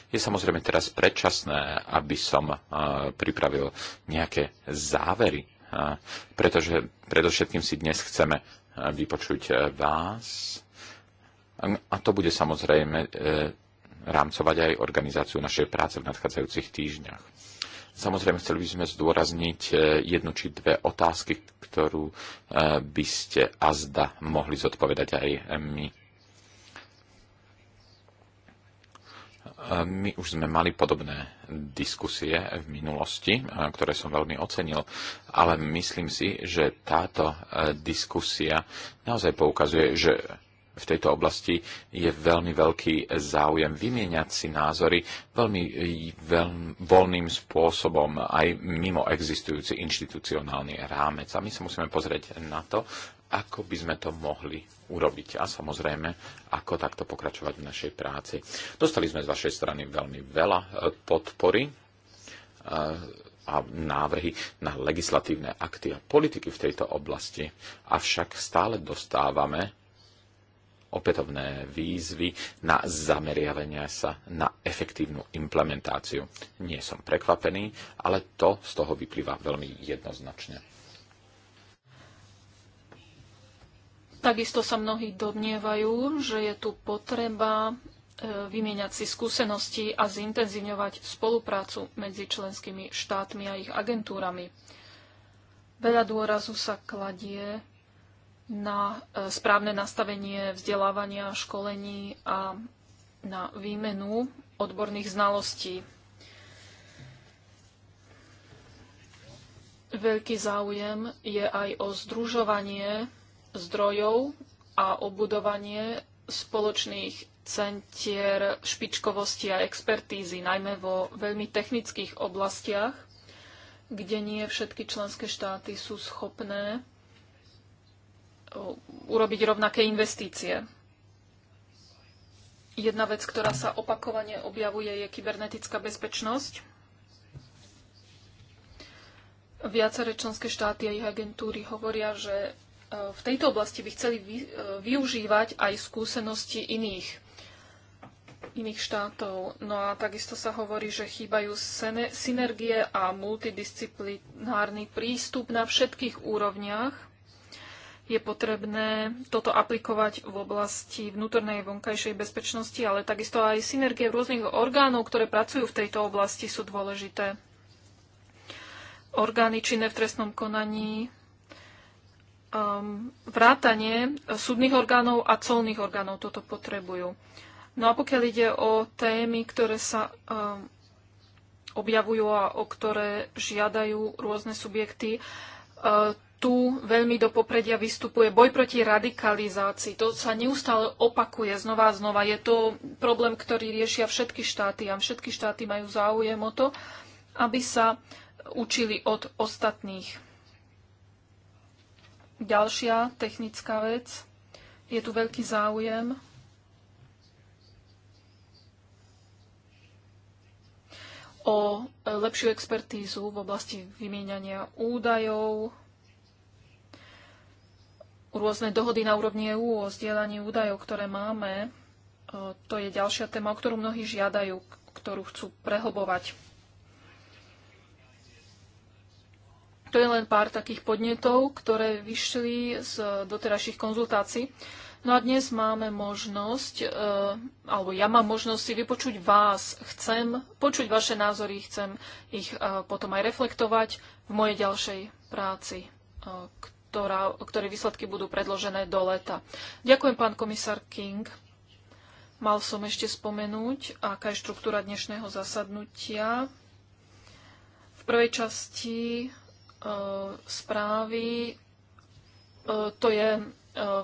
Je samozrejme teraz predčasné, aby som pripravil nejaké závery, pretože predovšetkým si dnes chceme vypočuť e, vás a to bude samozrejme e, rámcovať aj organizáciu našej práce v nadchádzajúcich týždňach. Samozrejme, chceli by sme zdôrazniť e, jednu či dve otázky, ktorú e, by ste azda mohli zodpovedať aj my. E, my už sme mali podobné diskusie v minulosti, ktoré som veľmi ocenil, ale myslím si, že táto diskusia naozaj poukazuje, že v tejto oblasti je veľmi veľký záujem vymieňať si názory veľmi veľmi voľným spôsobom aj mimo existujúci inštitucionálny rámec. A my sa musíme pozrieť na to, ako by sme to mohli urobiť a samozrejme, ako takto pokračovať v našej práci. Dostali sme z vašej strany veľmi veľa e, podpory e, a návrhy na legislatívne akty a politiky v tejto oblasti, avšak stále dostávame opätovné výzvy na zameriavania sa na efektívnu implementáciu. Nie som prekvapený, ale to z toho vyplýva veľmi jednoznačne. Takisto sa mnohí domnievajú, že je tu potreba e, vymieňať si skúsenosti a zintenzívňovať spoluprácu medzi členskými štátmi a ich agentúrami. Veľa dôrazu sa kladie na e, správne nastavenie vzdelávania, školení a na výmenu odborných znalostí. Veľký záujem je aj o združovanie zdrojov a obudovanie spoločných centier špičkovosti a expertízy, najmä vo veľmi technických oblastiach, kde nie všetky členské štáty sú schopné urobiť rovnaké investície. Jedna vec, ktorá sa opakovane objavuje, je kybernetická bezpečnosť. Viaceré členské štáty a ich agentúry hovoria, že e, v tejto oblasti by chceli e, využívať aj skúsenosti iných iných štátov. No a takisto sa hovorí, že chýbajú synergie a multidisciplinárny prístup na všetkých úrovniach je potrebné toto aplikovať v oblasti vnútornej vonkajšej bezpečnosti, ale takisto aj synergie rôznych orgánov, ktoré pracujú v tejto oblasti, sú dôležité. Orgány činné v trestnom konaní, um, vrátanie súdnych orgánov a colných orgánov toto potrebujú. No a pokiaľ ide o témy, ktoré sa um, objavujú a o ktoré žiadajú rôzne subjekty, uh, tu veľmi do popredia vystupuje boj proti radikalizácii. To sa neustále opakuje znova a znova. Je to problém, ktorý riešia všetky štáty a všetky štáty majú záujem o to, aby sa učili od ostatných. Ďalšia technická vec. Je tu veľký záujem o lepšiu expertízu v oblasti vymieňania údajov, rôzne dohody na úrovni EÚ o zdieľaní údajov, ktoré máme. E, to je ďalšia téma, o ktorú mnohí žiadajú, ktorú chcú prehlbovať. To je len pár takých podnetov, ktoré vyšli z doterajších konzultácií. No a dnes máme možnosť, e, alebo ja mám možnosť si vypočuť vás. Chcem počuť vaše názory, chcem ich e, potom aj reflektovať v mojej ďalšej práci, ktorá, ktoré výsledky budú predložené do leta. Ďakujem, pán komisár King. Mal som ešte spomenúť, aká je štruktúra dnešného zasadnutia. V prvej časti e, správy e, to je e,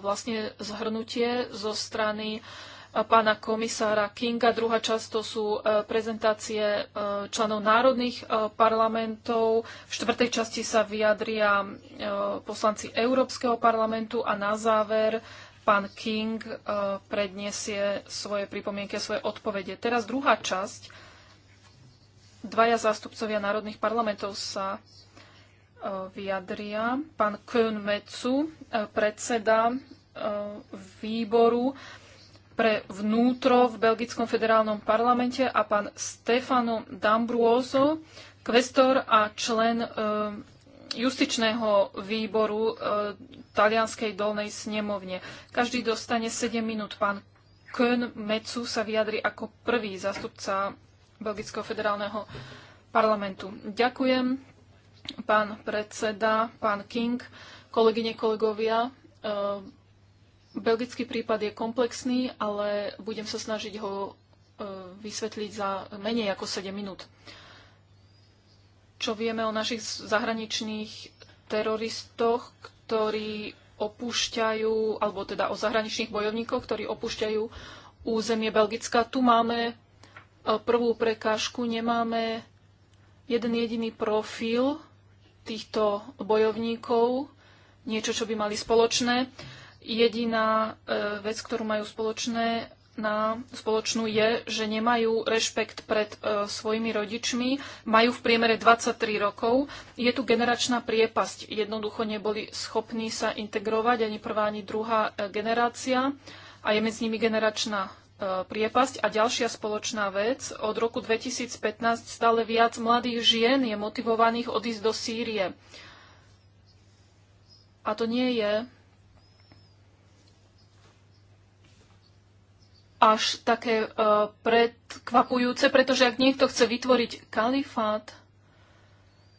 vlastne zhrnutie zo strany e, pána komisára Kinga. Druhá časť to sú e, prezentácie e, členov národných e, parlamentov. V štvrtej časti sa vyjadria poslanci Európskeho parlamentu a na záver pán King predniesie svoje pripomienky, svoje odpovede. Teraz druhá časť. Dvaja zástupcovia národných parlamentov sa vyjadria. Pán Kön Metsu, predseda výboru pre vnútro v Belgickom federálnom parlamente a pán Stefano D'Ambruoso, kvestor a člen e, justičného výboru e, talianskej dolnej snemovne. Každý dostane 7 minút. Pán Kön Mecu sa vyjadri ako prvý zastupca Belgického federálneho parlamentu. Ďakujem, pán predseda, pán King, kolegyne, kolegovia. E, Belgický prípad je komplexný, ale budem sa snažiť ho e, vysvetliť za menej ako 7 minút. Čo vieme o našich zahraničných teroristoch, ktorí opúšťajú, alebo teda o zahraničných bojovníkoch, ktorí opúšťajú územie Belgická. Tu máme e, prvú prekážku, nemáme jeden jediný profil týchto bojovníkov, niečo, čo by mali spoločné. Jediná e, vec, ktorú majú spoločné na spoločnú je, že nemajú rešpekt pred e, svojimi rodičmi, majú v priemere 23 rokov, je tu generačná priepasť, jednoducho neboli schopní sa integrovať ani prvá, ani druhá e, generácia a je medzi nimi generačná e, priepasť. A ďalšia spoločná vec, od roku 2015 stále viac mladých žien je motivovaných odísť do Sýrie. A to nie je až také uh, predkvapujúce, pretože ak niekto chce vytvoriť kalifát,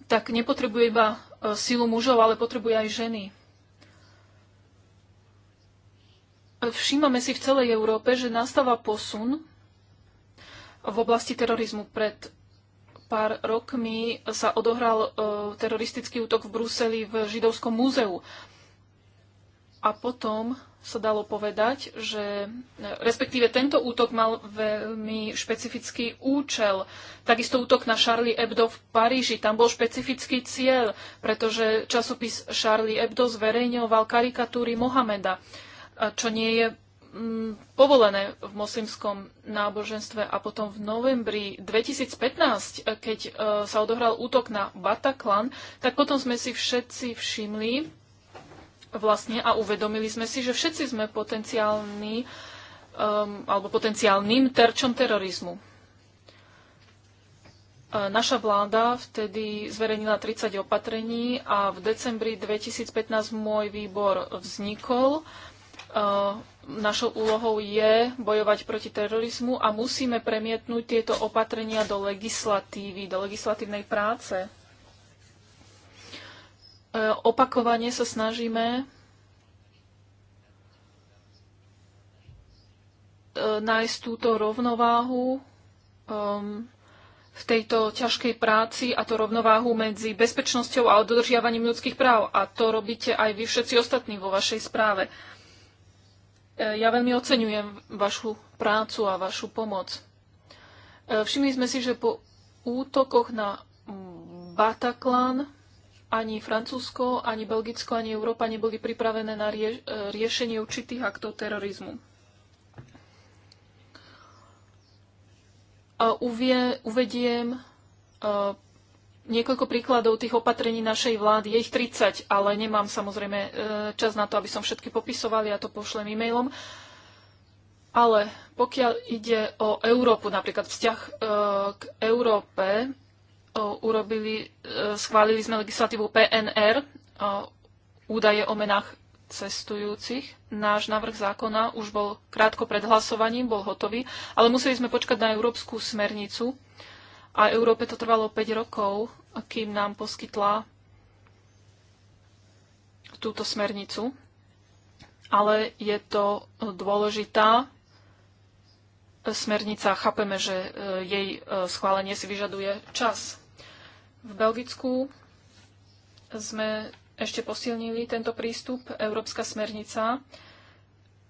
tak nepotrebuje iba uh, silu mužov, ale potrebuje aj ženy. Všímame si v celej Európe, že nastáva posun v oblasti terorizmu. Pred pár rokmi sa odohral uh, teroristický útok v Bruseli v Židovskom múzeu. A potom sa dalo povedať, že e, respektíve tento útok mal veľmi špecifický účel. Takisto útok na Charlie Hebdo v Paríži, tam bol špecifický cieľ, pretože časopis Charlie Hebdo zverejňoval karikatúry Mohameda, čo nie je mm, povolené v moslimskom náboženstve a potom v novembri 2015, e, keď e, sa odohral útok na Bataclan, tak potom sme si všetci všimli, vlastne a uvedomili sme si, že všetci sme potenciálni um, alebo potenciálnym terčom terorizmu. E, naša vláda vtedy zverejnila 30 opatrení a v decembri 2015 môj výbor vznikol. E, našou úlohou je bojovať proti terorizmu a musíme premietnúť tieto opatrenia do legislatívy, do legislatívnej práce. E, opakovane sa snažíme e, nájsť túto rovnováhu um, v tejto ťažkej práci a to rovnováhu medzi bezpečnosťou a dodržiavaním ľudských práv. A to robíte aj vy všetci ostatní vo vašej správe. E, ja veľmi oceňujem vašu prácu a vašu pomoc. Všimli sme si, že po útokoch na Bataclan ani Francúzsko, ani Belgicko, ani Európa neboli pripravené na rieš- e, riešenie určitých aktov terorizmu. Uvie, uvediem e, niekoľko príkladov tých opatrení našej vlády. Je ich 30, ale nemám samozrejme e, čas na to, aby som všetky popisovali, ja to pošlem e-mailom. Ale pokiaľ ide o Európu, napríklad vzťah k Európe, urobili, e, schválili sme legislatívu PNR, údaje o menách cestujúcich. Náš návrh zákona už bol krátko pred hlasovaním, bol hotový, ale museli sme počkať na európsku smernicu a Európe to trvalo 5 rokov, kým nám poskytla túto smernicu. Ale je to dôležitá smernica. Chápeme, že e, jej e, schválenie si vyžaduje čas. V Belgicku sme ešte posilnili tento prístup. Európska smernica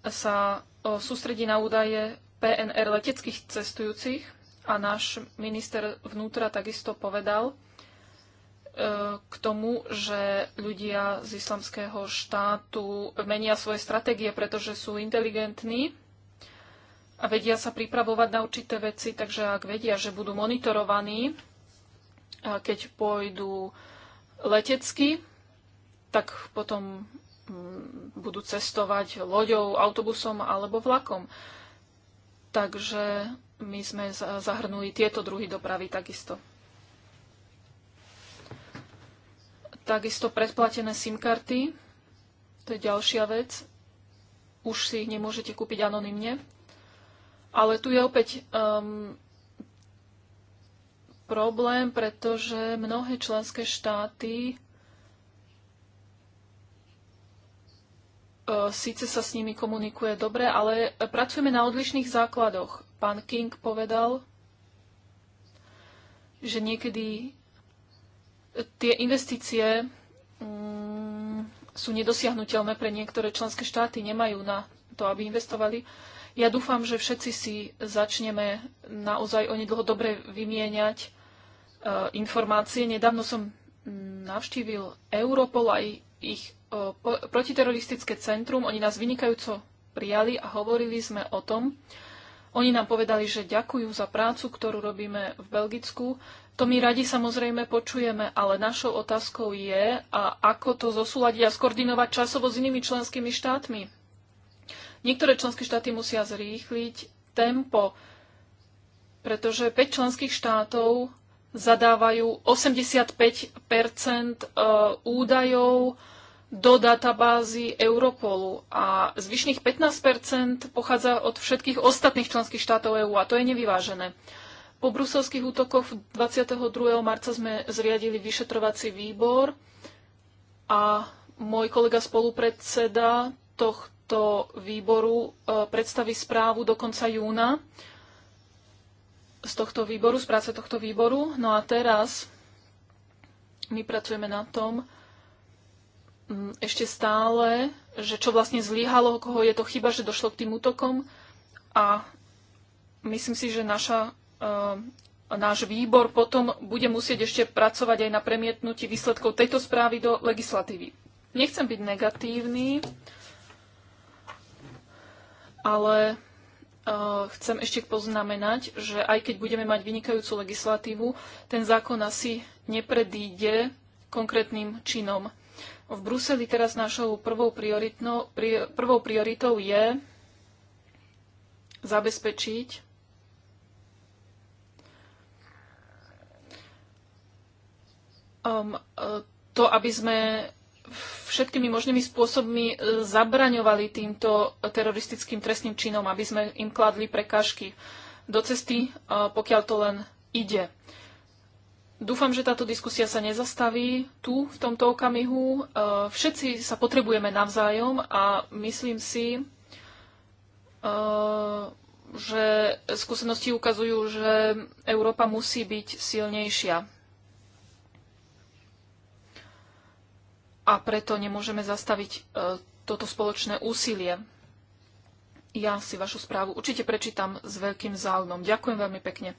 sa sústredí na údaje PNR leteckých cestujúcich a náš minister vnútra takisto povedal e, k tomu, že ľudia z islamského štátu menia svoje stratégie, pretože sú inteligentní a vedia sa pripravovať na určité veci, takže ak vedia, že budú monitorovaní, keď pôjdu letecky, tak potom mm, budú cestovať loďou, autobusom alebo vlakom. Takže my sme zahrnuli tieto druhy dopravy takisto. Takisto predplatené SIM karty, to je ďalšia vec. Už si ich nemôžete kúpiť anonymne. Ale tu je opäť um, problém, pretože mnohé členské štáty e, síce sa s nimi komunikuje dobre, ale pracujeme na odlišných základoch. Pán King povedal, že niekedy tie investície mm, sú nedosiahnutelné pre niektoré členské štáty, nemajú na to, aby investovali. Ja dúfam, že všetci si začneme naozaj dlho dobre vymieňať e, informácie. Nedávno som mm, navštívil Europol aj ich e, protiteroristické centrum. Oni nás vynikajúco prijali a hovorili sme o tom. Oni nám povedali, že ďakujú za prácu, ktorú robíme v Belgicku. To my radi samozrejme počujeme, ale našou otázkou je, a ako to zosúľadiť a skoordinovať časovo s inými členskými štátmi. Niektoré členské štáty musia zrýchliť tempo, pretože 5 členských štátov zadávajú 85 e, údajov do databázy Europolu a zvyšných 15 pochádza od všetkých ostatných členských štátov EÚ a to je nevyvážené. Po bruselských útokoch 22. marca sme zriadili vyšetrovací výbor a môj kolega spolupredseda tohto tohto výboru e, predstaví správu do konca júna z tohto výboru, z práce tohto výboru. No a teraz my pracujeme na tom mm, ešte stále, že čo vlastne zlyhalo, koho je to chyba, že došlo k tým útokom a myslím si, že naša, e, náš výbor potom bude musieť ešte pracovať aj na premietnutí výsledkov tejto správy do legislatívy. Nechcem byť negatívny, ale e, chcem ešte poznamenať, že aj keď budeme mať vynikajúcu legislatívu, ten zákon asi nepredíde konkrétnym činom. V Bruseli teraz našou prvou, pri, prvou prioritou je zabezpečiť um, e, to, aby sme všetkými možnými spôsobmi e, zabraňovali týmto teroristickým trestným činom, aby sme im kladli prekážky do cesty, e, pokiaľ to len ide. Dúfam, že táto diskusia sa nezastaví tu, v tomto okamihu. E, všetci sa potrebujeme navzájom a myslím si, že skúsenosti ukazujú, že Európa musí byť silnejšia. a preto nemôžeme zastaviť e, toto spoločné úsilie. Ja si vašu správu určite prečítam s veľkým záujmom. Ďakujem veľmi pekne.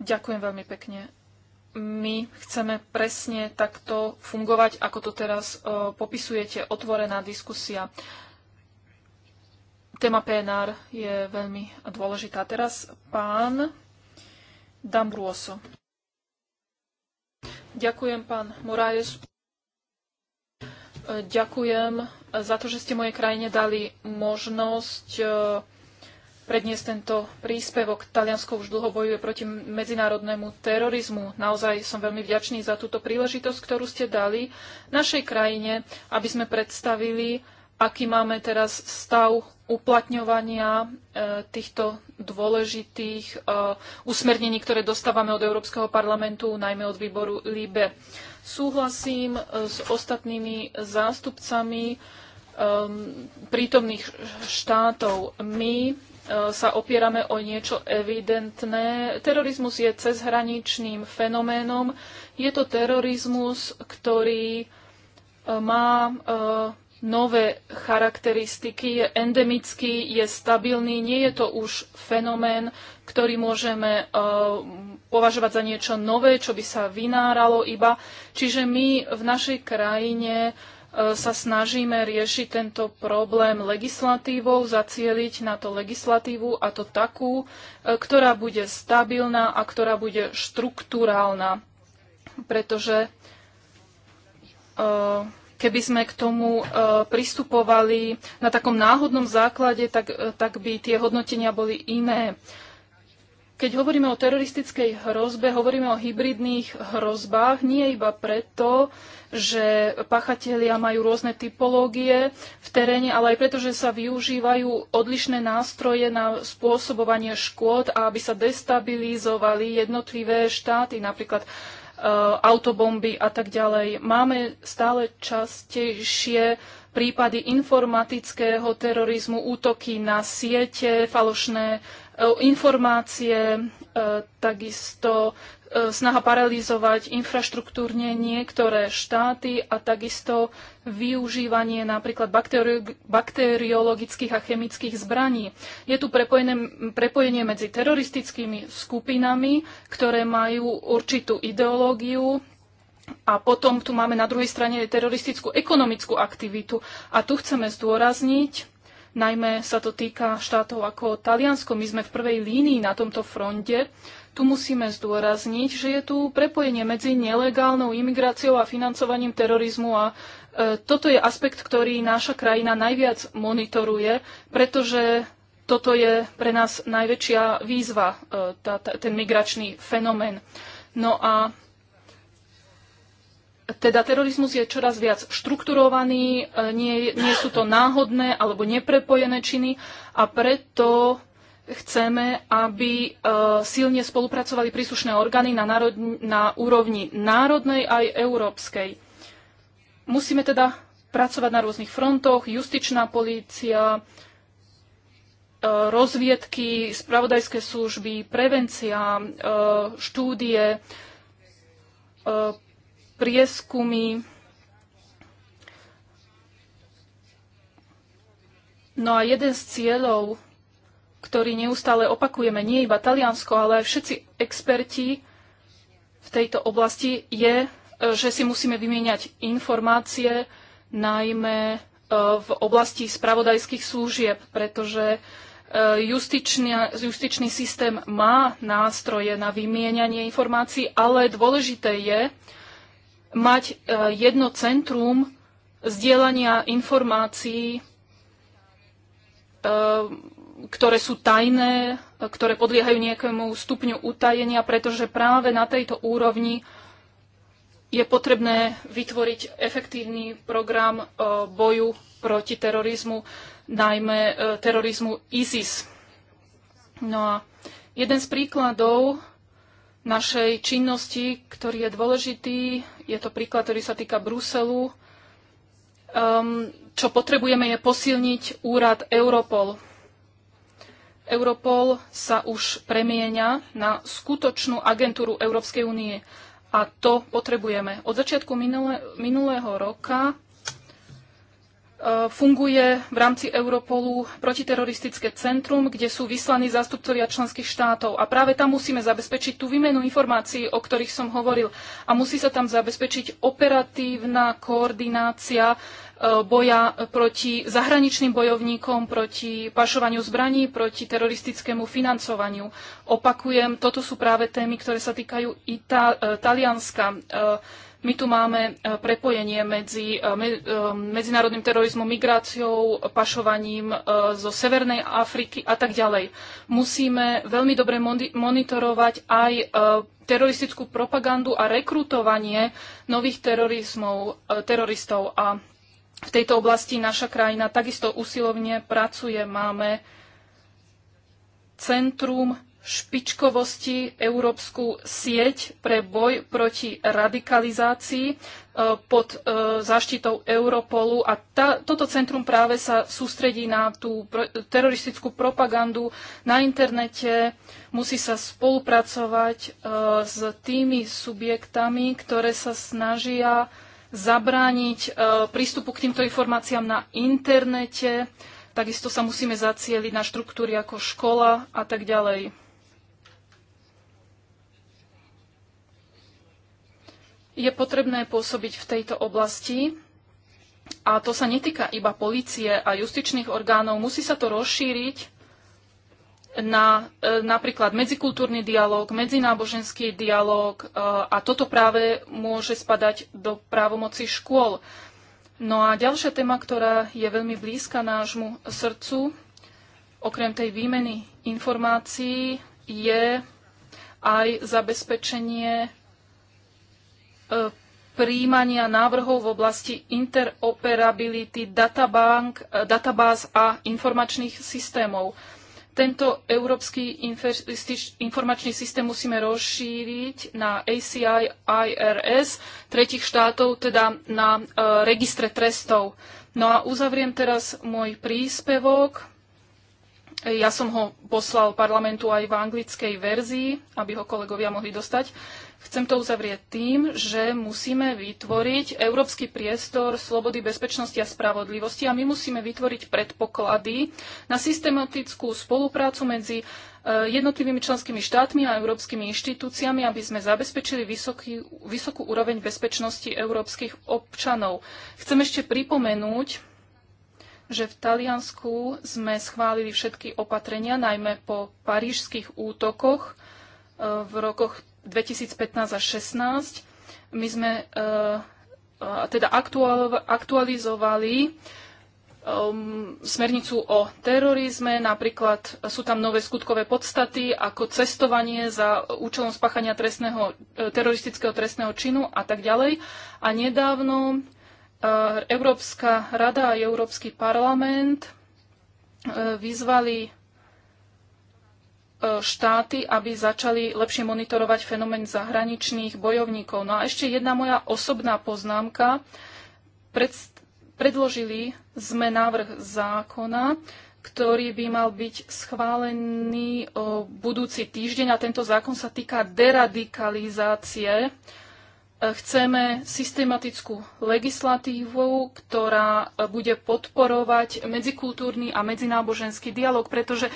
Ďakujem veľmi pekne. My chceme presne takto fungovať, ako to teraz e, popisujete, otvorená diskusia. Téma PNR je veľmi dôležitá. Teraz pán Dambruoso. Ďakujem, pán Moraes. E, ďakujem za to, že ste mojej krajine dali možnosť e, predniesť tento príspevok. Taliansko už dlho bojuje proti medzinárodnému terorizmu. Naozaj som veľmi vďačný za túto príležitosť, ktorú ste dali našej krajine, aby sme predstavili, aký máme teraz stav uplatňovania e, týchto dôležitých e, usmernení, ktoré dostávame od Európskeho parlamentu, najmä od výboru LIBE. Súhlasím e, s ostatnými zástupcami prítomných štátov. My sa opierame o niečo evidentné. Terorizmus je cezhraničným fenoménom. Je to terorizmus, ktorý má nové charakteristiky, je endemický, je stabilný, nie je to už fenomén, ktorý môžeme eh, považovať za niečo nové, čo by sa vynáralo iba. Čiže my v našej krajine eh, sa snažíme riešiť tento problém legislatívou, zacieliť na to legislatívu a to takú, eh, ktorá bude stabilná a ktorá bude štruktúrálna. Pretože uh, Keby sme k tomu e, pristupovali na takom náhodnom základe, tak, e, tak by tie hodnotenia boli iné. Keď hovoríme o teroristickej hrozbe, hovoríme o hybridných hrozbách, nie iba preto, že pachatelia majú rôzne typológie v teréne, ale aj preto, že sa využívajú odlišné nástroje na spôsobovanie škôd a aby sa destabilizovali jednotlivé štáty, napríklad Eh, autobomby a tak ďalej. Máme stále častejšie prípady informatického terorizmu, útoky na siete, falošné eh, informácie, eh, takisto E, snaha paralizovať infraštruktúrne niektoré štáty a takisto využívanie napríklad bakteriologických a chemických zbraní. Je tu prepojenie medzi teroristickými skupinami, ktoré majú určitú ideológiu, a potom tu máme na druhej strane teroristickú ekonomickú aktivitu. A tu chceme zdôrazniť, najmä sa to týka štátov ako Taliansko. My sme v prvej línii na tomto fronte tu musíme zdôrazniť, že je tu prepojenie medzi nelegálnou imigráciou a financovaním terorizmu a e, toto je aspekt, ktorý naša krajina najviac monitoruje, pretože toto je pre nás najväčšia výzva, e, tá, tá, ten migračný fenomén. No a teda terorizmus je čoraz viac štrukturovaný, e, nie, nie sú to náhodné alebo neprepojené činy a preto chceme, aby e, silne spolupracovali príslušné orgány na, národ, na úrovni národnej aj európskej. Musíme teda pracovať na rôznych frontoch, justičná polícia, e, rozviedky, spravodajské služby, prevencia, e, štúdie, prieskumy. No a jeden z cieľov ktorý neustále opakujeme, nie iba Taliansko, ale aj všetci experti v tejto oblasti, je, e, že si musíme vymieňať informácie, najmä e, v oblasti spravodajských služieb, pretože e, justičný, justičný systém má nástroje na vymieňanie informácií, ale dôležité je mať jedno centrum zdieľania informácií ktoré sú tajné, ktoré podliehajú nejakému stupňu utajenia, pretože práve na tejto úrovni je potrebné vytvoriť efektívny program e, boju proti terorizmu, najmä e, terorizmu ISIS. No a jeden z príkladov našej činnosti, ktorý je dôležitý, je to príklad, ktorý sa týka Bruselu. Um, čo potrebujeme je posilniť úrad Europol. Europol sa už premieňa na skutočnú agentúru Európskej únie. A to potrebujeme. Od začiatku minulé, minulého roka E, funguje v rámci Europolu protiteroristické centrum, kde sú vyslaní zástupcovia členských štátov. A práve tam musíme zabezpečiť tú výmenu informácií, o ktorých som hovoril. A musí sa tam zabezpečiť operatívna koordinácia e, boja proti zahraničným bojovníkom, proti pašovaniu zbraní, proti teroristickému financovaniu. Opakujem, toto sú práve témy, ktoré sa týkajú i e, Talianska my tu máme e, prepojenie medzi e, e, medzinárodným terorizmom, migráciou, pašovaním zo Severnej Afriky a tak ďalej. Musíme veľmi dobre monitorovať aj teroristickú propagandu a rekrutovanie nových teroristov. A v tejto oblasti naša krajina takisto usilovne pracuje. Máme Centrum špičkovosti európsku sieť pre boj proti radikalizácii e, pod e, záštitou Europolu a tá, toto centrum práve sa sústredí na tú teroristickú propagandu na internete, musí sa spolupracovať e, s tými subjektami, ktoré sa snažia zabrániť prístupu k týmto informáciám na internete, takisto sa musíme zacieliť na štruktúry ako škola a tak ďalej. Je potrebné pôsobiť v tejto oblasti a to sa netýka iba policie a justičných orgánov. Musí sa to rozšíriť na e, napríklad medzikultúrny dialog, medzináboženský dialog e, a toto práve môže spadať do právomoci škôl. No a ďalšia téma, ktorá je veľmi blízka nášmu srdcu, okrem tej výmeny informácií, je aj zabezpečenie E, príjmania návrhov v oblasti interoperability databank, e, databáz a informačných systémov. Tento európsky informačný systém musíme rozšíriť na ACI IRS tretich štátov, teda na e, registre trestov. No a uzavriem teraz môj príspevok. Ja som ho poslal parlamentu aj v anglickej verzii, aby ho kolegovia mohli dostať. Chcem to uzavrieť tým, že musíme vytvoriť európsky priestor slobody, bezpečnosti a spravodlivosti a my musíme vytvoriť predpoklady na systematickú spoluprácu medzi e, jednotlivými členskými štátmi a európskymi inštitúciami, aby sme zabezpečili vysoký, vysokú úroveň bezpečnosti európskych občanov. Chcem ešte pripomenúť, že v Taliansku sme schválili všetky opatrenia, najmä po parížských útokoch e, v rokoch 2015 až 16 my sme eh, teda aktualizovali um, smernicu o terorizme, napríklad sú tam nové skutkové podstaty ako cestovanie za účelom spáchania trestného, eh, teroristického trestného činu a tak ďalej. A nedávno uh, Európska rada a Európsky parlament uh, vyzvali štáty, aby začali lepšie monitorovať fenomén zahraničných bojovníkov. No a ešte jedna moja osobná poznámka. Pred, predložili sme návrh zákona, ktorý by mal byť schválený budúci týždeň a tento zákon sa týka deradikalizácie chceme systematickú legislatívu, ktorá bude podporovať medzikultúrny a medzináboženský dialog, pretože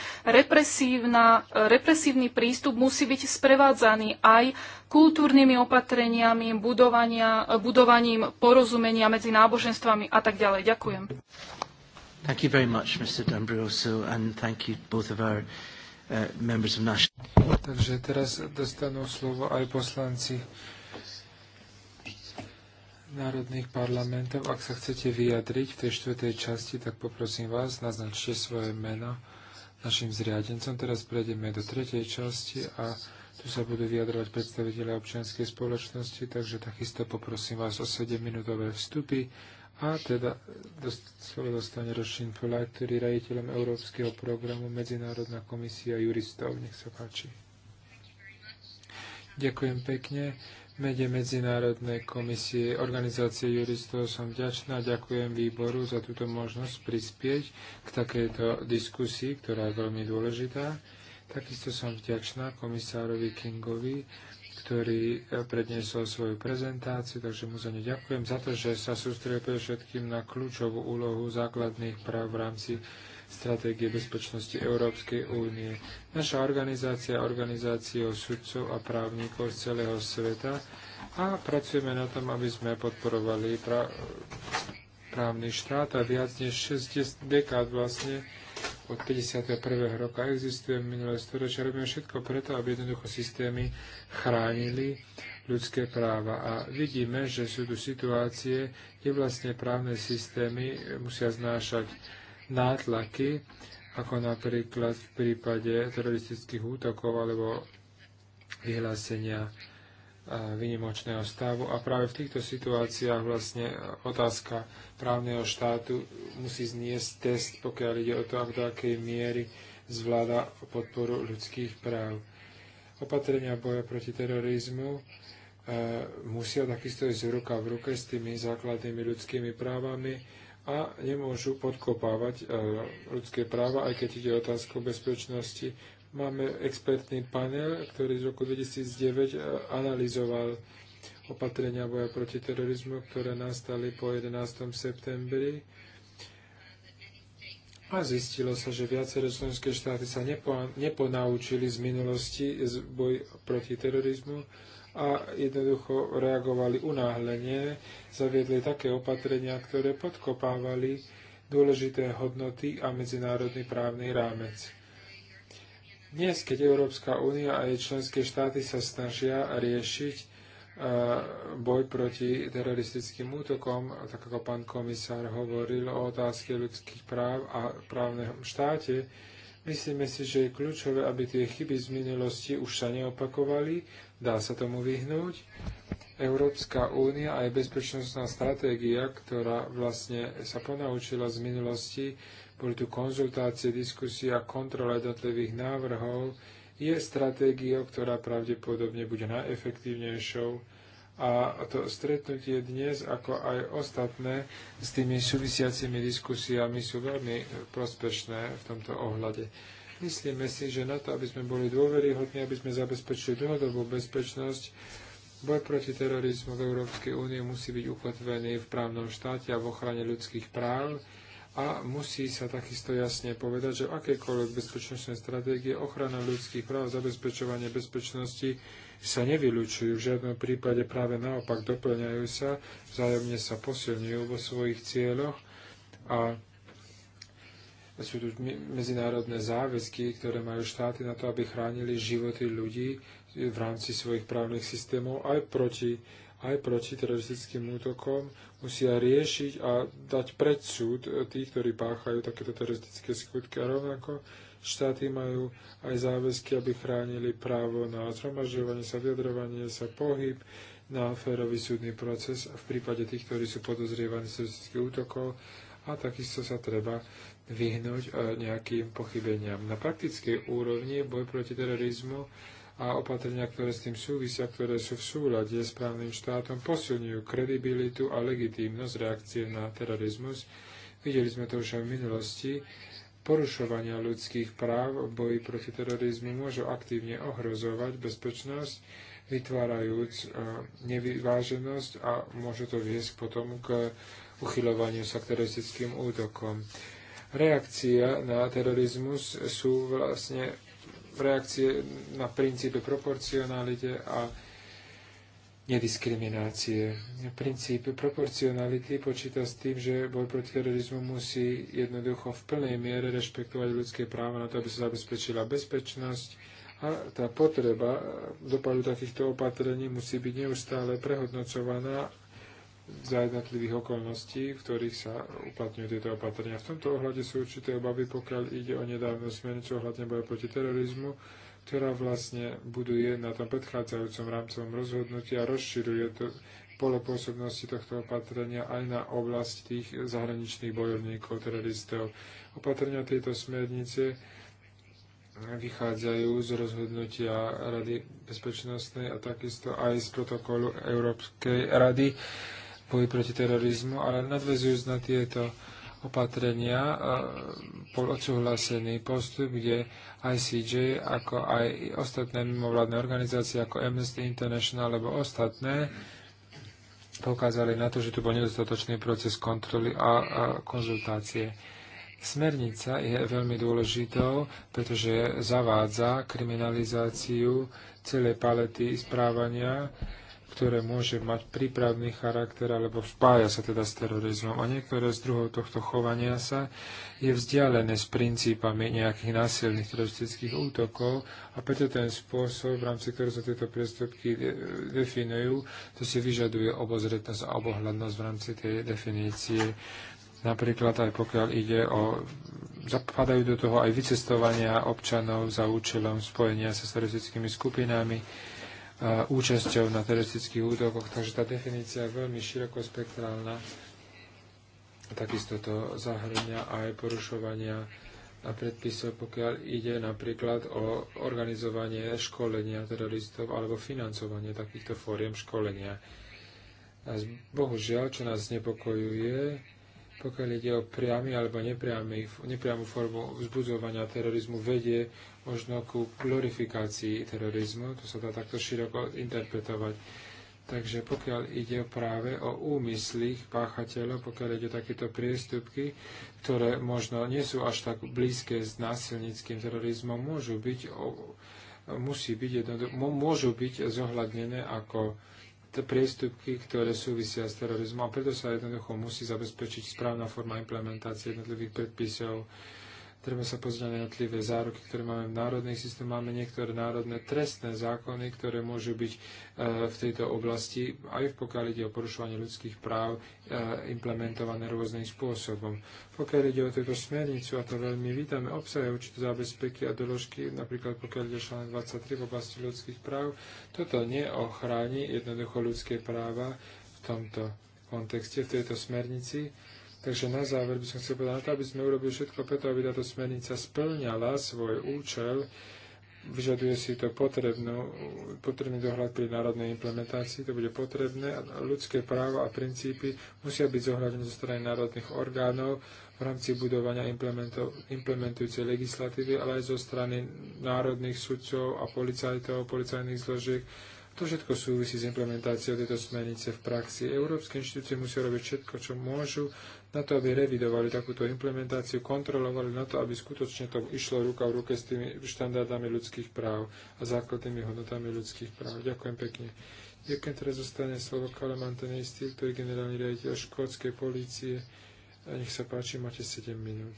represívny prístup musí byť sprevádzaný aj kultúrnymi opatreniami, budovania, budovaním porozumenia medzi náboženstvami a tak ďalej. Ďakujem. Thank you very much, Mr. and thank you both of our uh, members of national... Takže teraz dostanú slovo aj poslanci národných parlamentov, ak sa chcete vyjadriť v tej štvrtej časti, tak poprosím vás, naznačte svoje meno našim zriadencom. Teraz prejdeme do tretej časti a tu sa budú vyjadrovať predstaviteľe občianskej spoločnosti, takže takisto poprosím vás o 7-minútové vstupy a teda slovo dostane Rošin Fulaj, ktorý je raditeľom Európskeho programu Medzinárodná komisia juristov. Nech sa páči. Ďakujem pekne mene Medzinárodnej komisie organizácie juristov som vďačná a ďakujem výboru za túto možnosť prispieť k takejto diskusii, ktorá je veľmi dôležitá. Takisto som vďačná komisárovi Kingovi, ktorý eh, predniesol svoju prezentáciu, takže mu za ne ďakujem za to, že sa sústredil všetkým na kľúčovú úlohu základných práv v rámci stratégie bezpečnosti Európskej únie. Naša organizácia je organizáciou sudcov a právnikov z celého sveta a pracujeme na tom, aby sme podporovali pra- právny štát a viac než 60 dekád vlastne od 51. roka existuje minulé storočia. Robíme všetko preto, aby jednoducho systémy chránili ľudské práva. A vidíme, že sú tu situácie, kde vlastne právne systémy musia znášať nátlaky, ako napríklad v prípade teroristických útokov alebo vyhlásenia vynimočného stavu. A práve v týchto situáciách vlastne otázka právneho štátu musí zniesť test, pokiaľ ide o to, do akej miery zvláda podporu ľudských práv. Opatrenia boja proti terorizmu musia takisto ísť ruka v ruke s tými základnými ľudskými právami a nemôžu podkopávať e, ľudské práva, aj keď ide o otázku bezpečnosti. Máme expertný panel, ktorý z roku 2009 e, analyzoval opatrenia boja proti terorizmu, ktoré nastali po 11. septembri. A zistilo sa, že viaceré členské štáty sa neponaučili z minulosti z boj proti terorizmu a jednoducho reagovali unáhlenie, zaviedli také opatrenia, ktoré podkopávali dôležité hodnoty a medzinárodný právny rámec. Dnes, keď Európska únia a jej členské štáty sa snažia riešiť boj proti teroristickým útokom, tak ako pán komisár hovoril o otázke ľudských práv a právneho štáte, myslíme si, že je kľúčové, aby tie chyby z minulosti už sa neopakovali Dá sa tomu vyhnúť. Európska únia aj bezpečnostná stratégia, ktorá vlastne sa ponaučila z minulosti, boli tu konzultácie, diskusie a kontrola jednotlivých návrhov, je stratégiou, ktorá pravdepodobne bude najefektívnejšou a to stretnutie dnes, ako aj ostatné s tými súvisiacimi diskusiami sú veľmi prospešné v tomto ohľade. Myslíme si, že na to, aby sme boli dôveryhodní, aby sme zabezpečili dlhodobú bezpečnosť, boj proti terorizmu v Európskej únie musí byť ukotvený v právnom štáte a v ochrane ľudských práv a musí sa takisto jasne povedať, že akékoľvek bezpečnostnej stratégie ochrana ľudských práv zabezpečovanie bezpečnosti sa nevylučujú, v žiadnom prípade práve naopak doplňajú sa, vzájomne sa posilňujú vo svojich cieľoch a sú tu medzinárodné záväzky, ktoré majú štáty na to, aby chránili životy ľudí v rámci svojich právnych systémov aj proti, aj proti teroristickým útokom. Musia riešiť a dať predsúd tých, ktorí páchajú takéto teroristické skutky. A rovnako štáty majú aj záväzky, aby chránili právo na zhromažďovanie sa, vyjadrovanie sa, pohyb, na férový súdny proces v prípade tých, ktorí sú podozrievaní z teroristických útokov a takisto sa treba vyhnúť e, nejakým pochybeniam. Na praktickej úrovni boj proti terorizmu a opatrenia, ktoré s tým súvisia, ktoré sú v súlade s právnym štátom, posilňujú kredibilitu a legitímnosť reakcie na terorizmus. Videli sme to už aj v minulosti. Porušovania ľudských práv v boji proti terorizmu môžu aktívne ohrozovať bezpečnosť, vytvárajúc e, nevyváženosť a môže to viesť potom k uchylovaniu sa k teroristickým útokom reakcia na terorizmus sú vlastne reakcie na princípe proporcionality a nediskriminácie. Princíp proporcionality počíta s tým, že boj proti terorizmu musí jednoducho v plnej miere rešpektovať ľudské práva na to, aby sa zabezpečila bezpečnosť a tá potreba dopadu takýchto opatrení musí byť neustále prehodnocovaná za jednotlivých okolností, v ktorých sa uplatňujú tieto opatrenia. V tomto ohľade sú určité obavy, pokiaľ ide o nedávnu smernicu ohľadne boja proti terorizmu, ktorá vlastne buduje na tom predchádzajúcom rámcovom rozhodnutí a rozširuje to pole pôsobnosti tohto opatrenia aj na oblasť tých zahraničných bojovníkov, teroristov. Opatrenia tejto smernice vychádzajú z rozhodnutia Rady bezpečnostnej a takisto aj z protokolu Európskej rady boji proti terorizmu, ale nadvezujúc na tieto opatrenia bol odsúhlasený postup, kde ICJ, ako aj ostatné mimovládne organizácie, ako Amnesty International alebo ostatné, pokázali na to, že tu bol nedostatočný proces kontroly a, a konzultácie. Smernica je veľmi dôležitou, pretože zavádza kriminalizáciu celej palety správania ktoré môže mať prípravný charakter alebo spája sa teda s terorizmom. A niektoré z druhov tohto chovania sa je vzdialené s princípami nejakých násilných teroristických útokov a preto ten spôsob, v rámci ktorého sa tieto priestupky definujú, to si vyžaduje obozretnosť a obohľadnosť v rámci tej definície. Napríklad aj pokiaľ ide o... Zapadajú do toho aj vycestovania občanov za účelom spojenia sa s teroristickými skupinami, účasťou na teroristických útokoch, takže tá definícia je veľmi širokospektrálna. Takisto to zahrňa aj porušovania a predpisov, pokiaľ ide napríklad o organizovanie školenia teroristov alebo financovanie takýchto fóriem školenia. bohužiaľ, čo nás znepokojuje, pokiaľ ide o priamy alebo nepriamy, formu vzbudzovania terorizmu, vedie možno ku glorifikácii terorizmu. To sa dá takto široko interpretovať. Takže pokiaľ ide práve o úmyslých páchateľov, pokiaľ ide o takéto priestupky, ktoré možno nie sú až tak blízke s násilníckým terorizmom, môžu byť, musí byť môžu byť zohľadnené ako priestupky, ktoré súvisia s terorizmom a preto sa jednoducho musí zabezpečiť správna forma implementácie jednotlivých predpisov Treba sa pozrieť na jednotlivé záruky, ktoré máme v národnej systéme, Máme niektoré národné trestné zákony, ktoré môžu byť e, v tejto oblasti, aj v pokiaľ ide o porušovanie ľudských práv, e, implementované rôznym spôsobom. Pokiaľ ide o túto smernicu, a to veľmi vítame, obsahuje určité zábezpeky a doložky, napríklad pokiaľ ide o článok 23 v oblasti ľudských práv, toto neochráni jednoducho ľudské práva v tomto kontexte, v tejto smernici Takže na záver by som chcel povedať, na to, aby sme urobili všetko preto, aby táto smernica splňala svoj účel, vyžaduje si to potrebnú, potrebný dohľad pri národnej implementácii, to bude potrebné. a Ľudské právo a princípy musia byť zohľadené zo strany národných orgánov v rámci budovania implementujúcej legislatívy, ale aj zo strany národných sudcov a policajtov, policajných zložiek. To všetko súvisí s implementáciou tejto smernice v praxi. Európske inštitúcie musia robiť všetko, čo môžu na to, aby revidovali takúto implementáciu, kontrolovali na to, aby skutočne to išlo ruka v ruke s tými štandardami ľudských práv a základnými hodnotami ľudských práv. Ďakujem pekne. Ďakujem, teraz zostane slovo Kaleman Stil, ktorý je generálny riaditeľ škótskej polície. A nech sa páči, máte 7 minút.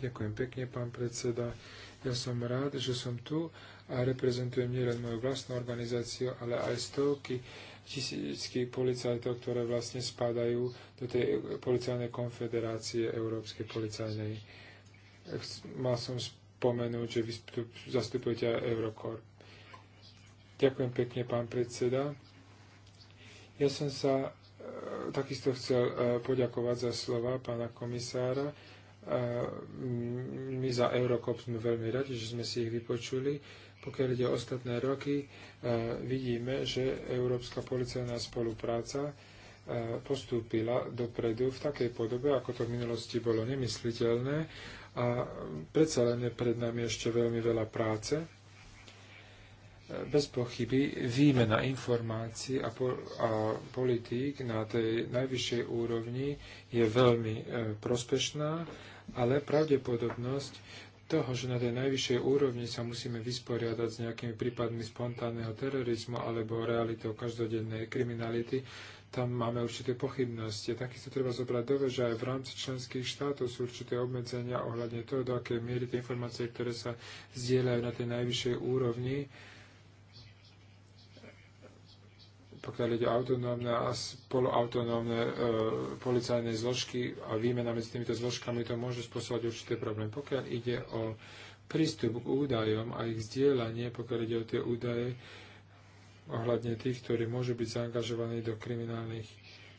Ďakujem pekne, pán predseda. Ja som rád, že som tu a reprezentujem nielen moju vlastnú organizáciu, ale aj stovky tisícky policajtov, ktoré vlastne spadajú do tej policajnej konfederácie Európskej policajnej. Mal som spomenúť, že vy zastupujete aj Eurocorp. Ďakujem pekne, pán predseda. Ja som sa e, takisto chcel e, poďakovať za slova pána komisára. E, my za Eurocop sme veľmi radi, že sme si ich vypočuli pokiaľ ide o ostatné roky, e, vidíme, že Európska policajná spolupráca e, postúpila dopredu v takej podobe, ako to v minulosti bolo nemysliteľné a predsa len je pred nami ešte veľmi veľa práce. E, bez pochyby výmena informácií a, po, a politík na tej najvyššej úrovni je veľmi e, prospešná, ale pravdepodobnosť, toho, že na tej najvyššej úrovni sa musíme vysporiadať s nejakými prípadmi spontánneho terorizmu alebo realitou každodennej kriminality, tam máme určité pochybnosti. Takisto treba zobrať do že aj v rámci členských štátov sú určité obmedzenia ohľadne toho, do akej miery tie informácie, ktoré sa zdieľajú na tej najvyššej úrovni, pokiaľ ide o autonómne a spoluautonómne e, policajné zložky a výmena medzi týmito zložkami, to môže spôsobovať určité problémy. Pokiaľ ide o prístup k údajom a ich zdieľanie, pokiaľ ide o tie údaje ohľadne tých, ktorí môžu byť zaangažovaní do kriminálnych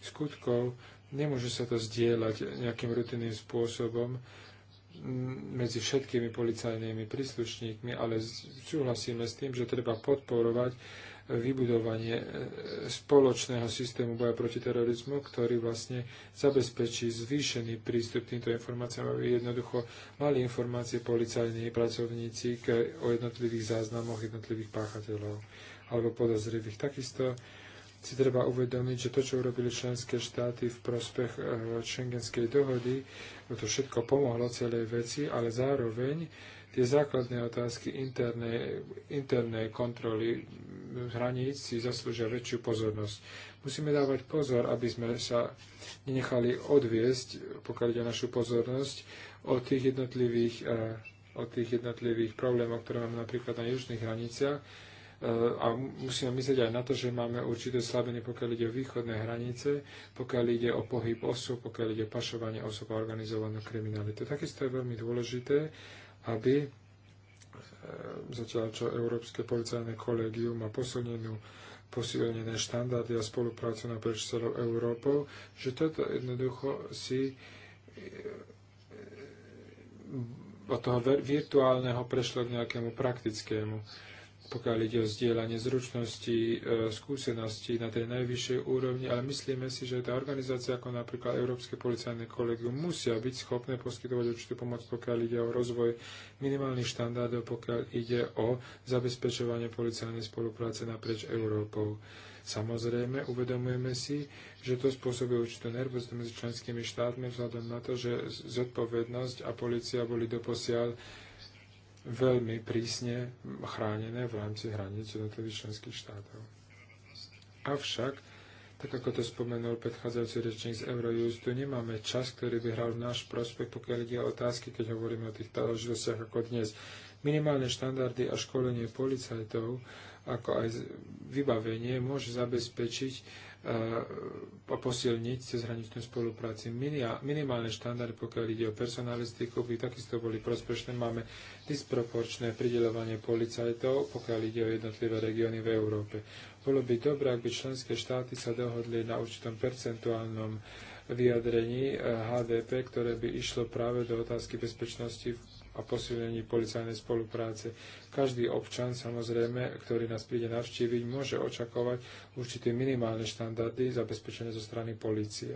skutkov, nemôže sa to zdieľať nejakým rutinným spôsobom medzi všetkými policajnými príslušníkmi, ale súhlasíme s tým, že treba podporovať vybudovanie e, e, spoločného systému boja proti terorizmu, ktorý vlastne zabezpečí zvýšený prístup k týmto informáciám, aby jednoducho mali informácie policajní pracovníci k, e, o jednotlivých záznamoch jednotlivých páchateľov alebo podozrivých. Takisto si treba uvedomiť, že to, čo urobili členské štáty v prospech šengenskej dohody, no to všetko pomohlo celej veci, ale zároveň tie základné otázky internej, interné kontroly hraníc si zaslúžia väčšiu pozornosť. Musíme dávať pozor, aby sme sa nenechali odviesť, pokiaľ ide našu pozornosť, od tých jednotlivých, eh, od tých jednotlivých problémov, ktoré máme napríklad na južných hraniciach, eh, a musíme myslieť aj na to, že máme určité slabiny, pokiaľ ide o východné hranice, pokiaľ ide o pohyb osôb, pokiaľ ide o pašovanie osôb a organizovanú kriminalitu. Takisto je veľmi dôležité, aby e, zatiaľ čo Európske policajné kolegium má posunenú posilnené štandardy a spoluprácu naprieč celou Európou, že toto jednoducho si e, e, od toho virtuálneho prešlo k nejakému praktickému pokiaľ ide o zdieľanie zručností, e, skúseností na tej najvyššej úrovni, ale myslíme si, že tá organizácia ako napríklad Európske policajné kolegium musia byť schopné poskytovať určitú pomoc, pokiaľ ide o rozvoj minimálnych štandardov, pokiaľ ide o zabezpečovanie policajnej spolupráce naprieč Európou. Samozrejme, uvedomujeme si, že to spôsobuje určitú nervozitu medzi členskými štátmi vzhľadom na to, že zodpovednosť a policia boli doposiaľ veľmi prísne chránené v rámci hraníc jednotlivých členských štátov. Avšak, tak ako to spomenul predchádzajúci rečník z Eurojustu, nemáme čas, ktorý by hral v náš prospech, pokiaľ ide o otázky, keď hovoríme o tých záležitostiach ako dnes. Minimálne štandardy a školenie policajtov, ako aj vybavenie, môže zabezpečiť E, a posilniť hraničnú spolupráci. Minimálne štandardy, pokiaľ ide o personalistiku, by takisto boli prospešné. Máme disproporčné prideľovanie policajtov, pokiaľ ide o jednotlivé regióny v Európe. Bolo by dobré, ak by členské štáty sa dohodli na určitom percentuálnom vyjadrení e, HDP, ktoré by išlo práve do otázky bezpečnosti v a posilnení policajnej spolupráce. Každý občan, samozrejme, ktorý nás príde navštíviť, môže očakovať určité minimálne štandardy zabezpečené zo strany policie.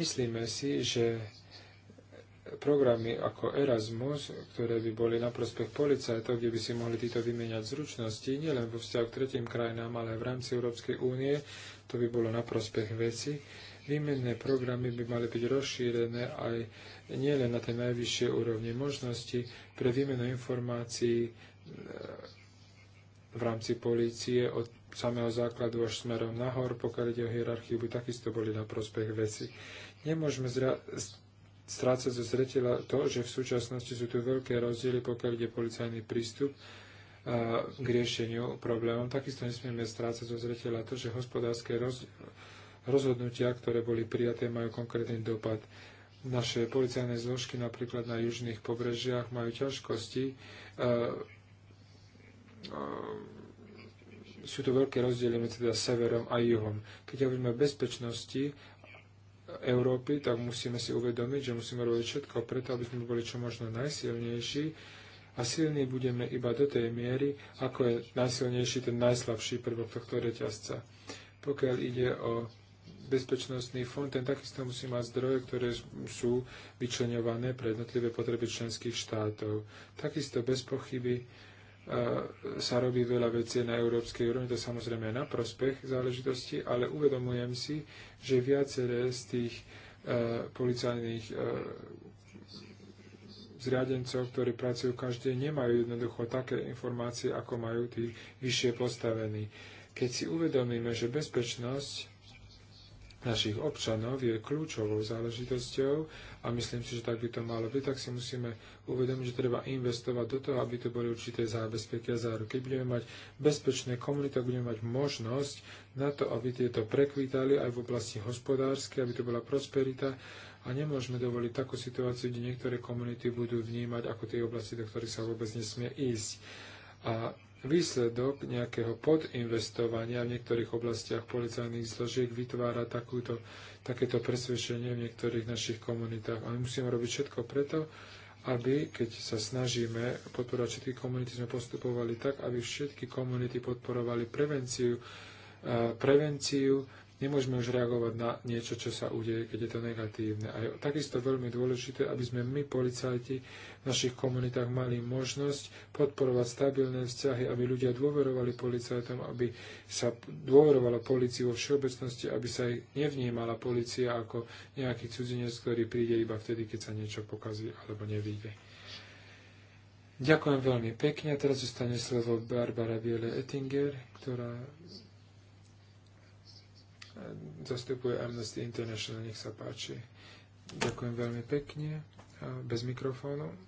Myslíme si, že programy ako Erasmus, ktoré by boli na prospech policajtov, kde by si mohli títo vymieňať zručnosti, nielen vo vzťahu k tretím krajinám, ale aj v rámci Európskej únie, to by bolo na prospech veci Výmenné programy by mali byť rozšírené aj nielen na tej najvyššie úrovni možnosti pre výmenu informácií e, v rámci polície od samého základu až smerom nahor, pokiaľ ide o hierarchiu, by takisto boli na prospech veci. Nemôžeme zra- strácať zo zretela to, že v súčasnosti sú tu veľké rozdiely, pokiaľ ide policajný prístup e, k riešeniu problémov. Takisto nesmieme strácať zo zretela to, že hospodárske rozdiely rozhodnutia, ktoré boli prijaté, majú konkrétny dopad. Naše policajné zložky napríklad na južných pobrežiach majú ťažkosti. E, e, sú to veľké rozdiely medzi teda severom a juhom. Keď hovoríme o bezpečnosti Európy, tak musíme si uvedomiť, že musíme robiť všetko preto, aby sme boli čo možno najsilnejší a silní budeme iba do tej miery, ako je najsilnejší ten najslabší prvok tohto reťazca. Pokiaľ ide o bezpečnostný fond, ten takisto musí mať zdroje, ktoré sú vyčlenované pre jednotlivé potreby členských štátov. Takisto bez pochyby e, sa robí veľa vecí na európskej úrovni, to samozrejme je na prospech záležitosti, ale uvedomujem si, že viaceré z tých uh, policajných uh, zriadencov, ktorí pracujú každý, nemajú jednoducho také informácie, ako majú tí vyššie postavení. Keď si uvedomíme, že bezpečnosť našich občanov je kľúčovou záležitosťou a myslím si, že tak by to malo byť, tak si musíme uvedomiť, že treba investovať do toho, aby to boli určité zábezpeky a záruky. Keď budeme mať bezpečné komunity, budeme mať možnosť na to, aby tieto prekvítali aj v oblasti hospodárskej, aby to bola prosperita a nemôžeme dovoliť takú situáciu, kde niektoré komunity budú vnímať ako tie oblasti, do ktorých sa vôbec nesmie ísť. A výsledok nejakého podinvestovania v niektorých oblastiach policajných zložiek vytvára takúto, takéto presvedčenie v niektorých našich komunitách. A my musíme robiť všetko preto, aby, keď sa snažíme podporovať všetky komunity, sme postupovali tak, aby všetky komunity podporovali prevenciu, prevenciu, nemôžeme už reagovať na niečo, čo sa udeje, keď je to negatívne. A je takisto veľmi dôležité, aby sme my, policajti, našich komunitách mali možnosť podporovať stabilné vzťahy, aby ľudia dôverovali policajtom, aby sa dôverovala policii vo všeobecnosti, aby sa ich nevnímala policia ako nejaký cudzinec, ktorý príde iba vtedy, keď sa niečo pokazí alebo nevíde. Ďakujem veľmi pekne. teraz zostane slovo Barbara Biele Ettinger, ktorá zastupuje Amnesty International. Nech sa páči. Ďakujem veľmi pekne. Bez mikrofónu.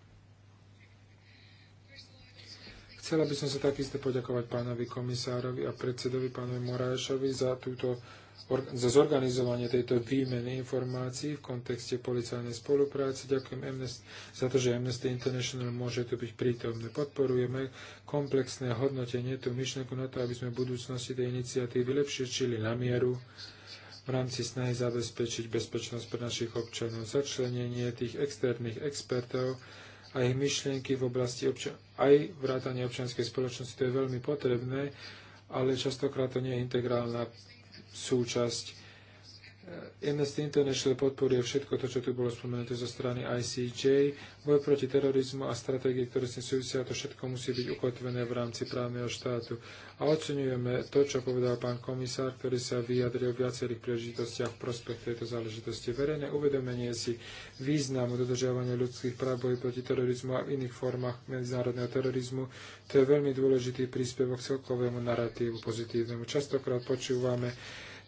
Chcela by som sa takisto poďakovať pánovi komisárovi a predsedovi pánovi Morášovi za, túto, za zorganizovanie tejto výmeny informácií v kontexte policajnej spolupráce. Ďakujem Amnesty, za to, že Amnesty International môže tu byť prítomné. Podporujeme komplexné hodnotenie tú myšlenku na to, aby sme v budúcnosti tej iniciatívy lepšie čili na mieru v rámci snahy zabezpečiť bezpečnosť pre našich občanov, začlenenie tých externých expertov a ich myšlienky v oblasti občanov aj vrátanie občianskej spoločnosti, to je veľmi potrebné, ale častokrát to nie je integrálna súčasť Amnesty International podporuje všetko to, čo tu bolo spomenuté zo strany ICJ. Boj proti terorizmu a stratégie, ktoré s tým súvisia, to všetko musí byť ukotvené v rámci právneho štátu. A oceňujeme to, čo povedal pán komisár, ktorý sa vyjadril v viacerých príležitostiach v prospech tejto záležitosti. Verejné uvedomenie si významu dodržiavania ľudských práv boj proti terorizmu a v iných formách medzinárodného terorizmu, to je veľmi dôležitý príspevok celkovému narratívu pozitívnemu. Častokrát počúvame,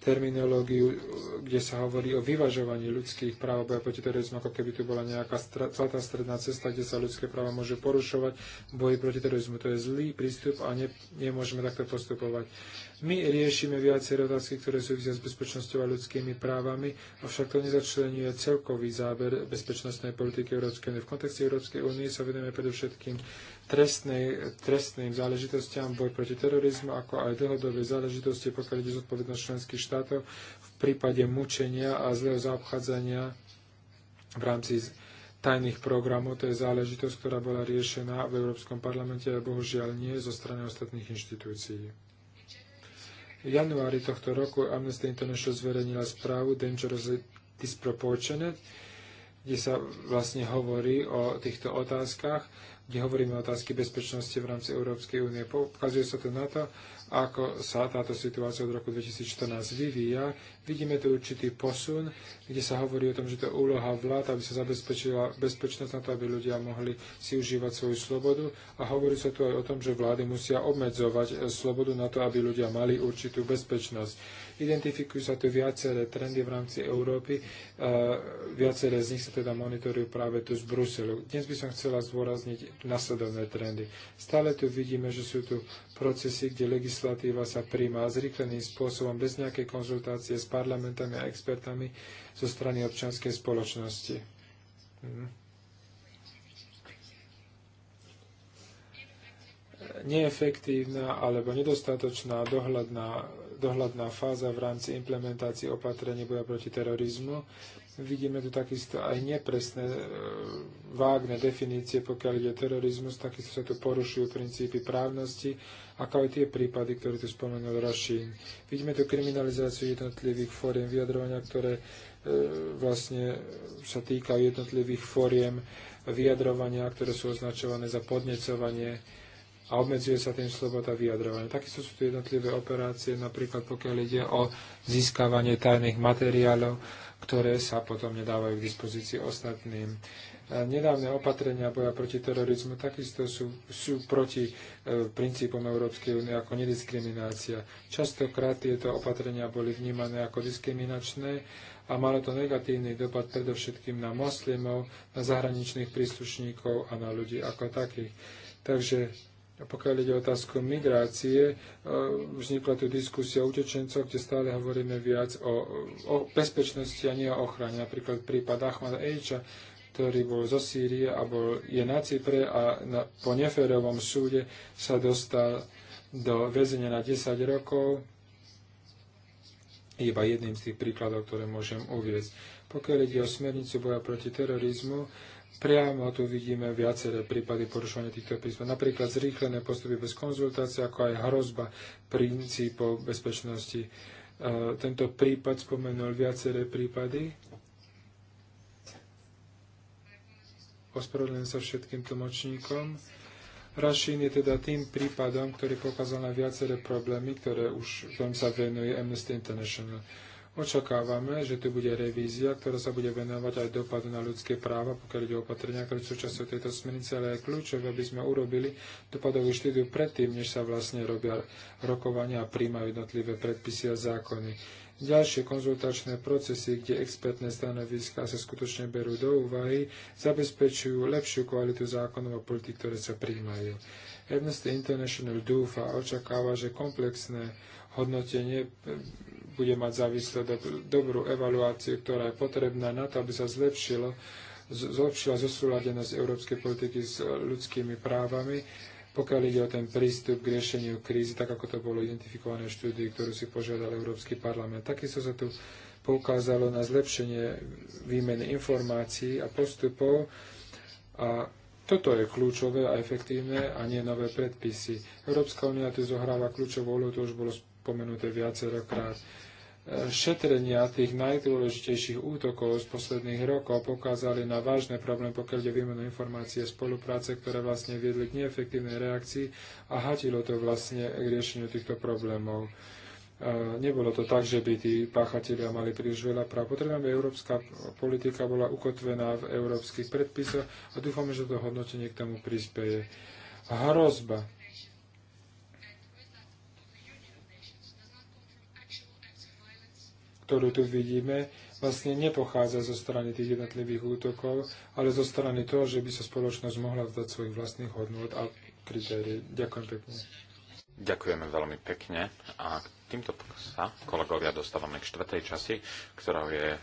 terminológiu, kde sa hovorí o vyvažovaní ľudských práv boja proti terorizmu, ako keby tu bola nejaká zlatá stredná cesta, kde sa ľudské práva môžu porušovať v boji proti terorizmu. To je zlý prístup a ne, nemôžeme takto postupovať. My riešime viaceré otázky, ktoré súvisia s bezpečnosťou a ľudskými právami, avšak to nezačlenuje celkový záber bezpečnostnej politiky Európskej únie. V kontexte Európskej únie sa vedeme predovšetkým trestnej, trestným záležitostiam, boj proti terorizmu, ako aj dlhodobé záležitosti, pokiaľ ide zodpovednosť členských štátov v prípade mučenia a zlého zaobchádzania v rámci tajných programov. To je záležitosť, ktorá bola riešená v Európskom parlamente a bohužiaľ nie zo strany ostatných inštitúcií. V januári tohto roku Amnesty International zverejnila správu Dangerous Disproportionate, kde sa vlastne hovorí o týchto otázkach, kde hovoríme o otázky bezpečnosti v rámci Európskej únie. Poukazuje sa to na to, ako sa táto situácia od roku 2014 vyvíja. Vidíme tu určitý posun, kde sa hovorí o tom, že to je úloha vlád, aby sa zabezpečila bezpečnosť na to, aby ľudia mohli si užívať svoju slobodu. A hovorí sa tu aj o tom, že vlády musia obmedzovať e, slobodu na to, aby ľudia mali určitú bezpečnosť. Identifikujú sa tu viaceré trendy v rámci Európy, e, viaceré z nich sa teda monitorujú práve tu z Bruselu. Dnes by som chcela zdôrazniť nasledovné trendy. Stále tu vidíme, že sú tu procesy, kde legislatíva sa príjma zrýchleným spôsobom bez nejakej konzultácie s parlamentami a expertami zo strany občianskej spoločnosti. Hm. neefektívna alebo nedostatočná dohľadná, dohľadná fáza v rámci implementácie opatrení boja proti terorizmu Vidíme tu takisto aj nepresné, e, vágne definície, pokiaľ ide o terorizmus, takisto sa tu porušujú princípy právnosti, ako aj tie prípady, ktoré tu spomenul Rašín. Vidíme tu kriminalizáciu jednotlivých fóriem vyjadrovania, ktoré e, vlastne sa týkajú jednotlivých fóriem vyjadrovania, ktoré sú označované za podnecovanie a obmedzuje sa tým sloboda vyjadrovania. Takisto sú tu jednotlivé operácie, napríklad pokiaľ ide o získavanie tajných materiálov ktoré sa potom nedávajú k dispozícii ostatným. Nedávne opatrenia boja proti terorizmu takisto sú, sú proti e, princípom Európskej únie ako nediskriminácia. Častokrát tieto opatrenia boli vnímané ako diskriminačné a malo to negatívny dopad predovšetkým na moslimov, na zahraničných príslušníkov a na ľudí ako takých. Takže pokiaľ ide o otázku migrácie, e, vznikla tu diskusia utečencov, kde stále hovoríme viac o, o bezpečnosti a nie o ochrane. Napríklad prípad Ahmad Ejča, ktorý bol zo Sýrie a bol, je na Cypre a na, po neférovom súde sa dostal do väzenia na 10 rokov. Iba jedným z tých príkladov, ktoré môžem uvieť. Pokiaľ ide o smernicu boja proti terorizmu, Priamo tu vidíme viaceré prípady porušovania týchto príspev. Napríklad zrýchlené postupy bez konzultácie, ako aj hrozba princípov bezpečnosti. E, tento prípad spomenul viaceré prípady. Ospravedlňujem sa všetkým tlmočníkom. Rašín je teda tým prípadom, ktorý pokázal na viaceré problémy, ktoré už, ktorým sa venuje Amnesty International. Očakávame, že tu bude revízia, ktorá sa bude venovať aj dopadu na ľudské práva, pokiaľ ide o opatrenia, ktoré sú časťou tejto smernice, ale je kľúčové, aby sme urobili dopadovú štúdiu predtým, než sa vlastne robia rokovania a príjmajú jednotlivé predpisy a zákony. Ďalšie konzultačné procesy, kde expertné stanoviská sa skutočne berú do úvahy, zabezpečujú lepšiu kvalitu zákonov a politik, ktoré sa príjmajú. Amnesty International dúfa a očakáva, že komplexné hodnotenie bude mať za výsledok dobrú evaluáciu, ktorá je potrebná na to, aby sa zlepšilo, zlepšila zosúladenosť európskej politiky s ľudskými právami, pokiaľ ide o ten prístup k riešeniu krízy, tak ako to bolo identifikované v štúdii, ktorú si požiadal Európsky parlament. Takisto sa tu poukázalo na zlepšenie výmeny informácií a postupov a toto je kľúčové a efektívne a nie nové predpisy. Európska únia tu zohráva kľúčovú úlohu, to už bolo spomenuté viacerokrát šetrenia tých najdôležitejších útokov z posledných rokov pokázali na vážne problém, pokiaľ ide výmenu informácie spolupráce, ktoré vlastne viedli k neefektívnej reakcii a hatilo to vlastne k riešeniu týchto problémov. Nebolo to tak, že by tí páchatelia mali príliš veľa práv. Potrebujeme, európska politika bola ukotvená v európskych predpisoch a dúfame, že to hodnotenie k tomu prispieje. Hrozba ktorú tu vidíme, vlastne nepochádza zo strany tých jednotlivých útokov, ale zo strany toho, že by sa spoločnosť mohla vzdať svojich vlastných hodnot a kritérií. Ďakujem pekne. Ďakujeme veľmi pekne a týmto sa, kolegovia, dostávame k štvrtej časti, ktorou je e,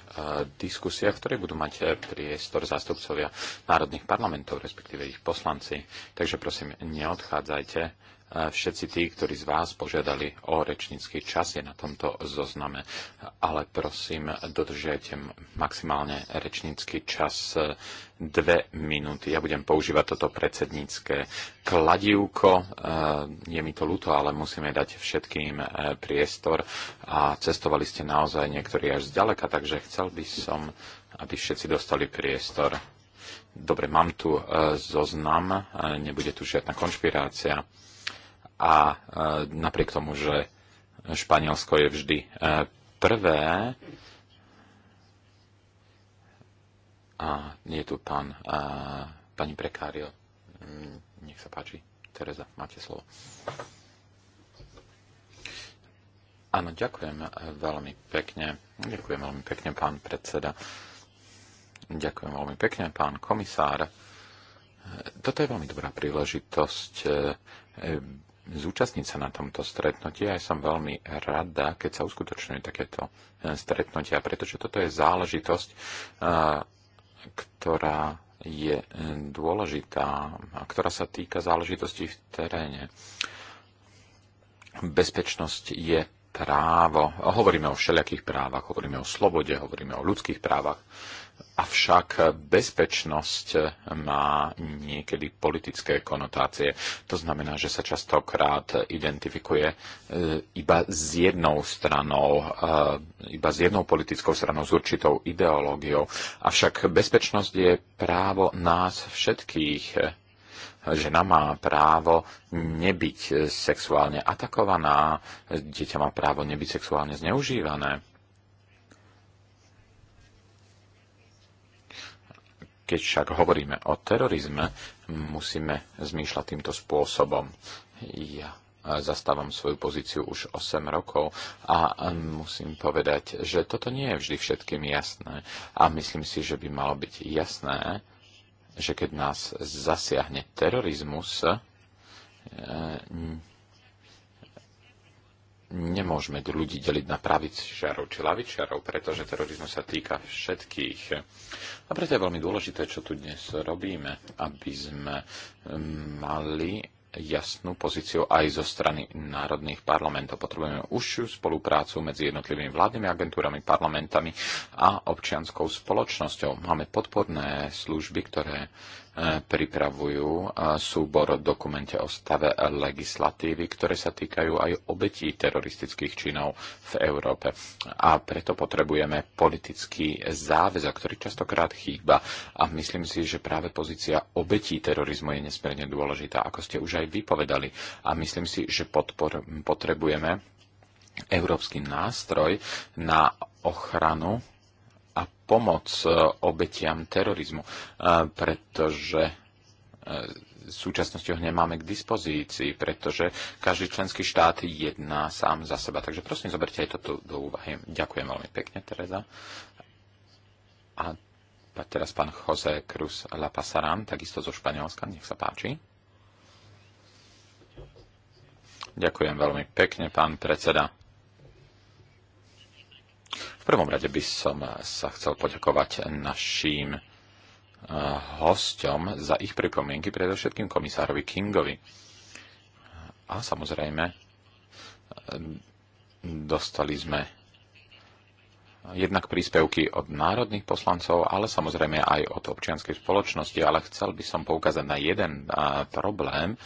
diskusia, v ktorej budú mať e, priestor zástupcovia národných parlamentov, respektíve ich poslanci. Takže prosím, neodchádzajte všetci tí, ktorí z vás požiadali o rečnícky čas, je na tomto zozname. Ale prosím, dodržiajte maximálne rečnícky čas dve minúty. Ja budem používať toto predsednícke kladívko. E, je mi to ľúto, ale musíme dať všetkým e, priestor. A cestovali ste naozaj niektorí až zďaleka, takže chcel by som, aby všetci dostali priestor. Dobre, mám tu e, zoznam, nebude tu žiadna konšpirácia. A e, napriek tomu, že Španielsko je vždy e, prvé, a je tu pán, a, e, pani Prekário. Mm, nech sa páči. Tereza, máte slovo. Áno, ďakujem veľmi pekne. Ďakujem veľmi pekne, pán predseda. Ďakujem veľmi pekne, pán komisár. Toto je veľmi dobrá príležitosť zúčastniť sa na tomto stretnutí. Ja som veľmi rada, keď sa uskutočňujú takéto eh, stretnutia, pretože toto je záležitosť, eh, ktorá je eh, dôležitá a ktorá sa týka záležitostí v teréne. Bezpečnosť je právo. Hovoríme o všelijakých právach, hovoríme o slobode, hovoríme o ľudských právach, Avšak bezpečnosť má niekedy politické konotácie. To znamená, že sa častokrát identifikuje e, iba s jednou stranou, e, iba s jednou politickou stranou, s určitou ideológiou. Avšak bezpečnosť je právo nás všetkých žena má právo nebyť sexuálne atakovaná, dieťa má právo nebyť sexuálne zneužívané. Keď však hovoríme o terorizme, musíme zmýšľať týmto spôsobom. Ja e, zastávam svoju pozíciu už 8 rokov a e, musím povedať, že toto nie je vždy všetkým jasné a myslím si, že by malo byť jasné, že keď nás zasiahne terorizmus, e, nemôžeme ľudí deliť na pravičiarov či lavičiarov, pretože terorizmus sa týka všetkých. A preto je veľmi dôležité, čo tu dnes robíme, aby sme mm, mali jasnú pozíciu aj zo strany národných parlamentov. Potrebujeme užšiu spoluprácu medzi jednotlivými vládnymi agentúrami, parlamentami a občianskou spoločnosťou. Máme podporné služby, ktoré E, pripravujú súbor dokumente o stave legislatívy, ktoré sa týkajú aj obetí teroristických činov v Európe. A preto potrebujeme politický záväzok, ktorý častokrát chýba. A myslím si, že práve pozícia obetí terorizmu je nesmierne dôležitá, ako ste už aj vypovedali. A myslím si, že podpor, potrebujeme európsky nástroj na ochranu pomoc e, obetiam terorizmu, e, pretože e, súčasnosti ho nemáme k dispozícii, pretože každý členský štát jedná sám za seba. Takže prosím, zoberte aj toto do úvahy. Ďakujem veľmi pekne, Tereza. A teraz pán Jose Cruz La Pasaran, takisto zo Španielska, nech sa páči. Ďakujem veľmi pekne, pán predseda prvom rade by som sa chcel poďakovať našim eh, hosťom za ich pripomienky, predovšetkým komisárovi Kingovi. A samozrejme, eh, dostali sme jednak príspevky od národných poslancov, ale samozrejme aj od občianskej spoločnosti, ale chcel by som poukázať na jeden eh, problém.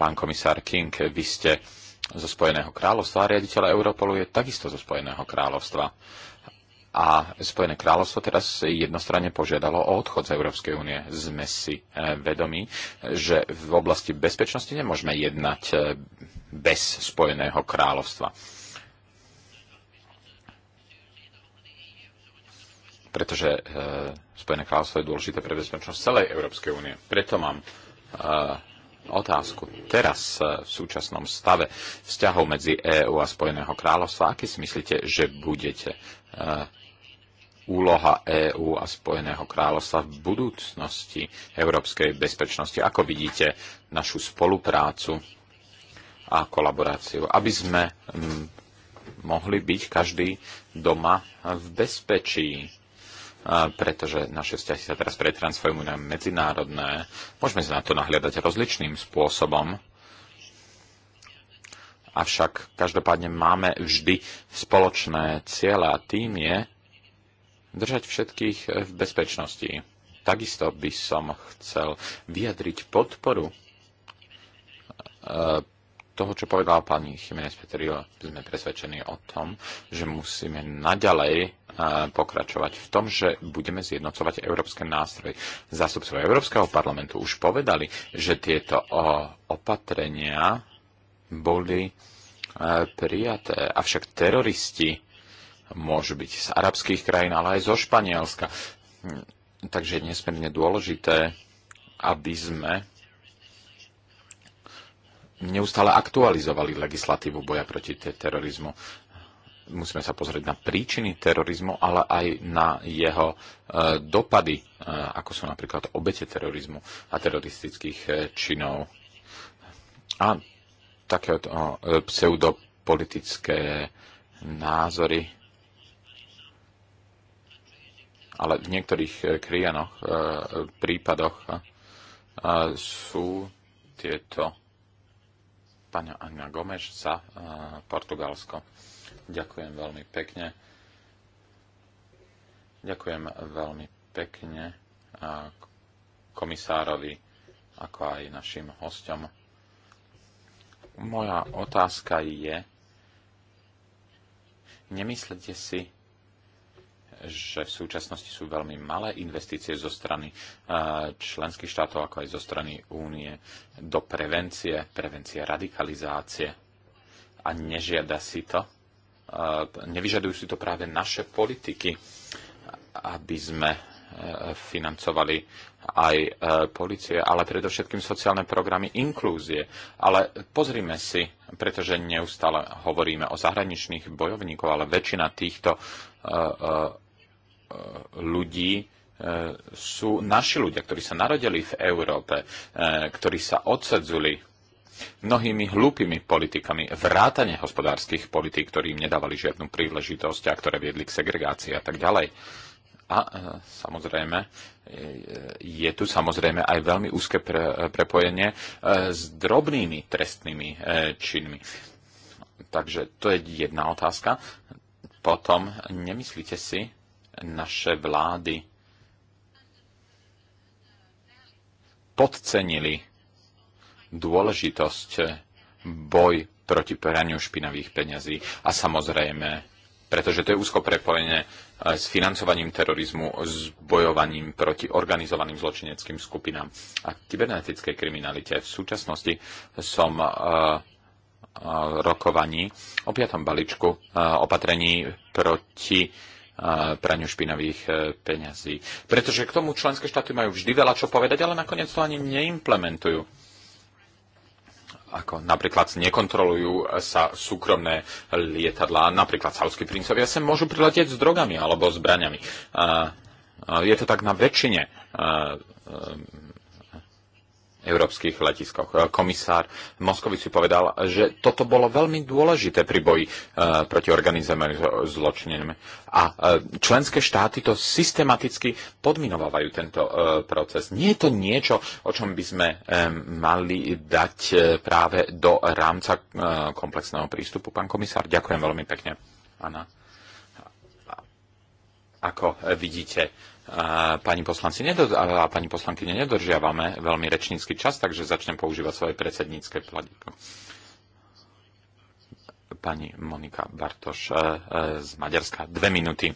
Pán komisár King, vy ste zo Spojeného kráľovstva a riaditeľ Europolu je takisto zo Spojeného kráľovstva. A Spojené kráľovstvo teraz jednostranne požiadalo o odchod z Európskej únie. Sme si eh, vedomi, že v oblasti bezpečnosti nemôžeme jednať eh, bez Spojeného kráľovstva. Pretože eh, Spojené kráľovstvo je dôležité pre bezpečnosť celej Európskej únie. Preto mám otázku teraz e, v súčasnom stave vzťahov medzi EÚ a Spojeného kráľovstva. Aký si myslíte, že budete e, úloha EÚ a Spojeného kráľovstva v budúcnosti európskej bezpečnosti? Ako vidíte našu spoluprácu a kolaboráciu, aby sme mohli byť každý doma v bezpečí? pretože naše vzťahy sa teraz pretransformujú na medzinárodné. Môžeme sa na to nahliadať rozličným spôsobom, avšak každopádne máme vždy spoločné cieľa a tým je držať všetkých v bezpečnosti. Takisto by som chcel vyjadriť podporu e, toho, čo povedala pani Chimenez Peterio, sme presvedčení o tom, že musíme naďalej e, pokračovať v tom, že budeme zjednocovať európske nástroje. Zástupcov Európskeho parlamentu už povedali, že tieto opatrenia boli e, prijaté. Avšak teroristi môžu byť z arabských krajín, ale aj zo Španielska. Hm, takže je nesmierne dôležité, aby sme neustále aktualizovali legislatívu boja proti terorizmu. Musíme sa pozrieť na príčiny terorizmu, ale aj na jeho e, dopady, e, ako sú napríklad obete terorizmu a teroristických e, činov. A takéto pseudopolitické názory, ale v niektorých krianoch, prípadoch sú tieto pani Anna Gomeš za eh, Portugalsko. Ďakujem veľmi pekne. Ďakujem veľmi pekne eh, komisárovi, ako aj našim hostom. Moja otázka je, nemyslíte si, že v súčasnosti sú veľmi malé investície zo strany eh, členských štátov, ako aj zo strany únie do prevencie, prevencie radikalizácie. A nežiada si to, eh, nevyžadujú si to práve naše politiky, aby sme eh, financovali aj policie, ale predovšetkým sociálne programy inklúzie. Ale pozrime si, pretože neustále hovoríme o zahraničných bojovníkov, ale väčšina týchto ľudí e, sú naši ľudia, ktorí sa narodili v Európe, e, ktorí sa odsedzuli mnohými hlúpými politikami, vrátane hospodárskych politík, ktorí im nedávali žiadnu príležitosť a ktoré viedli k segregácii a tak ďalej. A e, samozrejme, je tu samozrejme aj veľmi úzke pre, prepojenie s drobnými trestnými činmi. Takže to je jedna otázka. Potom nemyslíte si, naše vlády podcenili dôležitosť boj proti praniu špinavých peňazí a samozrejme, pretože to je úzko prepojené eh, s financovaním terorizmu, s bojovaním proti organizovaným zločineckým skupinám a kybernetickej kriminalite. V súčasnosti som eh, eh, rokovaní o piatom balíčku opatrení proti praniu špinavých e, peňazí. Pretože k tomu členské štáty majú vždy veľa čo povedať, ale nakoniec to ani neimplementujú. Ako napríklad nekontrolujú sa súkromné lietadlá, napríklad saudskí princovia sa môžu priletieť s drogami alebo s braňami. Je to tak na väčšine európskych letiskoch. E, komisár Moskovici povedal, že toto bolo veľmi dôležité pri boji e, proti organizovaným zločinom. A e, členské štáty to systematicky podminovávajú tento proces. Nie je to niečo, o čom by sme mali dať práve do rámca komplexného prístupu. Pán komisár, ďakujem veľmi pekne. Anna. Ako vidíte, pani poslanci a pani poslankyne nedržiavame veľmi rečnícky čas, takže začnem používať svoje predsednícke pladíko. Pani Monika Bartoš e, e, z Maďarska, dve minúty.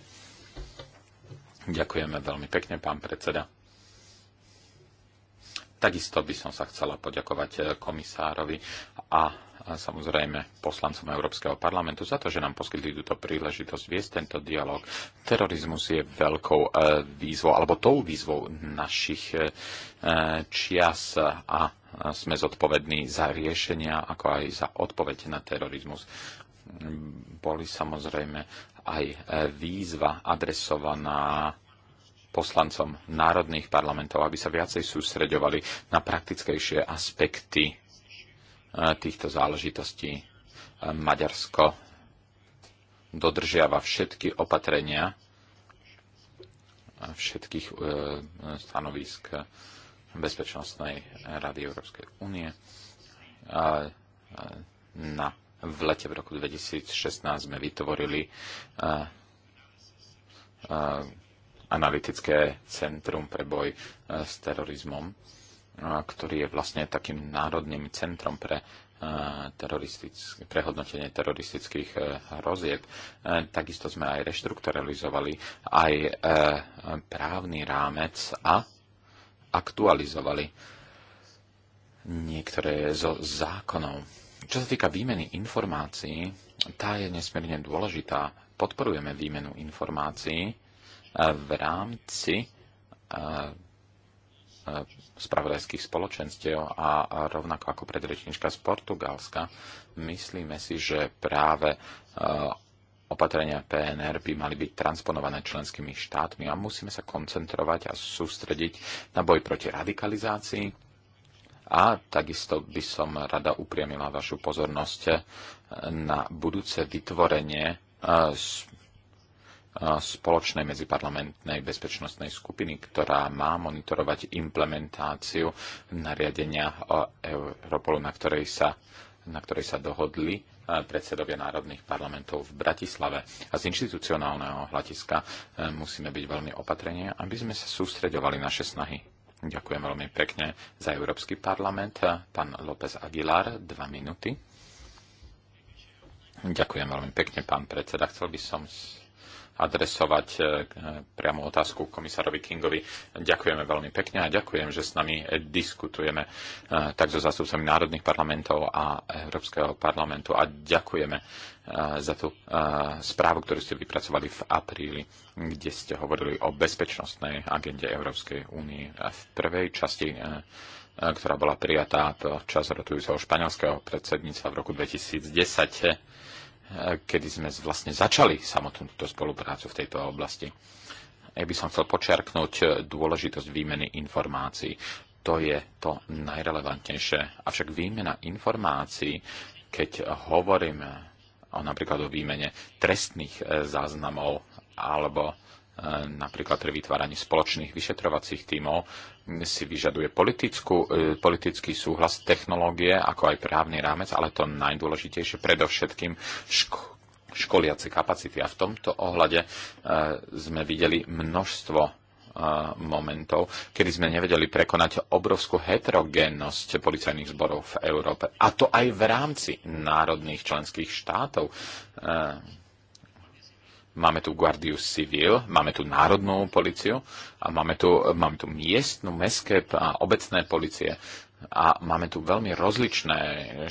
Ďakujeme veľmi pekne, pán predseda. Takisto by som sa chcela poďakovať e, komisárovi a a samozrejme poslancom Európskeho parlamentu za to, že nám poskytli túto príležitosť viesť tento dialog. Terorizmus je veľkou e, výzvou, alebo tou výzvou našich e, e, čias a sme zodpovední za riešenia, ako aj za odpoveď na terorizmus. Boli samozrejme aj výzva adresovaná poslancom národných parlamentov, aby sa viacej sústreďovali na praktickejšie aspekty týchto záležitostí. Maďarsko dodržiava všetky opatrenia, všetkých e, stanovisk Bezpečnostnej rady Európskej únie. E, na, v lete v roku 2016 sme vytvorili e, analytické centrum pre boj s terorizmom ktorý je vlastne takým národným centrom pre, eh, prehodnotenie teroristických eh, hrozieb. Eh, takisto sme aj reštrukturalizovali aj právny rámec a aktualizovali niektoré zo zákonov. Čo sa týka výmeny informácií, tá je nesmierne dôležitá. Podporujeme výmenu informácií v rámci spravodajských spoločenstiev a rovnako ako predrečnička z Portugalska, myslíme si, že práve e, opatrenia PNR by mali byť transponované členskými štátmi a musíme sa koncentrovať a sústrediť na boj proti radikalizácii. A takisto by som rada upriamila vašu pozornosť e, na budúce vytvorenie e, spoločnej medziparlamentnej bezpečnostnej skupiny, ktorá má monitorovať implementáciu nariadenia o Europolu, na ktorej sa, na ktorej sa dohodli e, predsedovia národných parlamentov v Bratislave. A z inštitucionálneho hľadiska e, musíme byť veľmi opatrení, aby sme sa sústreďovali naše snahy. Ďakujem veľmi pekne za Európsky parlament. E, pán López Aguilar, dva minúty. Ďakujem veľmi pekne, pán predseda. Chcel by som adresovať e, priamu otázku komisárovi Kingovi. Ďakujeme veľmi pekne a ďakujem, že s nami diskutujeme e, tak so zástupcami národných parlamentov a Európskeho parlamentu a ďakujeme e, za tú správu, ktorú ste vypracovali v apríli, kde ste hovorili o bezpečnostnej agende Európskej únie. V prvej časti ktorá bola prijatá počas rotujúceho španielského predsedníctva v roku 2010 kedy sme vlastne začali samotnú túto spoluprácu v tejto oblasti. Ja by som chcel počiarknúť eh, dôležitosť výmeny informácií. To je to najrelevantnejšie. Avšak výmena informácií, keď hovoríme o napríklad o výmene trestných eh, záznamov alebo eh, napríklad pri vytváraní spoločných vyšetrovacích tímov, si vyžaduje politickú, e, politický súhlas, technológie, ako aj právny rámec, ale to najdôležitejšie predovšetkým ško- školiace kapacity. A v tomto ohľade e, sme videli množstvo e, momentov, kedy sme nevedeli prekonať obrovskú heterogénnosť policajných zborov v Európe. A to aj v rámci národných členských štátov. E, Máme tu guardius Civil, máme tu národnú policiu a máme tu, máme tu miestnu, mestské a obecné policie. A máme tu veľmi rozličné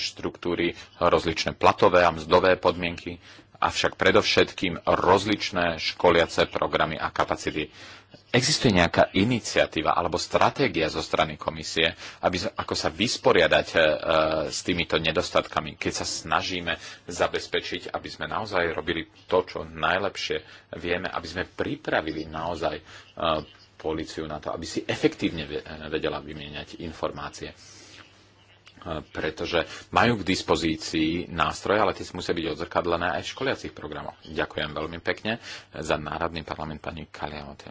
štruktúry, rozličné platové a mzdové podmienky avšak predovšetkým rozličné školiace programy a kapacity. Existuje nejaká iniciatíva alebo stratégia zo strany komisie, aby, ako sa vysporiadať e, e, s týmito nedostatkami, keď sa snažíme zabezpečiť, aby sme naozaj robili to, čo najlepšie vieme, aby sme pripravili naozaj e, policiu na to, aby si efektívne vedela vymieňať informácie. E, pretože majú k dispozícii nástroje, ale tie musia byť odzrkadlené aj v školiacich programoch. Ďakujem veľmi pekne za Národný parlament pani Kaliaote.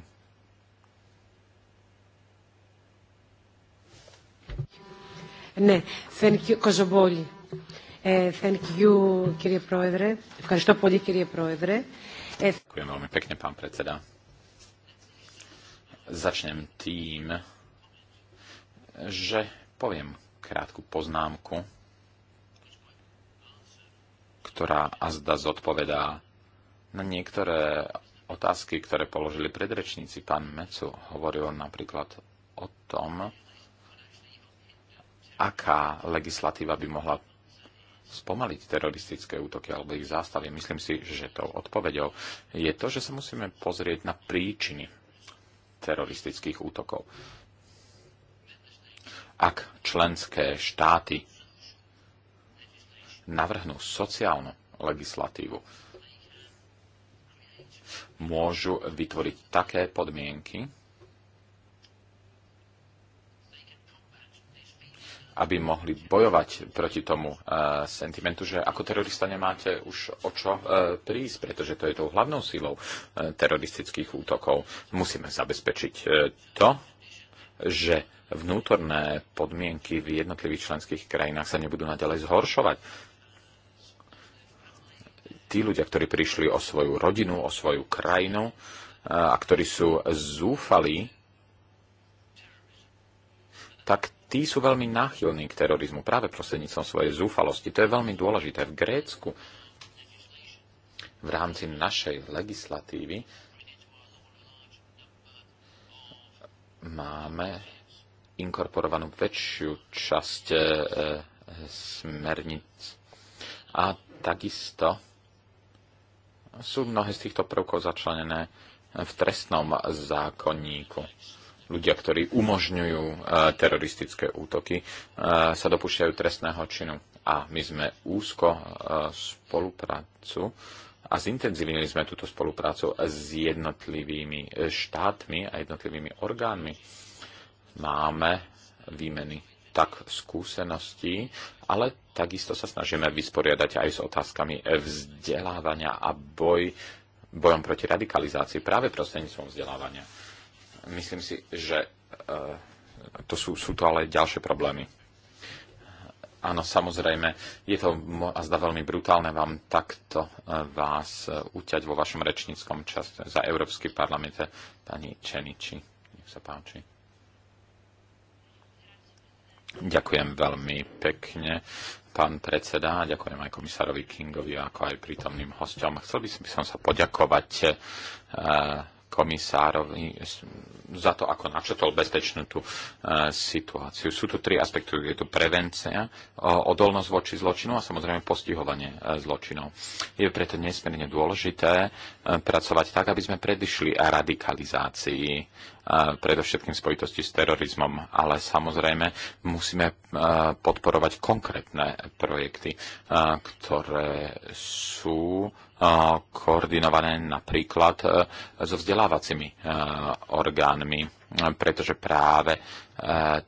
Ne, thank you, Κοζομπόλη. E, thank you, κύριε Πρόεδρε. Ευχαριστώ πολύ, κύριε Πρόεδρε. Ďakujem veľmi pekne, pán predseda. Začnem tým, že poviem krátku poznámku, ktorá azda zodpovedá na niektoré otázky, ktoré položili predrečníci. Pán Mecu hovoril napríklad o tom, aká legislatíva by mohla spomaliť teroristické útoky alebo ich zástavy. Myslím si, že tou odpoveďou je to, že sa musíme pozrieť na príčiny teroristických útokov ak členské štáty navrhnú sociálnu legislatívu, môžu vytvoriť také podmienky, aby mohli bojovať proti tomu e, sentimentu, že ako terorista nemáte už o čo e, prísť, pretože to je tou hlavnou sílou e, eh, teroristických útokov. Musíme zabezpečiť e, to, že vnútorné podmienky v jednotlivých členských krajinách sa nebudú naďalej zhoršovať. Tí ľudia, ktorí prišli o svoju rodinu, o svoju krajinu e, a ktorí sú zúfali, tak tí sú veľmi náchylní k terorizmu práve prostredníctvom svojej zúfalosti. To je veľmi dôležité. V Grécku v rámci našej legislatívy máme inkorporovanú väčšiu časť e, e, smerníc. A takisto sú mnohé z týchto prvkov začlenené v trestnom zákonníku. Ľudia, ktorí umožňujú e, teroristické útoky, sa dopúšťajú trestného činu. A my sme úzko spoluprácu a zintenzívnili sme túto spoluprácu s jednotlivými štátmi a jednotlivými orgánmi máme výmeny tak skúseností, ale takisto sa snažíme vysporiadať aj s otázkami vzdelávania a boj, bojom proti radikalizácii práve prostredníctvom vzdelávania. Myslím si, že e, to sú, sú to ale ďalšie problémy. Áno, samozrejme, je to a zda veľmi brutálne vám takto e, vás e, uťať vo vašom rečníckom čase za Európsky parlament, pani Čeniči. Nech sa páči. Ďakujem veľmi pekne, pán predseda, a ďakujem aj komisárovi Kingovi, ako aj prítomným hostom. Chcel by som sa poďakovať eh, komisárovi za to, ako načetol bezpečnú tú e, situáciu. Sú tu tri aspekty. Je tu prevencia, odolnosť voči zločinu a samozrejme postihovanie e, zločinov. Je preto nesmierne dôležité e, pracovať tak, aby sme predišli radikalizácii predovšetkým spojitosti s terorizmom, ale samozrejme musíme podporovať konkrétne projekty, ktoré sú koordinované napríklad so vzdelávacími orgánmi občanmi, pretože práve eh,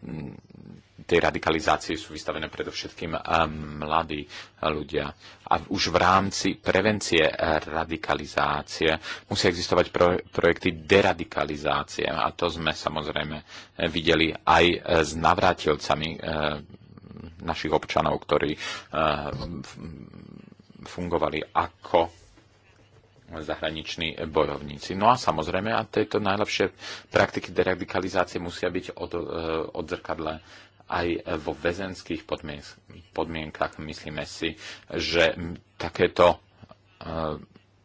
tej radikalizácie sú vystavené predovšetkým eh, mladí ľudia. A už v rámci prevencie eh, radikalizácie musia existovať pro, projekty deradikalizácie. A to sme samozrejme videli aj s navrátilcami našich občanov, ktorí fungovali ako zahraniční bojovníci. No a samozrejme, a tieto najlepšie praktiky deradikalizácie musia byť od, e, zrkadle aj vo väzenských podmienkach. Myslíme si, že takéto e,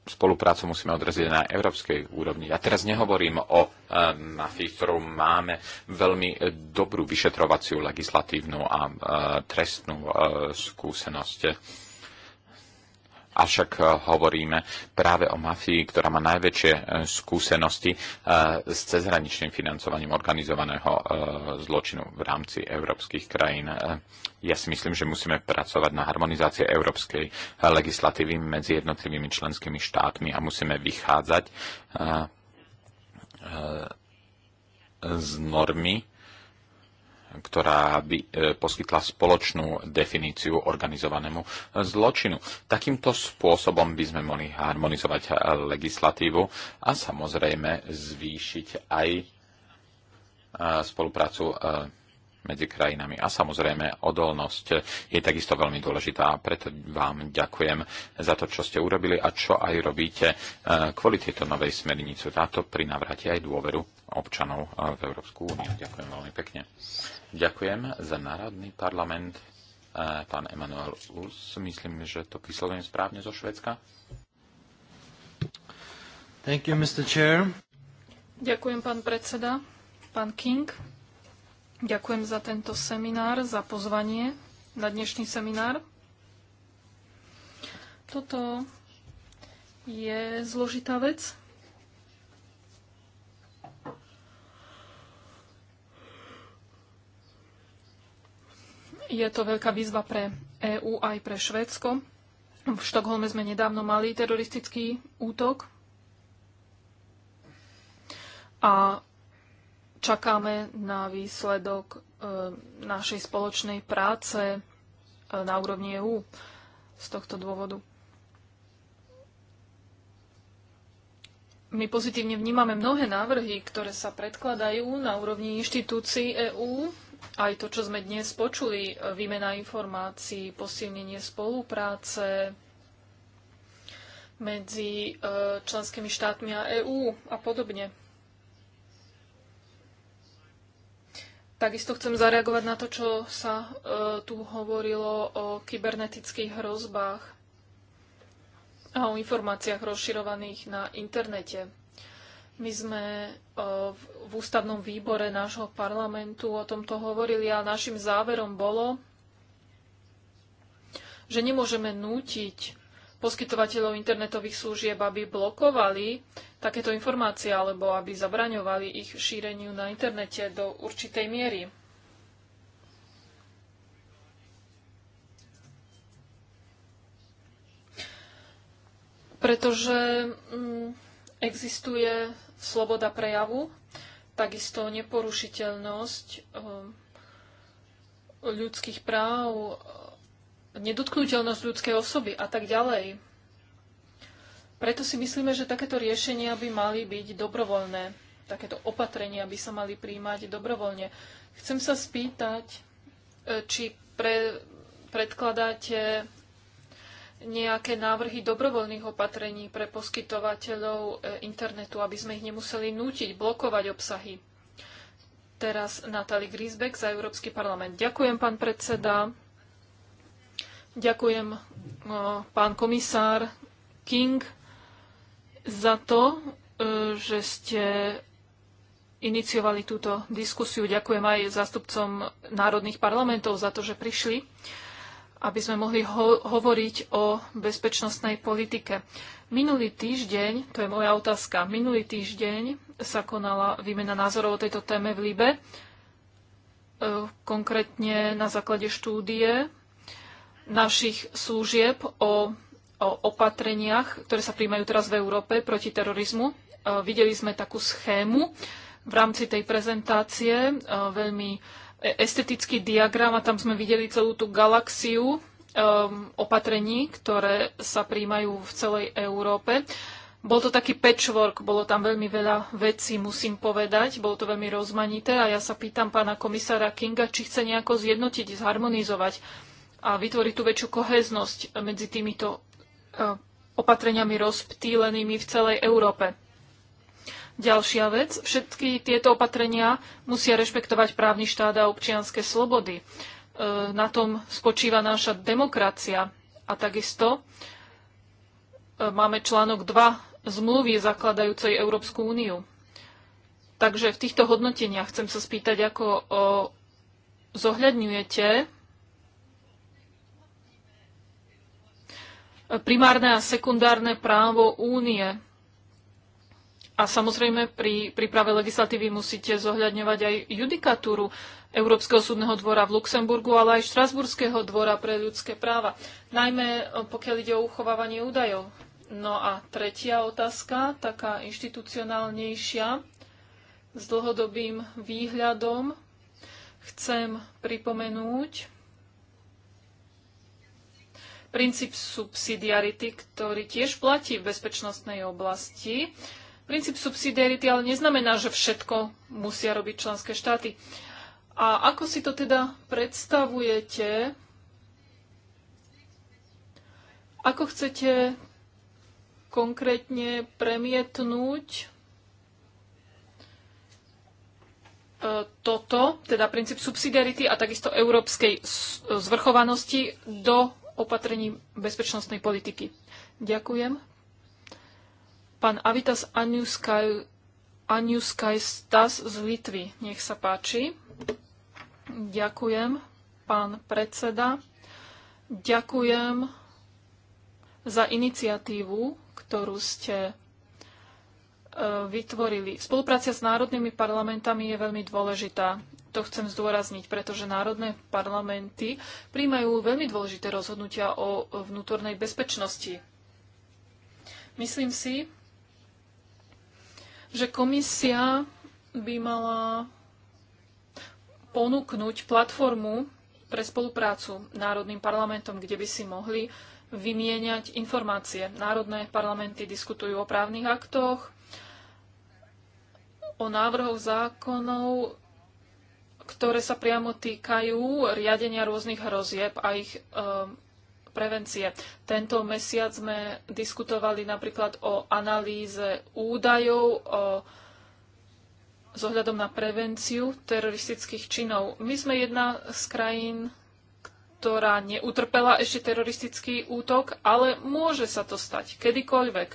spoluprácu musíme odraziť na európskej úrovni. Ja teraz nehovorím o e, mafii, ktorú máme veľmi e, dobrú vyšetrovaciu legislatívnu a e, trestnú e, skúsenosť Avšak eh, hovoríme práve o mafii, ktorá má najväčšie eh, skúsenosti eh, s cezhraničným financovaním organizovaného zločinu v rámci európskych krajín. Ja si myslím, že musíme pracovať na harmonizácii európskej legislatívy medzi jednotlivými členskými štátmi a musíme vychádzať z normy, ktorá by e, poskytla spoločnú definíciu organizovanému e, zločinu. Takýmto spôsobom by sme mohli harmonizovať e, legislatívu a samozrejme zvýšiť aj spoluprácu medzi krajinami. A samozrejme, odolnosť je takisto veľmi dôležitá. Preto vám ďakujem za to, čo ste urobili a čo aj robíte e, kvôli tejto novej smernicu. Táto prinavráti aj dôveru občanov e, v Európsku úniu. Ďakujem veľmi pekne. Ďakujem za Národný parlament. E, pán Emanuel Us, myslím, že to vyslovujem správne zo Švedska. Thank you, Mr. Chair. Ďakujem, pán predseda. Pán King. Ďakujem za tento seminár, za pozvanie na dnešný seminár. Toto je zložitá vec. Je to veľká výzva pre EÚ aj pre Švédsko. V Štokholme sme nedávno mali teroristický útok a Čakáme na výsledok e, našej spoločnej práce e, na úrovni EÚ z tohto dôvodu. My pozitívne vnímame mnohé návrhy, ktoré sa predkladajú na úrovni inštitúcií EÚ, aj to, čo sme dnes počuli, e, výmena informácií, posilnenie spolupráce medzi členskými štátmi a EÚ a podobne. Takisto chcem zareagovať na to, čo sa e, tu hovorilo o kybernetických hrozbách a o informáciách rozširovaných na internete. My sme e, v, v ústavnom výbore nášho parlamentu o tomto hovorili a našim záverom bolo, že nemôžeme nútiť poskytovateľov internetových služieb, aby blokovali takéto informácie alebo aby zabraňovali ich šíreniu na internete do určitej miery. Pretože mm, existuje sloboda prejavu, takisto neporušiteľnosť ehm, ľudských práv, nedotknutelnosť ľudskej osoby a tak ďalej. Preto si myslíme, že takéto riešenia by mali byť dobrovoľné. Takéto opatrenia by sa mali príjmať dobrovoľne. Chcem sa spýtať, e, či pre, predkladáte nejaké návrhy dobrovoľných opatrení pre poskytovateľov e, internetu, aby sme ich nemuseli nútiť, blokovať obsahy. Teraz Natali Grisbeck za Európsky parlament. Ďakujem, pán predseda. Ďakujem pán komisár King za to, e, že ste iniciovali túto diskusiu. Ďakujem aj zástupcom národných parlamentov za to, že prišli, aby sme mohli ho- hovoriť o bezpečnostnej politike. Minulý týždeň, to je moja otázka, minulý týždeň sa konala výmena názorov o tejto téme v Libe, e, konkrétne na základe štúdie našich služieb o, o opatreniach, ktoré sa príjmajú teraz v Európe proti terorizmu. E, videli sme takú schému v rámci tej prezentácie, e, veľmi e, estetický diagram a tam sme videli celú tú galaxiu opatrení, ktoré sa príjmajú v celej Európe. Bol to taký patchwork, bolo tam veľmi veľa vecí, musím povedať, bolo to veľmi rozmanité a ja sa pýtam pána komisára Kinga, či chce nejako zjednotiť, zharmonizovať a vytvoriť tú väčšiu koheznosť medzi týmito e, opatreniami rozptýlenými v celej Európe. Ďalšia vec, všetky tieto opatrenia musia rešpektovať právny štát a občianské slobody. E, na tom spočíva naša demokracia a takisto e, máme článok 2 zmluvy zakladajúcej Európsku úniu. Takže v týchto hodnoteniach chcem sa spýtať, ako zohľadňujete primárne a sekundárne právo únie. A samozrejme pri príprave legislatívy musíte zohľadňovať aj judikatúru Európskeho súdneho dvora v Luxemburgu, ale aj Štrasburského dvora pre ľudské práva. Najmä eh, pokiaľ ide o uchovávanie údajov. No a tretia otázka, taká inštitucionálnejšia, s dlhodobým výhľadom. Chcem pripomenúť, princíp subsidiarity, ktorý tiež platí v bezpečnostnej oblasti. Princíp subsidiarity ale neznamená, že všetko musia robiť členské štáty. A ako si to teda predstavujete? Ako chcete konkrétne premietnúť e, toto, teda princíp subsidiarity a takisto európskej e, zvrchovanosti do opatrení bezpečnostnej politiky. Ďakujem. Pán Avitas Aniuskaj, Stas z Litvy. Nech sa páči. Ďakujem, pán predseda. Ďakujem za iniciatívu, ktorú ste e, vytvorili. Spolupráca s národnými parlamentami je veľmi dôležitá to chcem zdôrazniť, pretože národné parlamenty príjmajú veľmi dôležité rozhodnutia o vnútornej bezpečnosti. Myslím si, že komisia by mala ponúknuť platformu pre spoluprácu národným parlamentom, kde by si mohli vymieňať informácie. Národné parlamenty diskutujú o právnych aktoch, o návrhoch zákonov, ktoré sa priamo týkajú riadenia rôznych hrozieb a ich um, prevencie. Tento mesiac sme diskutovali napríklad o analýze údajov, o zohľadom ohľadom na prevenciu teroristických činov. My sme jedna z krajín, ktorá neutrpela ešte teroristický útok, ale môže sa to stať kedykoľvek.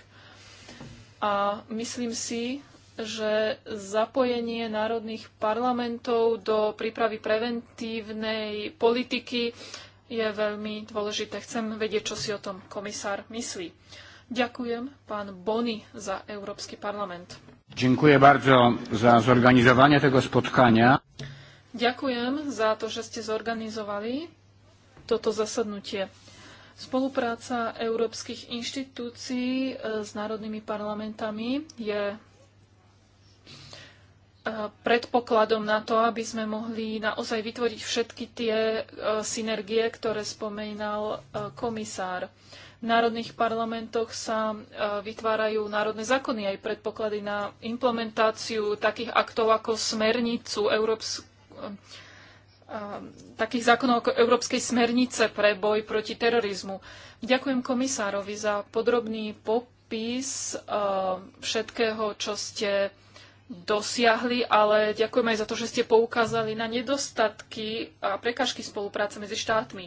A myslím si, že zapojenie národných parlamentov do prípravy preventívnej politiky je veľmi dôležité. Chcem vedieť, čo si o tom komisár myslí. Ďakujem pán Bony za Európsky parlament. Dziękuję bardzo za zorganizowanie tego spotkania. Ďakujem za to, že ste zorganizovali toto zasadnutie. Spolupráca európskych inštitúcií e, s národnými parlamentami je predpokladom na to, aby sme mohli naozaj vytvoriť všetky tie e, synergie, ktoré spomínal e, komisár. V národných parlamentoch sa e, vytvárajú národné zákony aj predpoklady na implementáciu takých aktov ako smernicu Európs- takých zákonov ako Európskej smernice pre boj proti terorizmu. Ďakujem komisárovi za podrobný popis všetkého, čo ste dosiahli, ale ďakujem aj za to, že ste poukázali na nedostatky a prekažky spolupráce medzi štátmi.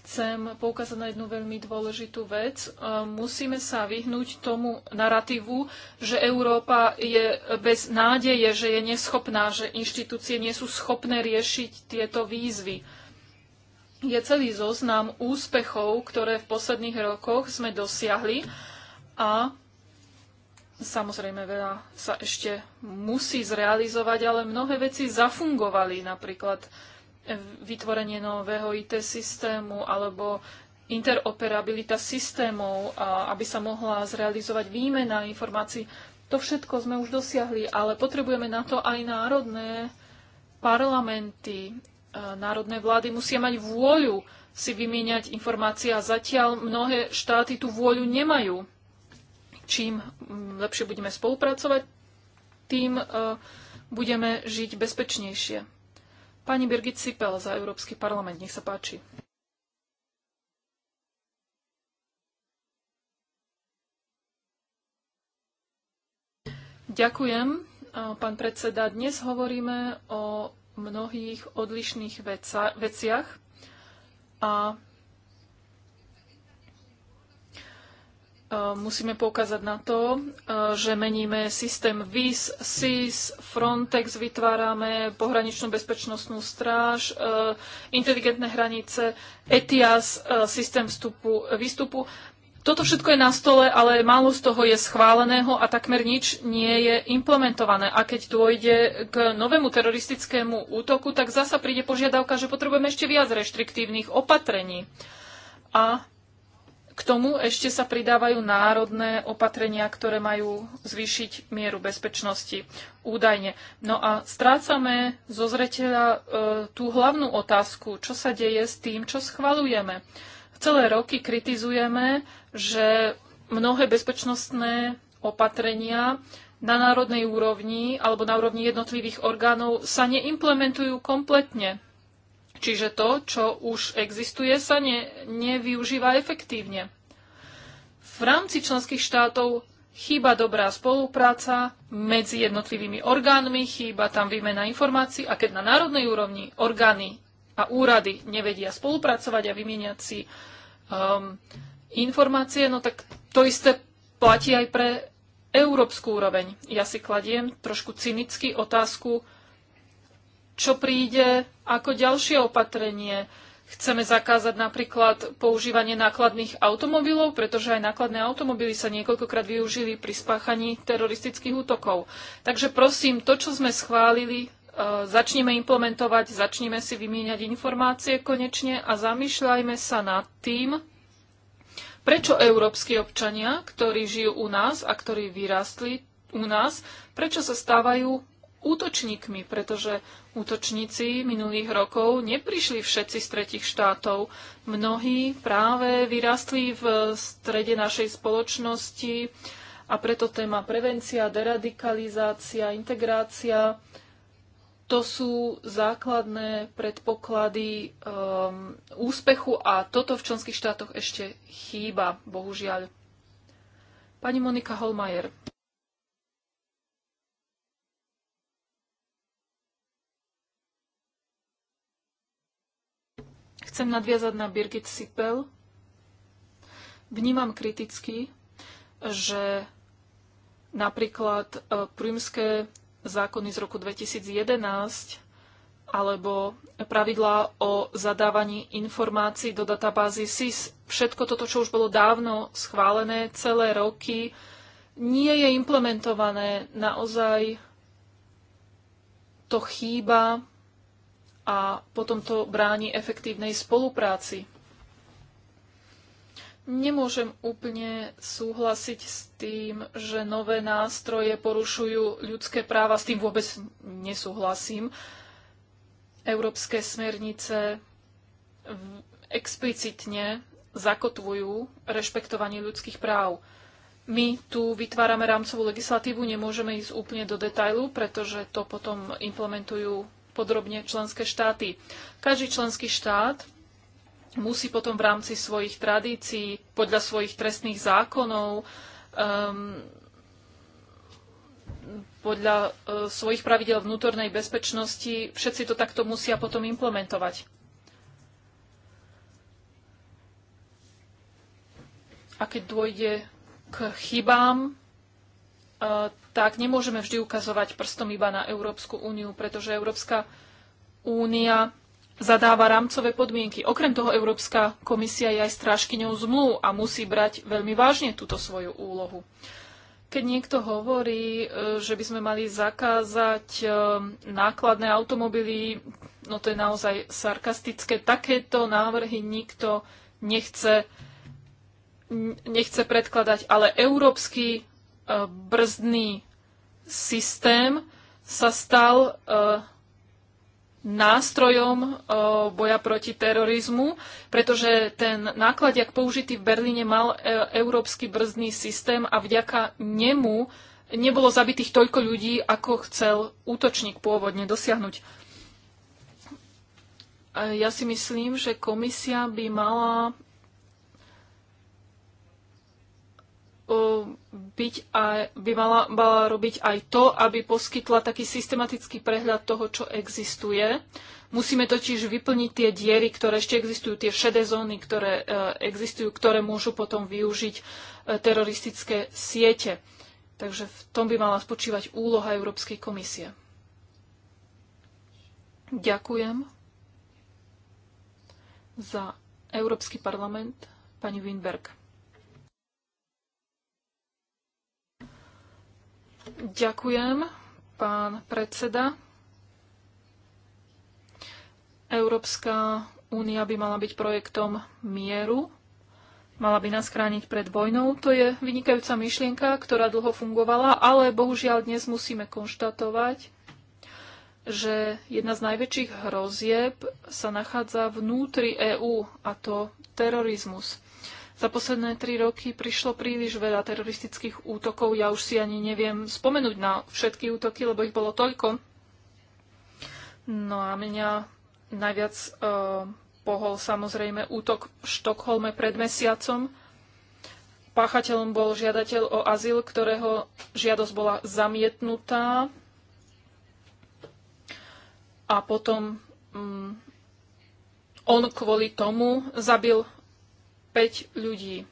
Chcem poukázať na jednu veľmi dôležitú vec. E, musíme sa vyhnúť tomu narratívu, že Európa je bez nádeje, že je neschopná, že inštitúcie nie sú schopné riešiť tieto výzvy. Je celý zoznam úspechov, ktoré v posledných rokoch sme dosiahli a Samozrejme, veľa sa ešte musí zrealizovať, ale mnohé veci zafungovali, napríklad vytvorenie nového IT systému alebo interoperabilita systémov, aby sa mohla zrealizovať výmena informácií. To všetko sme už dosiahli, ale potrebujeme na to aj národné parlamenty, e, národné vlády musia mať vôľu si vymieňať informácie a zatiaľ mnohé štáty tú vôľu nemajú čím mm, lepšie budeme spolupracovať, tým e, budeme žiť bezpečnejšie. Pani Birgit Sipel za Európsky parlament, nech sa páči. Ďakujem, e, pán predseda. Dnes hovoríme o mnohých odlišných veciach a Eh, musíme poukázať na to, eh, že meníme systém VIS, SIS, Frontex, vytvárame pohraničnú bezpečnostnú stráž, eh, inteligentné hranice, ETIAS, systém vstupu, výstupu. Toto všetko je na stole, ale málo z toho je schváleného a takmer nič nie je implementované. A keď dôjde k novému teroristickému útoku, tak zasa príde požiadavka, že potrebujeme ešte viac reštriktívnych opatrení. A k tomu ešte sa pridávajú národné opatrenia, ktoré majú zvýšiť mieru bezpečnosti údajne. No a strácame zo zreteľa e, tú hlavnú otázku, čo sa deje s tým, čo schvalujeme. Celé roky kritizujeme, že mnohé bezpečnostné opatrenia na národnej úrovni alebo na úrovni jednotlivých orgánov sa neimplementujú kompletne. Čiže to, čo už existuje, sa ne, nevyužíva efektívne. V rámci členských štátov chýba dobrá spolupráca medzi jednotlivými orgánmi, chýba tam výmena informácií a keď na národnej úrovni orgány a úrady nevedia spolupracovať a vymieňať si um, informácie, no tak to isté platí aj pre európsku úroveň. Ja si kladiem trošku cynicky otázku, čo príde ako ďalšie opatrenie. Chceme zakázať napríklad používanie nákladných automobilov, pretože aj nákladné automobily sa niekoľkokrát využili pri spáchaní teroristických útokov. Takže prosím, to, čo sme schválili, e, začneme implementovať, začneme si vymieňať informácie konečne a zamýšľajme sa nad tým, prečo európsky občania, ktorí žijú u nás a ktorí vyrastli u nás, prečo sa stávajú útočníkmi, pretože útočníci minulých rokov neprišli všetci z tretich štátov. Mnohí práve vyrastli v strede našej spoločnosti a preto téma prevencia, deradikalizácia, integrácia to sú základné predpoklady um, úspechu a toto v členských štátoch ešte chýba, bohužiaľ. Pani Monika Holmajer. Chcem nadviazať na Birgit Sipel. Vnímam kriticky, že napríklad e, prímské zákony z roku 2011 alebo pravidlá o zadávaní informácií do databázy SIS. Všetko toto, čo už bolo dávno schválené, celé roky, nie je implementované. Naozaj to chýba a potom to bráni efektívnej spolupráci. Nemôžem úplne súhlasiť s tým, že nové nástroje porušujú ľudské práva. S tým vôbec nesúhlasím. Európske smernice explicitne zakotvujú rešpektovanie ľudských práv. My tu vytvárame rámcovú legislatívu, nemôžeme ísť úplne do detailu, pretože to potom implementujú podrobne členské štáty. Každý členský štát musí potom v rámci svojich tradícií, podľa svojich trestných zákonov, um, podľa uh, svojich pravidel vnútornej bezpečnosti, všetci to takto musia potom implementovať. A keď dôjde k chybám, uh, tak nemôžeme vždy ukazovať prstom iba na Európsku úniu, pretože Európska únia zadáva rámcové podmienky. Okrem toho Európska komisia je aj strážkyňou zmluv a musí brať veľmi vážne túto svoju úlohu. Keď niekto hovorí, e, že by sme mali zakázať e, nákladné automobily, no to je naozaj sarkastické. Takéto návrhy nikto nechce, nechce predkladať, ale Európsky E, brzdný systém sa stal e, nástrojom e, boja proti terorizmu, pretože ten náklad jak použitý v Berlíne mal európsky brzdný systém a vďaka nemu nebolo zabitých toľko ľudí, ako chcel útočník pôvodne dosiahnuť. Ja si myslím, že komisia by mala byť aj, by mala, mala robiť aj to, aby poskytla taký systematický prehľad toho, čo existuje. Musíme totiž vyplniť tie diery, ktoré ešte existujú, tie šedé zóny, ktoré e, existujú, ktoré môžu potom využiť e, teroristické siete. Takže v tom by mala spočívať úloha Európskej komisie. Ďakujem za Európsky parlament, pani Winberg. Ďakujem, pán predseda. Európska únia by mala byť projektom mieru, mala by nás chrániť pred vojnou. To je vynikajúca myšlienka, ktorá dlho fungovala, ale bohužiaľ dnes musíme konštatovať, že jedna z najväčších hrozieb sa nachádza vnútri EÚ, a to terorizmus. Za posledné tri roky prišlo príliš veľa teroristických útokov. Ja už si ani neviem spomenúť na všetky útoky, lebo ich bolo toľko. No a mňa najviac e, pohol samozrejme útok v Štokholme pred mesiacom. Páchateľom bol žiadateľ o azyl, ktorého žiadosť bola zamietnutá. A potom mm, on kvôli tomu zabil 5 ľudí.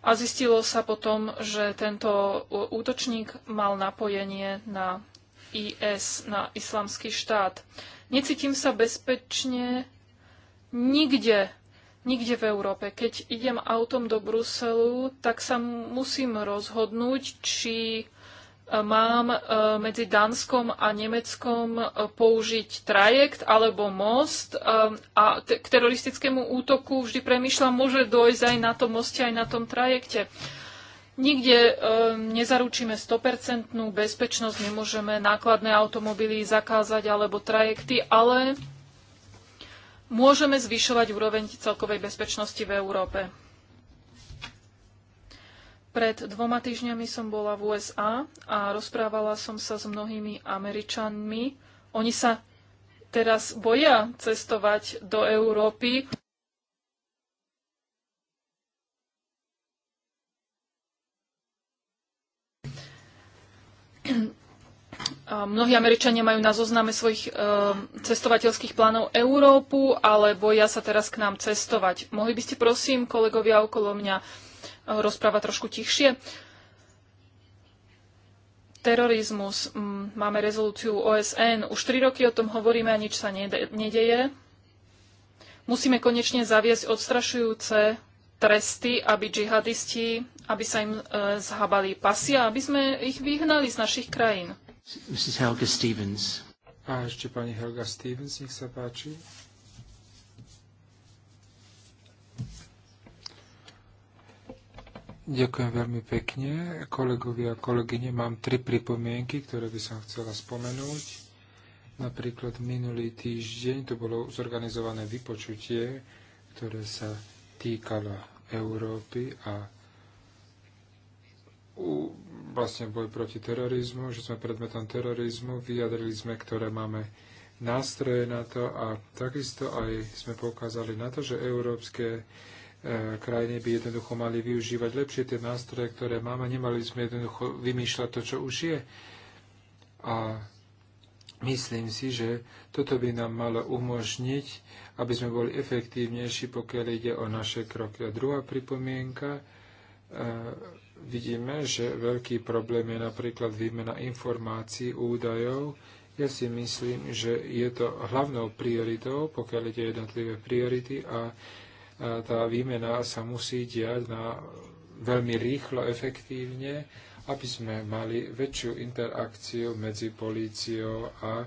A zistilo sa potom, že tento útočník mal napojenie na IS, na islamský štát. Necítim sa bezpečne nikde, nikde v Európe. Keď idem autom do Bruselu, tak sa musím rozhodnúť, či E, mám e, medzi Dánskom a Nemeckom e, použiť trajekt alebo most a k teroristickému útoku vždy premyšľam, môže dojsť aj na tom moste, aj na tom trajekte. Nikde nezaručíme 100% bezpečnosť, nemôžeme nákladné automobily zakázať alebo trajekty, ale môžeme zvyšovať úroveň celkovej bezpečnosti v Európe. Pred dvoma týždňami som bola v USA a rozprávala som sa s mnohými Američanmi. Oni sa teraz boja cestovať do Európy. A mnohí Američania majú na zozname svojich e, cestovateľských plánov Európu, ale boja sa teraz k nám cestovať. Mohli by ste prosím, kolegovia okolo mňa, rozpráva trošku tichšie. Terorizmus. Mm, máme rezolúciu OSN. Už tri roky o tom hovoríme a nič sa nedeje. Musíme konečne zaviesť odstrašujúce tresty, aby džihadisti, aby sa im e, zhabali pasia, aby sme ich vyhnali z našich krajín. Mrs. Helga Stevens. A ešte pani Helga Stevens, nech sa páči. Ďakujem veľmi pekne. Kolegovia a kolegyne, mám tri pripomienky, ktoré by som chcela spomenúť. Napríklad minulý týždeň to bolo zorganizované vypočutie, ktoré sa týkalo Európy a vlastne boj proti terorizmu, že sme predmetom terorizmu, vyjadrili sme, ktoré máme nástroje na to a takisto aj sme poukázali na to, že európske E, krajiny by jednoducho mali využívať lepšie tie nástroje, ktoré máme. Nemali sme jednoducho vymýšľať to, čo už je. A myslím si, že toto by nám malo umožniť, aby sme boli efektívnejší, pokiaľ ide o naše kroky. A druhá pripomienka, e, vidíme, že veľký problém je napríklad výmena informácií, údajov, ja si myslím, že je to hlavnou prioritou, pokiaľ ide jednotlivé priority a tá výmena sa musí diať na veľmi rýchlo, efektívne, aby sme mali väčšiu interakciu medzi políciou a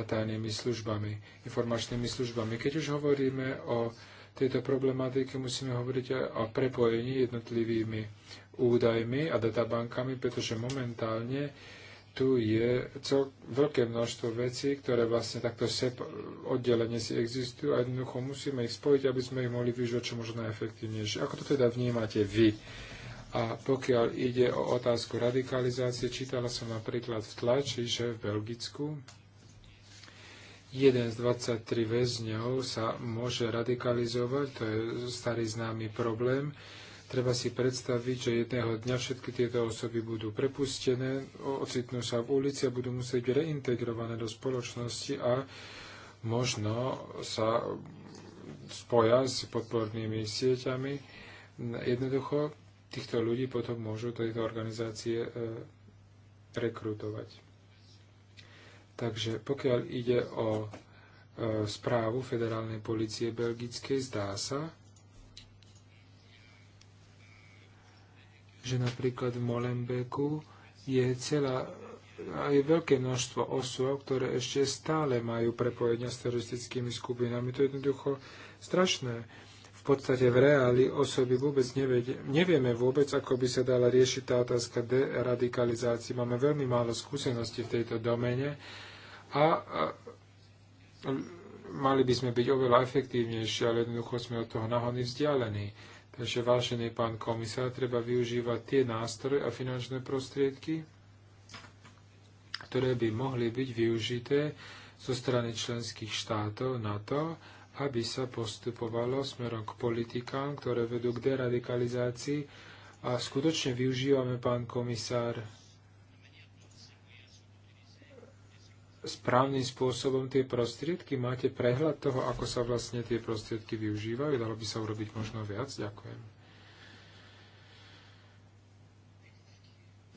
tajnými službami, informačnými službami. Keď už hovoríme o tejto problematike, musíme hovoriť aj o prepojení jednotlivými údajmi a databankami, pretože momentálne tu je cel, veľké množstvo vecí, ktoré vlastne takto sep, oddelenie si existujú a jednoducho musíme ich spojiť, aby sme ich mohli využívať čo možno najefektívnejšie. Ako to teda vnímate vy? A pokiaľ ide o otázku radikalizácie, čítala som napríklad v tlači, že v Belgicku jeden z 23 väzňov sa môže radikalizovať, to je starý známy problém, Treba si predstaviť, že jedného dňa všetky tieto osoby budú prepustené, ocitnú sa v ulici a budú musieť byť reintegrované do spoločnosti a možno sa spoja s podpornými sieťami. Jednoducho týchto ľudí potom môžu tejto organizácie e, rekrutovať. Takže pokiaľ ide o e, správu federálnej policie belgickej, zdá sa, že napríklad v Molenbeku je celá je veľké množstvo osôb, ktoré ešte stále majú prepojenia s teroristickými skupinami. To je jednoducho strašné. V podstate v reáli osoby vôbec nevedie, nevieme vôbec, ako by sa dala riešiť tá otázka deradikalizácie. Máme veľmi málo skúseností v tejto domene a, a mali by sme byť oveľa efektívnejší, ale jednoducho sme od toho nahony vzdialení. Takže, vážený pán komisár, treba využívať tie nástroje a finančné prostriedky, ktoré by mohli byť využité zo strany členských štátov na to, aby sa postupovalo smerom k politikám, ktoré vedú k deradikalizácii. A skutočne využívame, pán komisár, správnym spôsobom tie prostriedky? Máte prehľad toho, ako sa vlastne tie prostriedky využívajú? Dalo by sa urobiť možno viac? Ďakujem.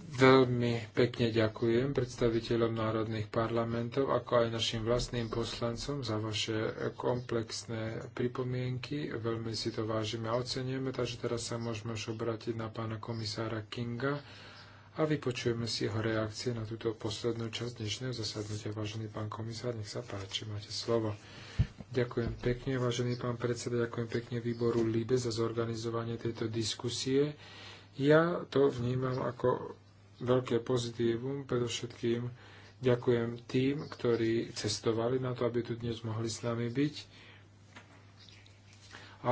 Veľmi pekne ďakujem predstaviteľom národných parlamentov, ako aj našim vlastným poslancom za vaše komplexné pripomienky. Veľmi si to vážime a ocenujeme, takže teraz sa môžeme už obrátiť na pána komisára Kinga a vypočujeme si jeho reakcie na túto poslednú časť dnešného zasadnutia. Vážený pán komisár, nech sa páči, máte slovo. Ďakujem pekne, vážený pán predseda, ďakujem pekne výboru LIBE za zorganizovanie tejto diskusie. Ja to vnímam ako veľké pozitívum, predovšetkým ďakujem tým, ktorí cestovali na to, aby tu dnes mohli s nami byť.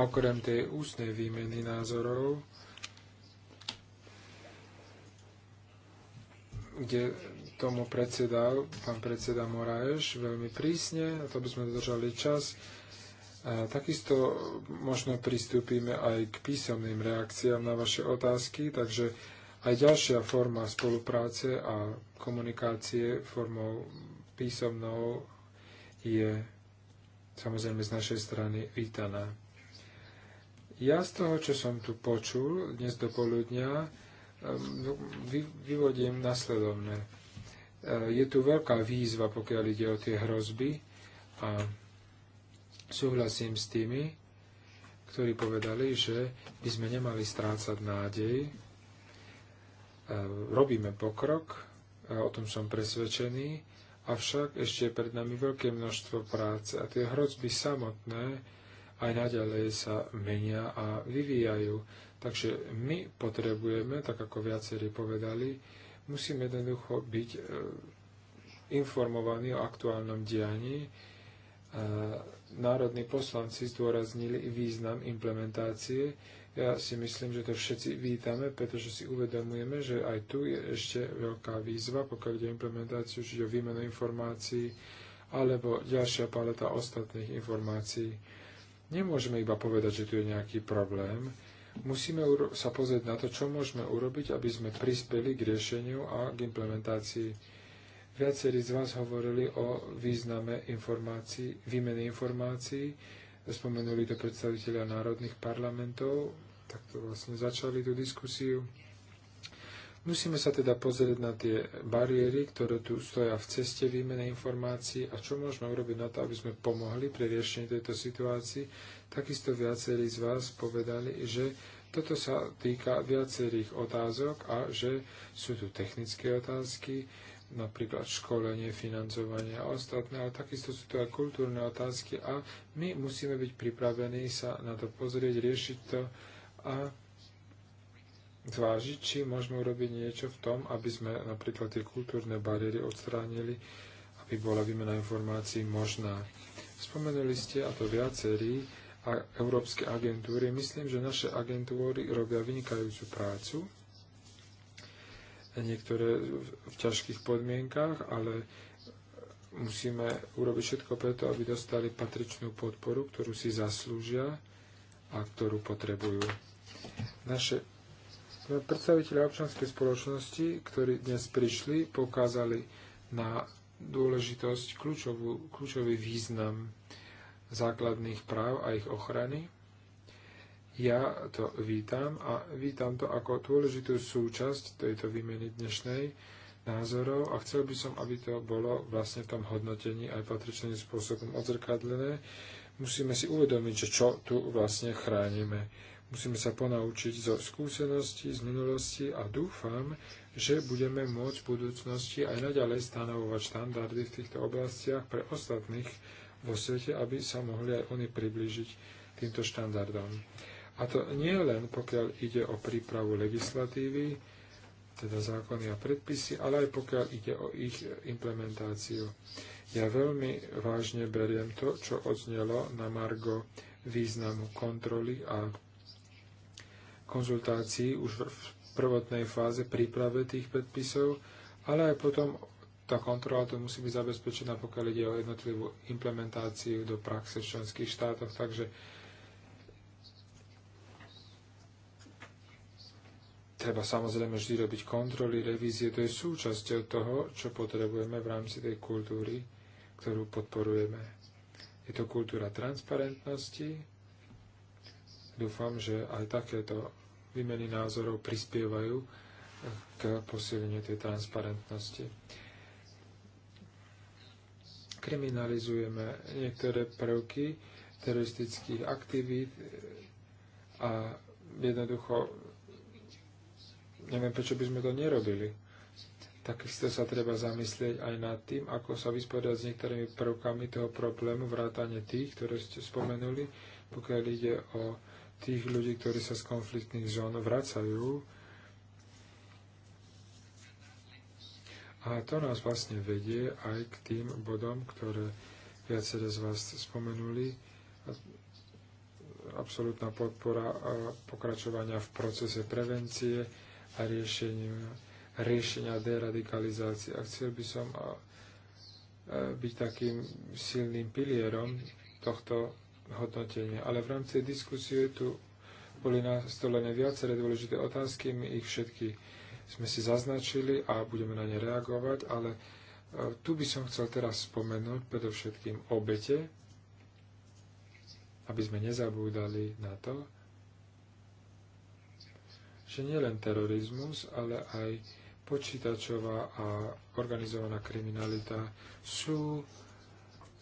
A okrem tej ústnej výmeny názorov, kde tomu predsedal pán predseda Moraeš veľmi prísne, na to by sme dodržali čas. A takisto možno pristúpime aj k písomným reakciám na vaše otázky, takže aj ďalšia forma spolupráce a komunikácie formou písomnou je samozrejme z našej strany vítaná. Ja z toho, čo som tu počul dnes do poludnia, Ehm, no, vyvodím nasledovné. Ehm, je tu veľká výzva, pokiaľ ide o tie hrozby a súhlasím s tými, ktorí povedali, že by sme nemali strácať nádej. Ehm, robíme pokrok, o tom som presvedčený, avšak ešte je pred nami veľké množstvo práce a tie hrozby samotné aj naďalej sa menia a vyvíjajú Takže my potrebujeme, tak ako viacerí povedali, musíme jednoducho byť e, informovaní o aktuálnom dianí. E, národní poslanci zdôraznili význam implementácie. Ja si myslím, že to všetci vítame, pretože si uvedomujeme, že aj tu je ešte veľká výzva, pokiaľ ide o implementáciu, čiže o výmenu informácií alebo ďalšia paleta ostatných informácií. Nemôžeme iba povedať, že tu je nejaký problém, Musíme sa pozrieť na to, čo môžeme urobiť, aby sme prispeli k riešeniu a k implementácii. Viacerí z vás hovorili o význame informácií, výmene informácií, spomenuli to predstaviteľia národných parlamentov, tak to vlastne začali tú diskusiu. Musíme sa teda pozrieť na tie bariéry, ktoré tu stoja v ceste výmene informácií a čo môžeme urobiť na to, aby sme pomohli pri riešení tejto situácii Takisto viacerí z vás povedali, že toto sa týka viacerých otázok a že sú tu technické otázky, napríklad školenie, financovanie a ostatné, ale takisto sú to aj kultúrne otázky a my musíme byť pripravení sa na to pozrieť, riešiť to a zvážiť, či môžeme urobiť niečo v tom, aby sme napríklad tie kultúrne bariéry odstránili, aby bola výmena informácií možná. Spomenuli ste, a to viacerí, a európske agentúry. Myslím, že naše agentúry robia vynikajúcu prácu, niektoré v ťažkých podmienkách, ale musíme urobiť všetko preto, aby dostali patričnú podporu, ktorú si zaslúžia a ktorú potrebujú. Naše predstaviteľe občanskej spoločnosti, ktorí dnes prišli, pokázali na dôležitosť, kľúčovú, kľúčový význam základných práv a ich ochrany. Ja to vítam a vítam to ako dôležitú súčasť tejto výmeny dnešnej názorov a chcel by som, aby to bolo vlastne v tom hodnotení aj patričným spôsobom odzrkadlené. Musíme si uvedomiť, že čo tu vlastne chránime. Musíme sa ponaučiť zo skúseností z minulosti a dúfam, že budeme môcť v budúcnosti aj naďalej stanovovať štandardy v týchto oblastiach pre ostatných vo svete, aby sa mohli aj oni priblížiť týmto štandardom. A to nie len pokiaľ ide o prípravu legislatívy, teda zákony a predpisy, ale aj pokiaľ ide o ich implementáciu. Ja veľmi vážne beriem to, čo odznelo na Margo významu kontroly a konzultácií už v prvotnej fáze príprave tých predpisov, ale aj potom tá kontrola tu musí byť zabezpečená, pokiaľ ide o jednotlivú implementáciu do praxe v členských štátoch, takže treba samozrejme vždy robiť kontroly, revízie, to je súčasťou toho, čo potrebujeme v rámci tej kultúry, ktorú podporujeme. Je to kultúra transparentnosti. Dúfam, že aj takéto výmeny názorov prispievajú k posilneniu tej transparentnosti kriminalizujeme niektoré prvky teroristických aktivít a jednoducho neviem, prečo by sme to nerobili. Takisto sa treba zamyslieť aj nad tým, ako sa vysporiadať s niektorými prvkami toho problému, vrátane tých, ktoré ste spomenuli, pokiaľ ide o tých ľudí, ktorí sa z konfliktných zón vracajú, A to nás vlastne vedie aj k tým bodom, ktoré viaceré z vás spomenuli. Absolutná podpora a pokračovania v procese prevencie a riešenia, riešenia deradikalizácie. A chcel by som byť takým silným pilierom tohto hodnotenia. Ale v rámci diskusie tu boli nastolené viaceré dôležité otázky, my ich všetky sme si zaznačili a budeme na ne reagovať, ale e, tu by som chcel teraz spomenúť predovšetkým obete, aby sme nezabúdali na to, že nielen terorizmus, ale aj počítačová a organizovaná kriminalita sú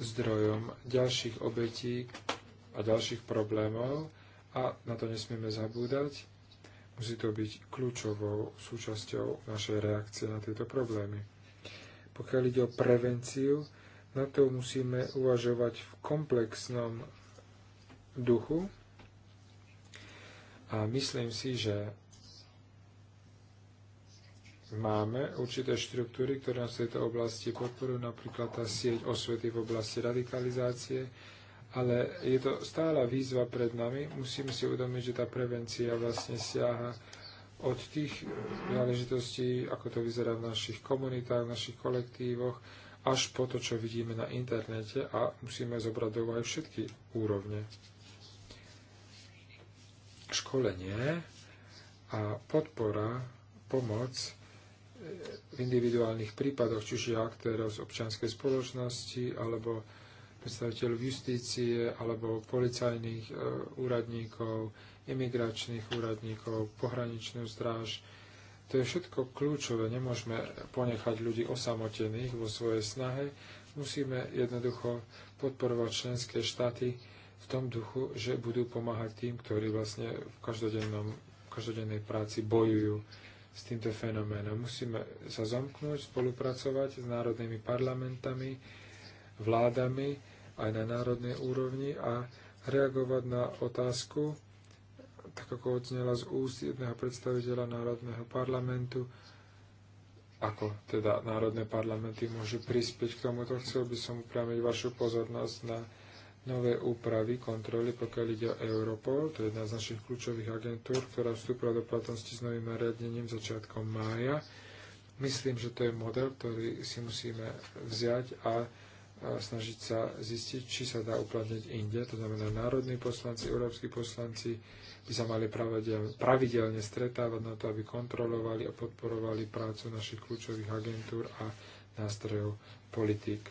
zdrojom ďalších obetí a ďalších problémov a na to nesmieme zabúdať. Musí to byť kľúčovou súčasťou našej reakcie na tieto problémy. Pokiaľ ide o prevenciu, na to musíme uvažovať v komplexnom duchu a myslím si, že máme určité štruktúry, ktoré nás v tejto oblasti podporujú, napríklad tá sieť osvety v oblasti radikalizácie, ale je to stála výzva pred nami. Musíme si uvedomiť, že tá prevencia vlastne siaha od tých náležitostí, ako to vyzerá v našich komunitách, v našich kolektívoch, až po to, čo vidíme na internete a musíme zobrať do aj všetky úrovne. Školenie a podpora, pomoc eh, v individuálnych prípadoch, čiže aktérov z občianskej spoločnosti alebo v justície alebo policajných e, úradníkov, imigračných úradníkov, pohraničnú stráž. To je všetko kľúčové. Nemôžeme ponechať ľudí osamotených vo svojej snahe. Musíme jednoducho podporovať členské štáty v tom duchu, že budú pomáhať tým, ktorí vlastne v, každodennom, v každodennej práci bojujú s týmto fenoménom. Musíme sa zomknúť, spolupracovať s národnými parlamentami, vládami, aj na národnej úrovni a reagovať na otázku, tak ako odznela z úst jedného predstaviteľa Národného parlamentu, ako teda národné parlamenty môžu prispieť k tomuto. Chcel by som upriamiť vašu pozornosť na nové úpravy kontroly, pokiaľ ide o Europol, to je jedna z našich kľúčových agentúr, ktorá vstúpila do platnosti s novým nariadením začiatkom mája. Myslím, že to je model, ktorý si musíme vziať a snažiť sa zistiť, či sa dá uplatniť inde. To znamená, národní poslanci, európsky poslanci by sa mali pravidelne stretávať na to, aby kontrolovali a podporovali prácu našich kľúčových agentúr a nástrojov politik.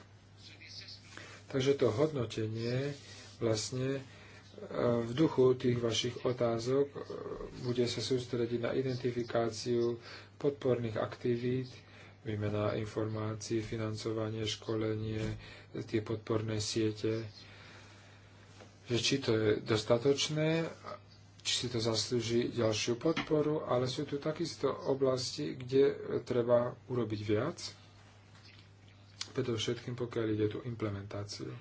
Takže to hodnotenie vlastne e, v duchu tých vašich otázok e, bude sa sústrediť na identifikáciu podporných aktivít, výmena informácií, financovanie, školenie, tie podporné siete, že či to je dostatočné, či si to zaslúži ďalšiu podporu, ale sú tu takisto oblasti, kde treba urobiť viac, predovšetkým pokiaľ ide tu implementáciu.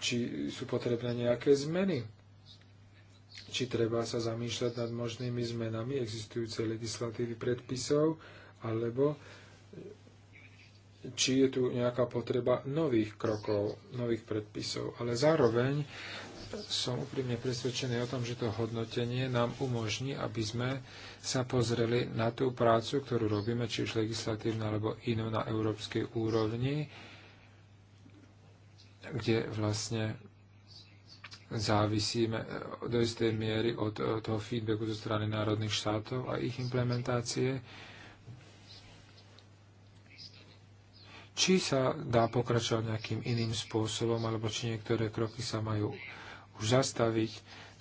Či sú potrebné nejaké zmeny či treba sa zamýšľať nad možnými zmenami existujúcej legislatívy predpisov, alebo či je tu nejaká potreba nových krokov, nových predpisov. Ale zároveň som úprimne presvedčený o tom, že to hodnotenie nám umožní, aby sme sa pozreli na tú prácu, ktorú robíme, či už legislatívna alebo inú na európskej úrovni, kde vlastne závisíme e, do istej miery od e, toho feedbacku zo strany národných štátov a ich implementácie. Či sa dá pokračovať nejakým iným spôsobom, alebo či niektoré kroky sa majú už zastaviť.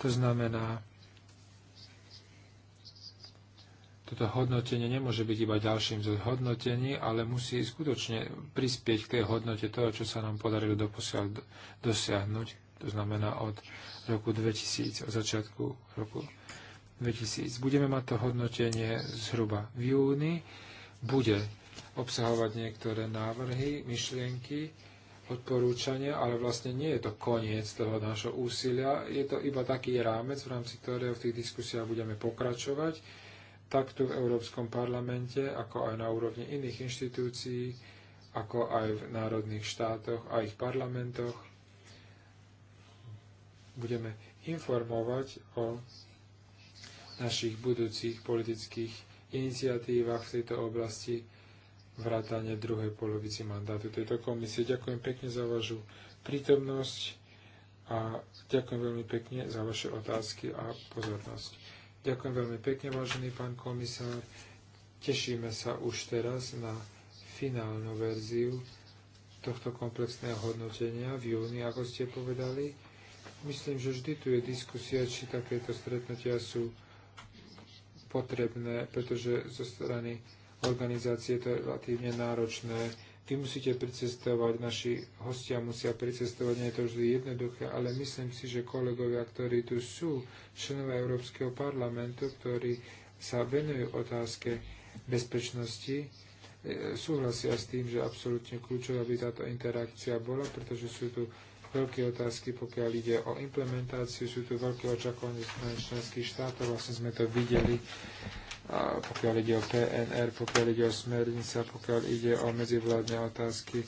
To znamená, toto hodnotenie nemôže byť iba ďalším z hodnotení, ale musí skutočne prispieť k tej hodnote toho, čo sa nám podarilo doposiaľ dosiahnuť to znamená od roku 2000, od začiatku roku 2000. Budeme mať to hodnotenie zhruba v júni, bude obsahovať niektoré návrhy, myšlienky, odporúčania, ale vlastne nie je to koniec toho nášho úsilia, je to iba taký rámec, v rámci ktorého v tých diskusiách budeme pokračovať, tak tu v Európskom parlamente, ako aj na úrovni iných inštitúcií, ako aj v národných štátoch a ich parlamentoch budeme informovať o našich budúcich politických iniciatívach v tejto oblasti vrátane druhej polovici mandátu tejto komisie. Ďakujem pekne za vašu prítomnosť a ďakujem veľmi pekne za vaše otázky a pozornosť. Ďakujem veľmi pekne, vážený pán komisár. Tešíme sa už teraz na finálnu verziu tohto komplexného hodnotenia v júni, ako ste povedali. Myslím, že vždy tu je diskusia, či takéto stretnutia sú potrebné, pretože zo strany organizácie to je relatívne náročné. Vy musíte pricestovať, naši hostia musia pricestovať, nie je to vždy jednoduché, ale myslím si, že kolegovia, ktorí tu sú, členové Európskeho parlamentu, ktorí sa venujú otázke bezpečnosti, e, súhlasia s tým, že absolútne kľúčová, aby táto interakcia bola, pretože sú tu veľké otázky, pokiaľ ide o implementáciu. Sú tu veľké očakávania z členských štátov, vlastne sme to videli, pokiaľ ide o PNR, pokiaľ ide o smernica, pokiaľ ide o medzivládne otázky.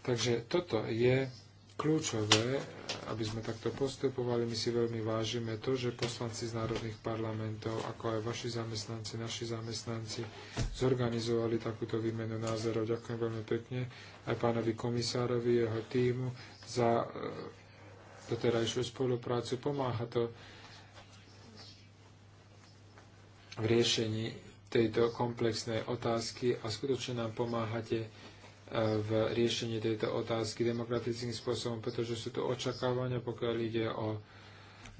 Takže toto je kľúčové, aby sme takto postupovali. My si veľmi vážime to, že poslanci z národných parlamentov, ako aj vaši zamestnanci, naši zamestnanci, zorganizovali takúto výmenu názorov. Ďakujem veľmi pekne aj pánovi komisárovi, jeho týmu za e, doterajšiu spoluprácu. Pomáha to v riešení tejto komplexnej otázky a skutočne nám pomáhate e, v riešení tejto otázky demokratickým spôsobom, pretože sú to očakávania, pokiaľ ide o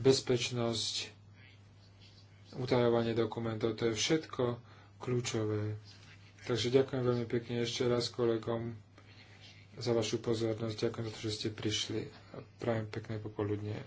bezpečnosť, utajovanie dokumentov, to je všetko kľúčové. Takže ďakujem veľmi pekne ešte raz kolegom za vašu pozornosť. Ďakujem za to, že ste prišli. Prajem pekné popoludnie.